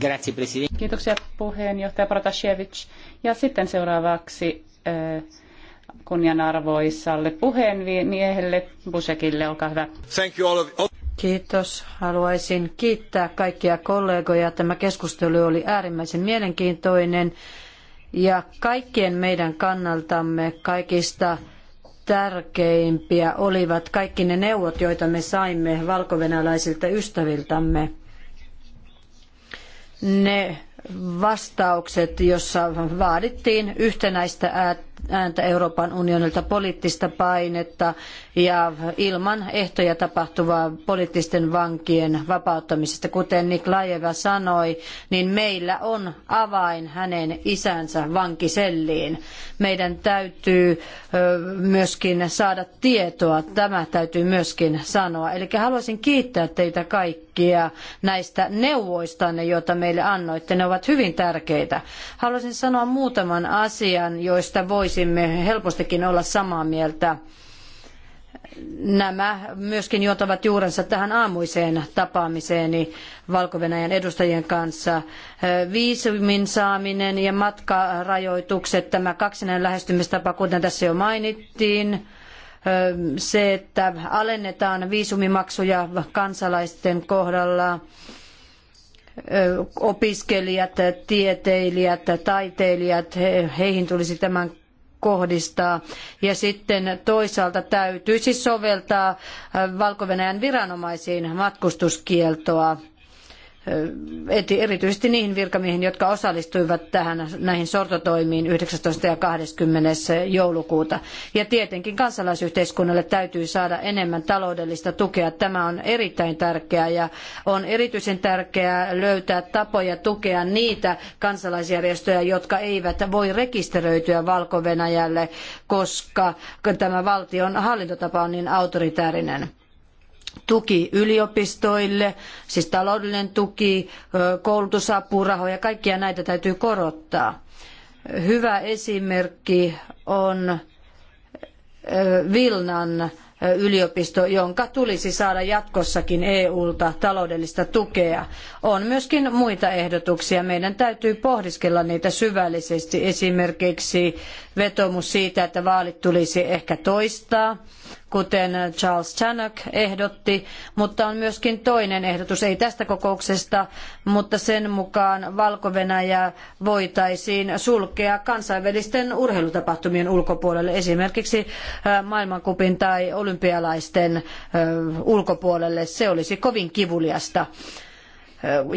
Grazie, presidente. Kiitoksia puheenjohtaja Protasiewicz. Ja sitten seuraavaksi eh, kunnianarvoisalle puheenmiehelle Busekille, olkaa hyvä. Thank you all of... Kiitos. Haluaisin kiittää kaikkia kollegoja. Tämä keskustelu oli äärimmäisen mielenkiintoinen. Ja kaikkien meidän kannaltamme kaikista tärkeimpiä olivat kaikki ne neuvot, joita me saimme valkovenäläisiltä ystäviltämme. Ne vastaukset, jossa vaadittiin yhtenäistä ääntä Euroopan unionilta, poliittista painetta ja ilman ehtoja tapahtuvaa poliittisten vankien vapauttamisesta. Kuten Niklajeva sanoi, niin meillä on avain hänen isänsä vankiselliin. Meidän täytyy myöskin saada tietoa, tämä täytyy myöskin sanoa. Eli haluaisin kiittää teitä kaikkia kaikkia näistä neuvoistanne, joita meille annoitte. Ne ovat hyvin tärkeitä. Haluaisin sanoa muutaman asian, joista voisimme helpostikin olla samaa mieltä nämä myöskin juontavat juurensa tähän aamuiseen tapaamiseeni valko edustajien kanssa. Viisumin saaminen ja matkarajoitukset, tämä kaksinen lähestymistapa, kuten tässä jo mainittiin, se, että alennetaan viisumimaksuja kansalaisten kohdalla, opiskelijat, tieteilijät, taiteilijat, heihin tulisi tämän kohdistaa. Ja sitten toisaalta täytyisi soveltaa valko viranomaisiin matkustuskieltoa erityisesti niihin virkamiehiin, jotka osallistuivat tähän, näihin sortotoimiin 19. ja 20. joulukuuta. Ja tietenkin kansalaisyhteiskunnalle täytyy saada enemmän taloudellista tukea. Tämä on erittäin tärkeää ja on erityisen tärkeää löytää tapoja tukea niitä kansalaisjärjestöjä, jotka eivät voi rekisteröityä valko koska tämä valtion hallintotapa on niin autoritäärinen tuki yliopistoille, siis taloudellinen tuki, koulutusapurahoja, kaikkia näitä täytyy korottaa. Hyvä esimerkki on Vilnan yliopisto, jonka tulisi saada jatkossakin EU-ta taloudellista tukea. On myöskin muita ehdotuksia. Meidän täytyy pohdiskella niitä syvällisesti. Esimerkiksi vetomus siitä, että vaalit tulisi ehkä toistaa kuten Charles Tannock ehdotti, mutta on myöskin toinen ehdotus, ei tästä kokouksesta, mutta sen mukaan valko voitaisiin sulkea kansainvälisten urheilutapahtumien ulkopuolelle, esimerkiksi äh, maailmankupin tai olympialaisten äh, ulkopuolelle. Se olisi kovin kivuliasta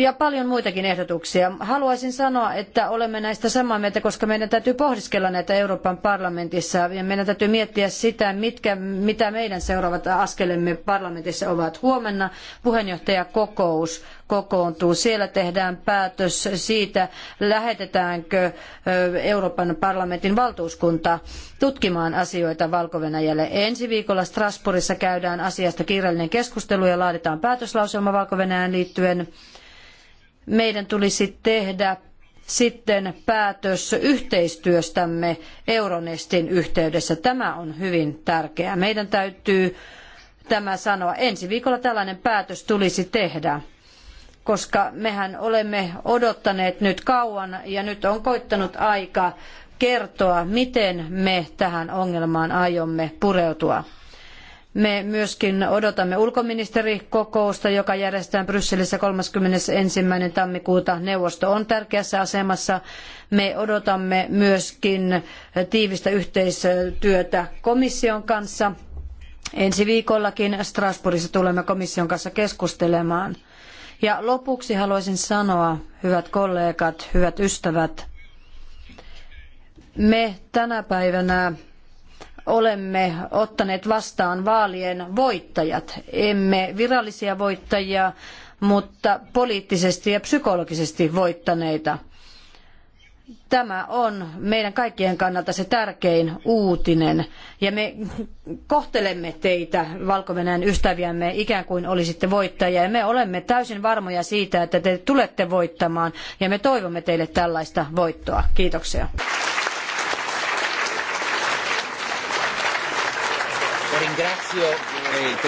ja paljon muitakin ehdotuksia. Haluaisin sanoa, että olemme näistä samaa mieltä, koska meidän täytyy pohdiskella näitä Euroopan parlamentissa ja meidän täytyy miettiä sitä, mitkä, mitä meidän seuraavat askelemme parlamentissa ovat. Huomenna puheenjohtajakokous kokoontuu. Siellä tehdään päätös siitä, lähetetäänkö Euroopan parlamentin valtuuskunta tutkimaan asioita valko -Venäjälle. Ensi viikolla Strasbourgissa käydään asiasta kirjallinen keskustelu ja laaditaan päätöslauselma valko liittyen. Meidän tulisi tehdä sitten päätös yhteistyöstämme Euronestin yhteydessä. Tämä on hyvin tärkeää. Meidän täytyy tämä sanoa. Ensi viikolla tällainen päätös tulisi tehdä koska mehän olemme odottaneet nyt kauan ja nyt on koittanut aika kertoa, miten me tähän ongelmaan aiomme pureutua. Me myöskin odotamme ulkoministerikokousta, joka järjestetään Brysselissä 31. tammikuuta. Neuvosto on tärkeässä asemassa. Me odotamme myöskin tiivistä yhteistyötä komission kanssa. Ensi viikollakin Strasbourgissa tulemme komission kanssa keskustelemaan – ja lopuksi haluaisin sanoa, hyvät kollegat, hyvät ystävät, me tänä päivänä olemme ottaneet vastaan vaalien voittajat. Emme virallisia voittajia, mutta poliittisesti ja psykologisesti voittaneita. Tämä on meidän kaikkien kannalta se tärkein uutinen. Ja me kohtelemme teitä, valko ystäviämme, ikään kuin olisitte voittajia. Ja me olemme täysin varmoja siitä, että te tulette voittamaan. Ja me toivomme teille tällaista voittoa. Kiitoksia.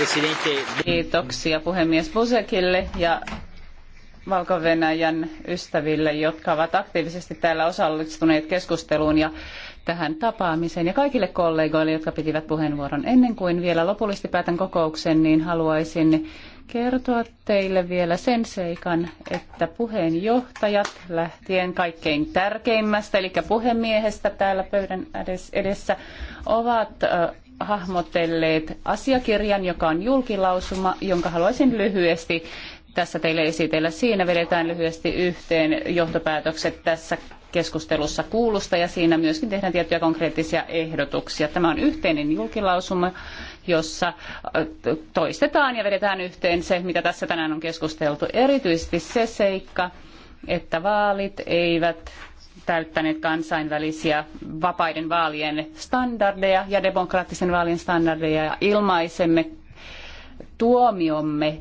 Eh, Kiitoksia puhemies Busekille ja valko ystäville, jotka ovat aktiivisesti täällä osallistuneet keskusteluun ja tähän tapaamiseen ja kaikille kollegoille, jotka pitivät puheenvuoron. Ennen kuin vielä lopullisesti päätän kokouksen, niin haluaisin kertoa teille vielä sen seikan, että puheenjohtajat lähtien kaikkein tärkeimmästä, eli puhemiehestä täällä pöydän edessä, ovat hahmotelleet asiakirjan, joka on julkilausuma, jonka haluaisin lyhyesti tässä teille esitellä. Siinä vedetään lyhyesti yhteen johtopäätökset tässä keskustelussa kuulusta ja siinä myöskin tehdään tiettyjä konkreettisia ehdotuksia. Tämä on yhteinen julkilausuma, jossa toistetaan ja vedetään yhteen se, mitä tässä tänään on keskusteltu. Erityisesti se seikka, että vaalit eivät täyttäneet kansainvälisiä vapaiden vaalien standardeja ja demokraattisen vaalien standardeja ja ilmaisemme tuomiomme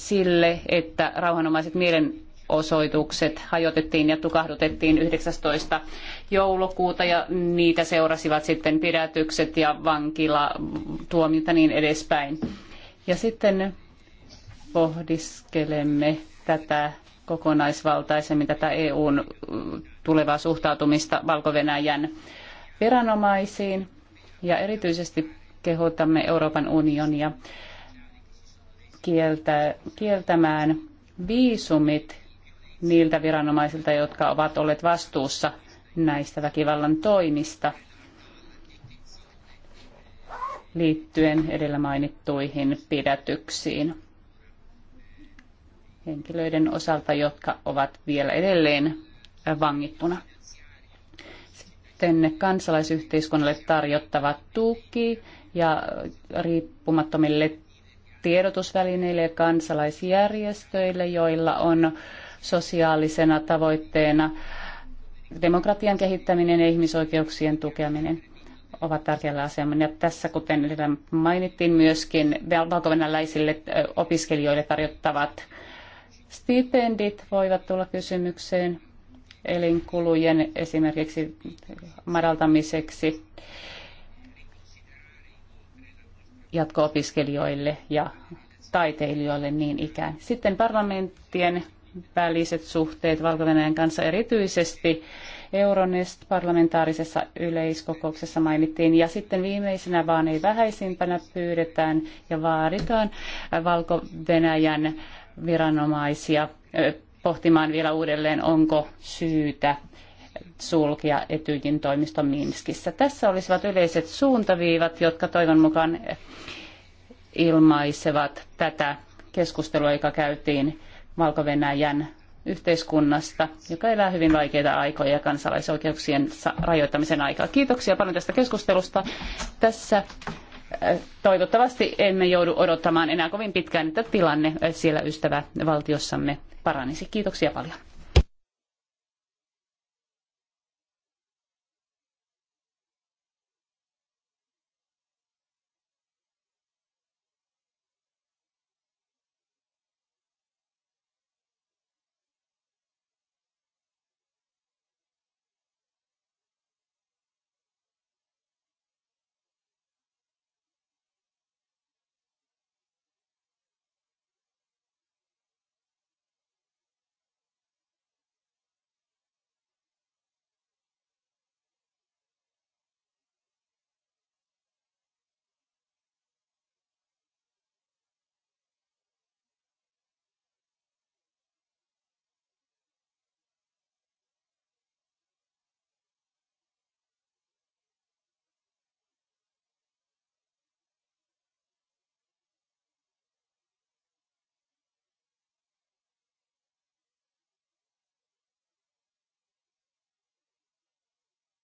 sille, että rauhanomaiset mielenosoitukset hajotettiin ja tukahdutettiin 19. joulukuuta ja niitä seurasivat sitten pidätykset ja vankilatuomiot ja niin edespäin. Ja sitten pohdiskelemme tätä kokonaisvaltaisemmin tätä EUn tulevaa suhtautumista Valko-Venäjän viranomaisiin ja erityisesti kehotamme Euroopan unionia kieltä, kieltämään viisumit niiltä viranomaisilta, jotka ovat olleet vastuussa näistä väkivallan toimista liittyen edellä mainittuihin pidätyksiin henkilöiden osalta, jotka ovat vielä edelleen vangittuna. Sitten kansalaisyhteiskunnalle tarjottava tuki ja riippumattomille tiedotusvälineille ja kansalaisjärjestöille, joilla on sosiaalisena tavoitteena demokratian kehittäminen ja ihmisoikeuksien tukeminen ovat tärkeällä asemalla. Ja tässä, kuten mainittiin, myöskin valkovenäläisille opiskelijoille tarjottavat stipendit voivat tulla kysymykseen elinkulujen esimerkiksi madaltamiseksi jatko-opiskelijoille ja taiteilijoille niin ikään. Sitten parlamenttien väliset suhteet valko kanssa erityisesti Euronest parlamentaarisessa yleiskokouksessa mainittiin. Ja sitten viimeisenä, vaan ei vähäisimpänä, pyydetään ja vaaditaan valko viranomaisia pohtimaan vielä uudelleen, onko syytä sulkea Etyjin toimisto Minskissä. Tässä olisivat yleiset suuntaviivat, jotka toivon mukaan ilmaisevat tätä keskustelua, joka käytiin valko yhteiskunnasta, joka elää hyvin vaikeita aikoja ja kansalaisoikeuksien rajoittamisen aikaa. Kiitoksia paljon tästä keskustelusta. Tässä äh, toivottavasti emme joudu odottamaan enää kovin pitkään, että tilanne siellä ystävävaltiossamme paranisi. Kiitoksia paljon.